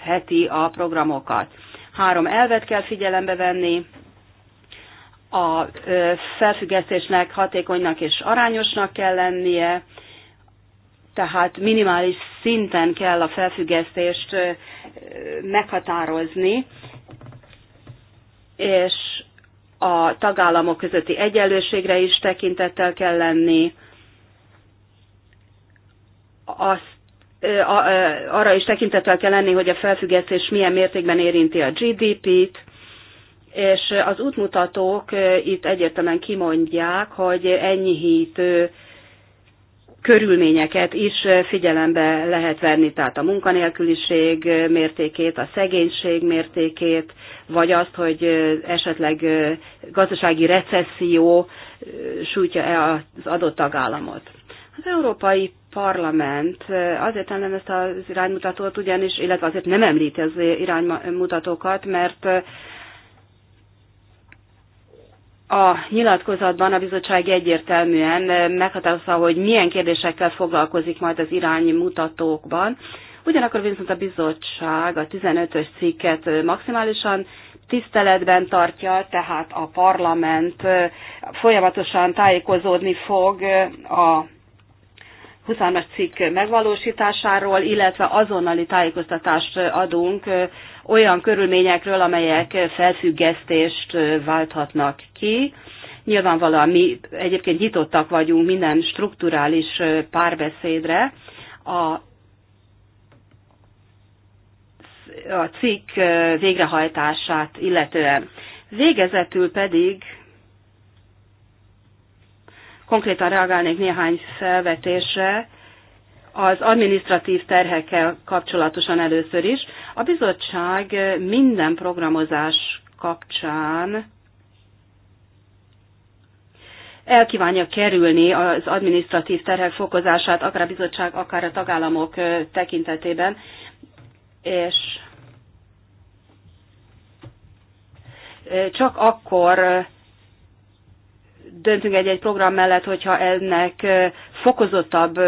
heti a programokat. Három elvet kell figyelembe venni, a felfüggesztésnek hatékonynak és arányosnak kell lennie, tehát minimális szinten kell a felfüggesztést meghatározni, és a tagállamok közötti egyenlőségre is tekintettel kell lenni, azt arra is tekintettel kell lenni, hogy a felfüggesztés milyen mértékben érinti a GDP-t, és az útmutatók itt egyértelműen kimondják, hogy ennyi enyhítő körülményeket is figyelembe lehet venni, tehát a munkanélküliség mértékét, a szegénység mértékét, vagy azt, hogy esetleg gazdasági recesszió sújtja-e az adott tagállamot. Az Európai Parlament azért nem ezt az iránymutatót ugyanis, illetve azért nem említi az iránymutatókat, mert a nyilatkozatban a bizottság egyértelműen meghatározza, hogy milyen kérdésekkel foglalkozik majd az iránymutatókban. Ugyanakkor viszont a bizottság a 15-ös cikket maximálisan tiszteletben tartja, tehát a parlament folyamatosan tájékozódni fog a 23-as cikk megvalósításáról, illetve azonnali tájékoztatást adunk olyan körülményekről, amelyek felfüggesztést válthatnak ki. Nyilvánvalóan mi egyébként nyitottak vagyunk minden strukturális párbeszédre. A a cikk végrehajtását illetően. Végezetül pedig konkrétan reagálnék néhány felvetésre, az administratív terhekkel kapcsolatosan először is. A bizottság minden programozás kapcsán elkívánja kerülni az administratív terhek fokozását, akár a bizottság, akár a tagállamok tekintetében, és csak akkor döntünk egy-egy program mellett, hogyha ennek fokozottabb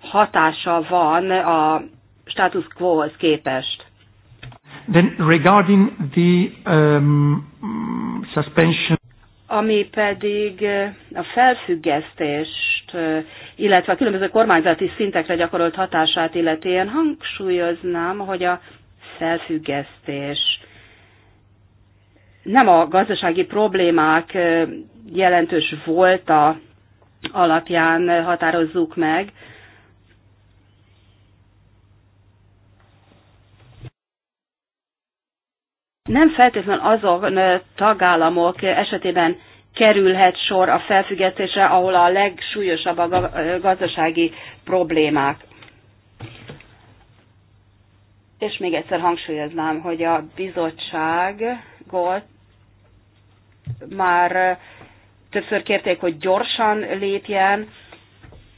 hatása van a status quo-hoz képest. Then regarding the um, suspension ami pedig a felfüggesztést, illetve a különböző kormányzati szintekre gyakorolt hatását illetően hangsúlyoznám, hogy a felfüggesztés nem a gazdasági problémák jelentős volta alapján határozzuk meg, nem feltétlenül azon tagállamok esetében kerülhet sor a felfüggesztésre, ahol a legsúlyosabb a gazdasági problémák. És még egyszer hangsúlyoznám, hogy a bizottságot már többször kérték, hogy gyorsan lépjen,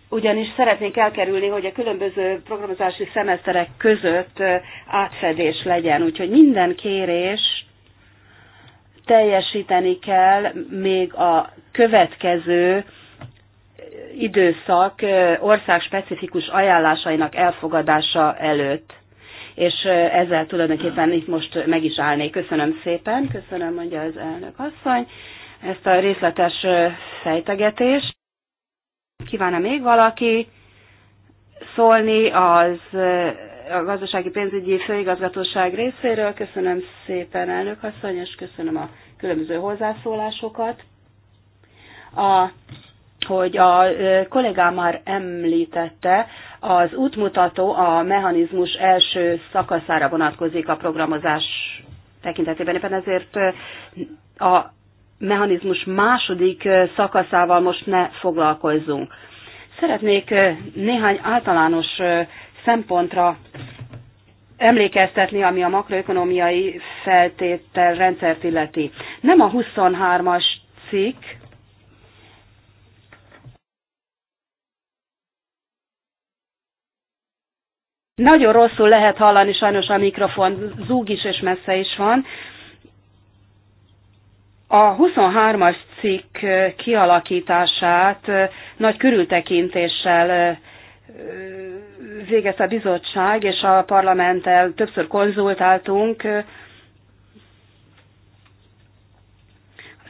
ugyanis szeretnénk elkerülni, hogy a különböző programozási szemeszterek között átfedés legyen. Úgyhogy minden kérés teljesíteni kell még a következő időszak országspecifikus ajánlásainak elfogadása előtt és ezzel tulajdonképpen itt most meg is állnék. Köszönöm szépen, köszönöm, mondja az elnök asszony, ezt a részletes fejtegetést. Kívánna még valaki szólni az a gazdasági pénzügyi főigazgatóság részéről. Köszönöm szépen, elnök asszony, és köszönöm a különböző hozzászólásokat. A, hogy a kollégám már említette, az útmutató a mechanizmus első szakaszára vonatkozik a programozás tekintetében, éppen ezért a mechanizmus második szakaszával most ne foglalkozzunk. Szeretnék néhány általános szempontra emlékeztetni, ami a makroökonomiai feltételrendszert illeti. Nem a 23-as cikk, Nagyon rosszul lehet hallani sajnos a mikrofon, zúg is és messze is van. A 23-as cikk kialakítását nagy körültekintéssel végezte a bizottság, és a parlamenttel többször konzultáltunk,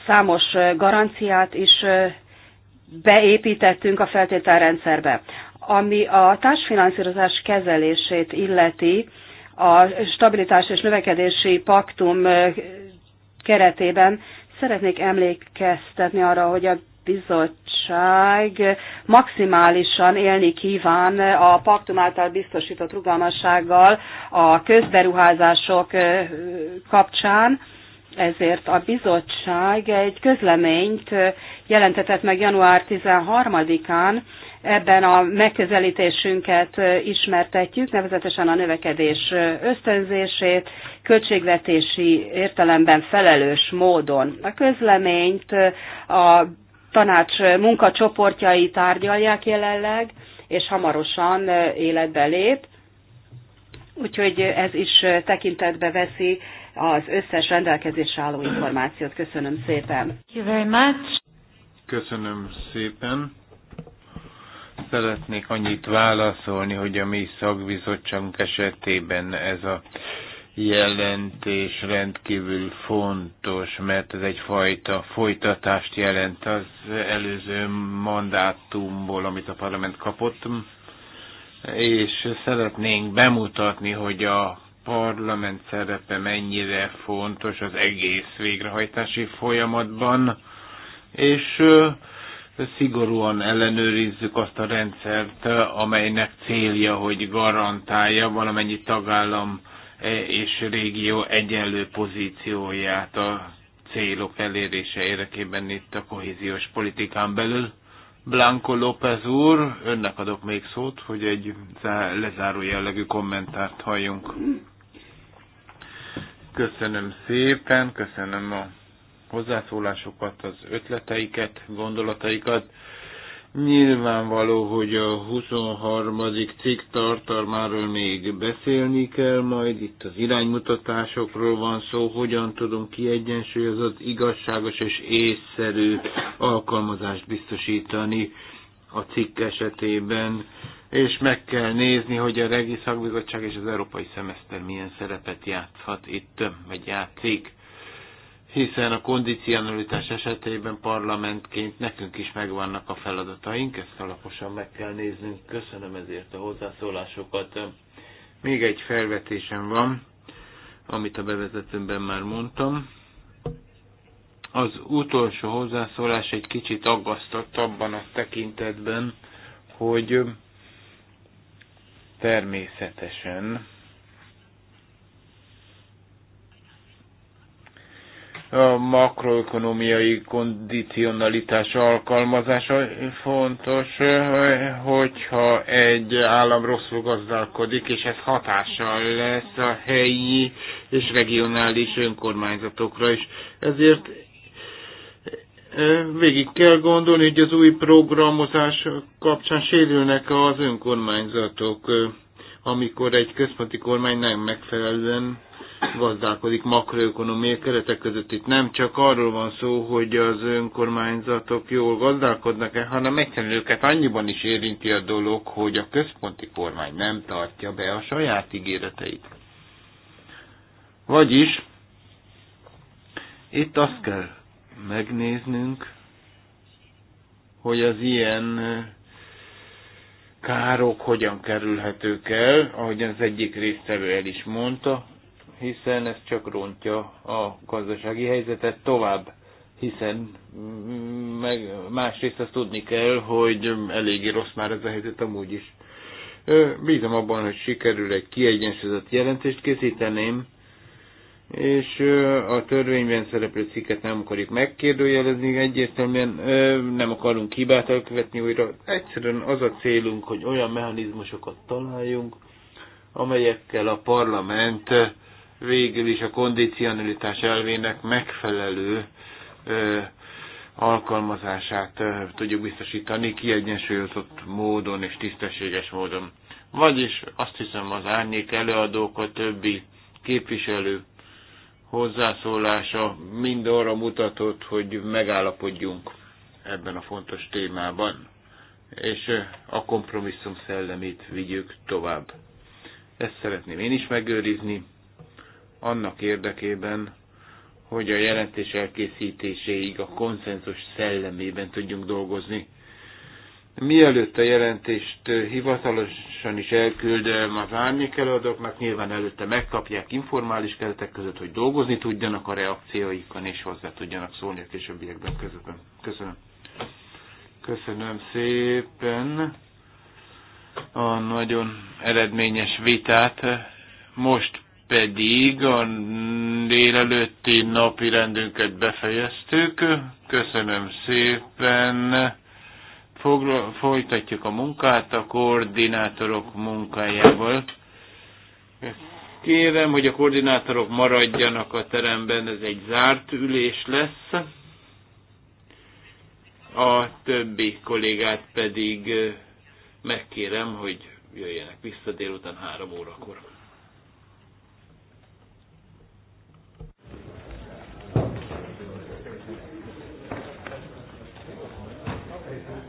számos garanciát is beépítettünk a feltételrendszerbe. Ami a társfinanszírozás kezelését illeti, a stabilitás és növekedési paktum keretében szeretnék emlékeztetni arra, hogy a bizottság maximálisan élni kíván a paktum által biztosított rugalmassággal a közberuházások kapcsán. Ezért a bizottság egy közleményt jelentetett meg január 13-án, ebben a megközelítésünket ismertetjük, nevezetesen a növekedés ösztönzését, költségvetési értelemben felelős módon. A közleményt a tanács munkacsoportjai tárgyalják jelenleg, és hamarosan életbe lép. Úgyhogy ez is tekintetbe veszi az összes rendelkezésre álló információt. Köszönöm szépen. Thank you very much. Köszönöm szépen. Szeretnék annyit válaszolni, hogy a mi szakbizottságunk esetében ez a jelentés rendkívül fontos, mert ez egyfajta folytatást jelent az előző mandátumból, amit a parlament kapott, és szeretnénk bemutatni, hogy a parlament szerepe mennyire fontos az egész végrehajtási folyamatban, és szigorúan ellenőrizzük azt a rendszert, amelynek célja, hogy garantálja valamennyi tagállam e, és régió egyenlő pozícióját a célok elérése érdekében itt a kohéziós politikán belül. Blanco López úr, önnek adok még szót, hogy egy lezáró jellegű kommentárt halljunk. Köszönöm szépen, köszönöm a hozzászólásokat, az ötleteiket, gondolataikat. Nyilvánvaló, hogy a 23. cikk tartalmáról még beszélni kell, majd itt az iránymutatásokról van szó, hogyan tudunk kiegyensúlyozott, igazságos és észszerű alkalmazást biztosítani a cikk esetében, és meg kell nézni, hogy a Regi Szakbizottság és az Európai Szemeszter milyen szerepet játszhat itt, vagy játszik hiszen a kondicionalitás esetében parlamentként nekünk is megvannak a feladataink, ezt alaposan meg kell néznünk. Köszönöm ezért a hozzászólásokat. Még egy felvetésem van, amit a bevezetőmben már mondtam. Az utolsó hozzászólás egy kicsit aggasztott abban a tekintetben, hogy természetesen a makroökonomiai kondicionalitás alkalmazása fontos, hogyha egy állam rosszul gazdálkodik, és ez hatással lesz a helyi és regionális önkormányzatokra is. Ezért végig kell gondolni, hogy az új programozás kapcsán sérülnek az önkormányzatok, amikor egy központi kormány nem megfelelően gazdálkodik makroökonomiai keretek között. Itt nem csak arról van szó, hogy az önkormányzatok jól gazdálkodnak-e, hanem egyszerűen őket annyiban is érinti a dolog, hogy a központi kormány nem tartja be a saját ígéreteit. Vagyis itt azt kell megnéznünk, hogy az ilyen eh, károk hogyan kerülhetők el, ahogy az egyik résztvevő el is mondta, hiszen ez csak rontja a gazdasági helyzetet tovább, hiszen meg másrészt azt tudni kell, hogy eléggé rossz már ez a helyzet amúgy is. Bízom abban, hogy sikerül egy kiegyensúlyozott jelentést készíteném, és a törvényben szereplő cikket nem akarjuk megkérdőjelezni, egyértelműen nem akarunk hibát elkövetni újra. Egyszerűen az a célunk, hogy olyan mechanizmusokat találjunk, amelyekkel a parlament végül is a kondicionalitás elvének megfelelő ö, alkalmazását ö, tudjuk biztosítani kiegyensúlyozott módon és tisztességes módon. Vagyis azt hiszem az árnyék előadók, a többi képviselő hozzászólása mind arra mutatott, hogy megállapodjunk ebben a fontos témában, és a kompromisszum szellemét vigyük tovább. Ezt szeretném én is megőrizni, annak érdekében, hogy a jelentés elkészítéséig a konszenzus szellemében tudjunk dolgozni. Mielőtt a jelentést hivatalosan is elküldöm az árnyék előadóknak, nyilván előtte megkapják informális keretek között, hogy dolgozni tudjanak a reakcióikon, és hozzá tudjanak szólni a későbbiekben közöttem. Köszönöm. Köszönöm szépen a nagyon eredményes vitát. Most pedig a délelőtti napi rendünket befejeztük. Köszönöm szépen. Fogla, folytatjuk a munkát a koordinátorok munkájával. Kérem, hogy a koordinátorok maradjanak a teremben, ez egy zárt ülés lesz. A többi kollégát pedig megkérem, hogy jöjjenek vissza délután három órakor.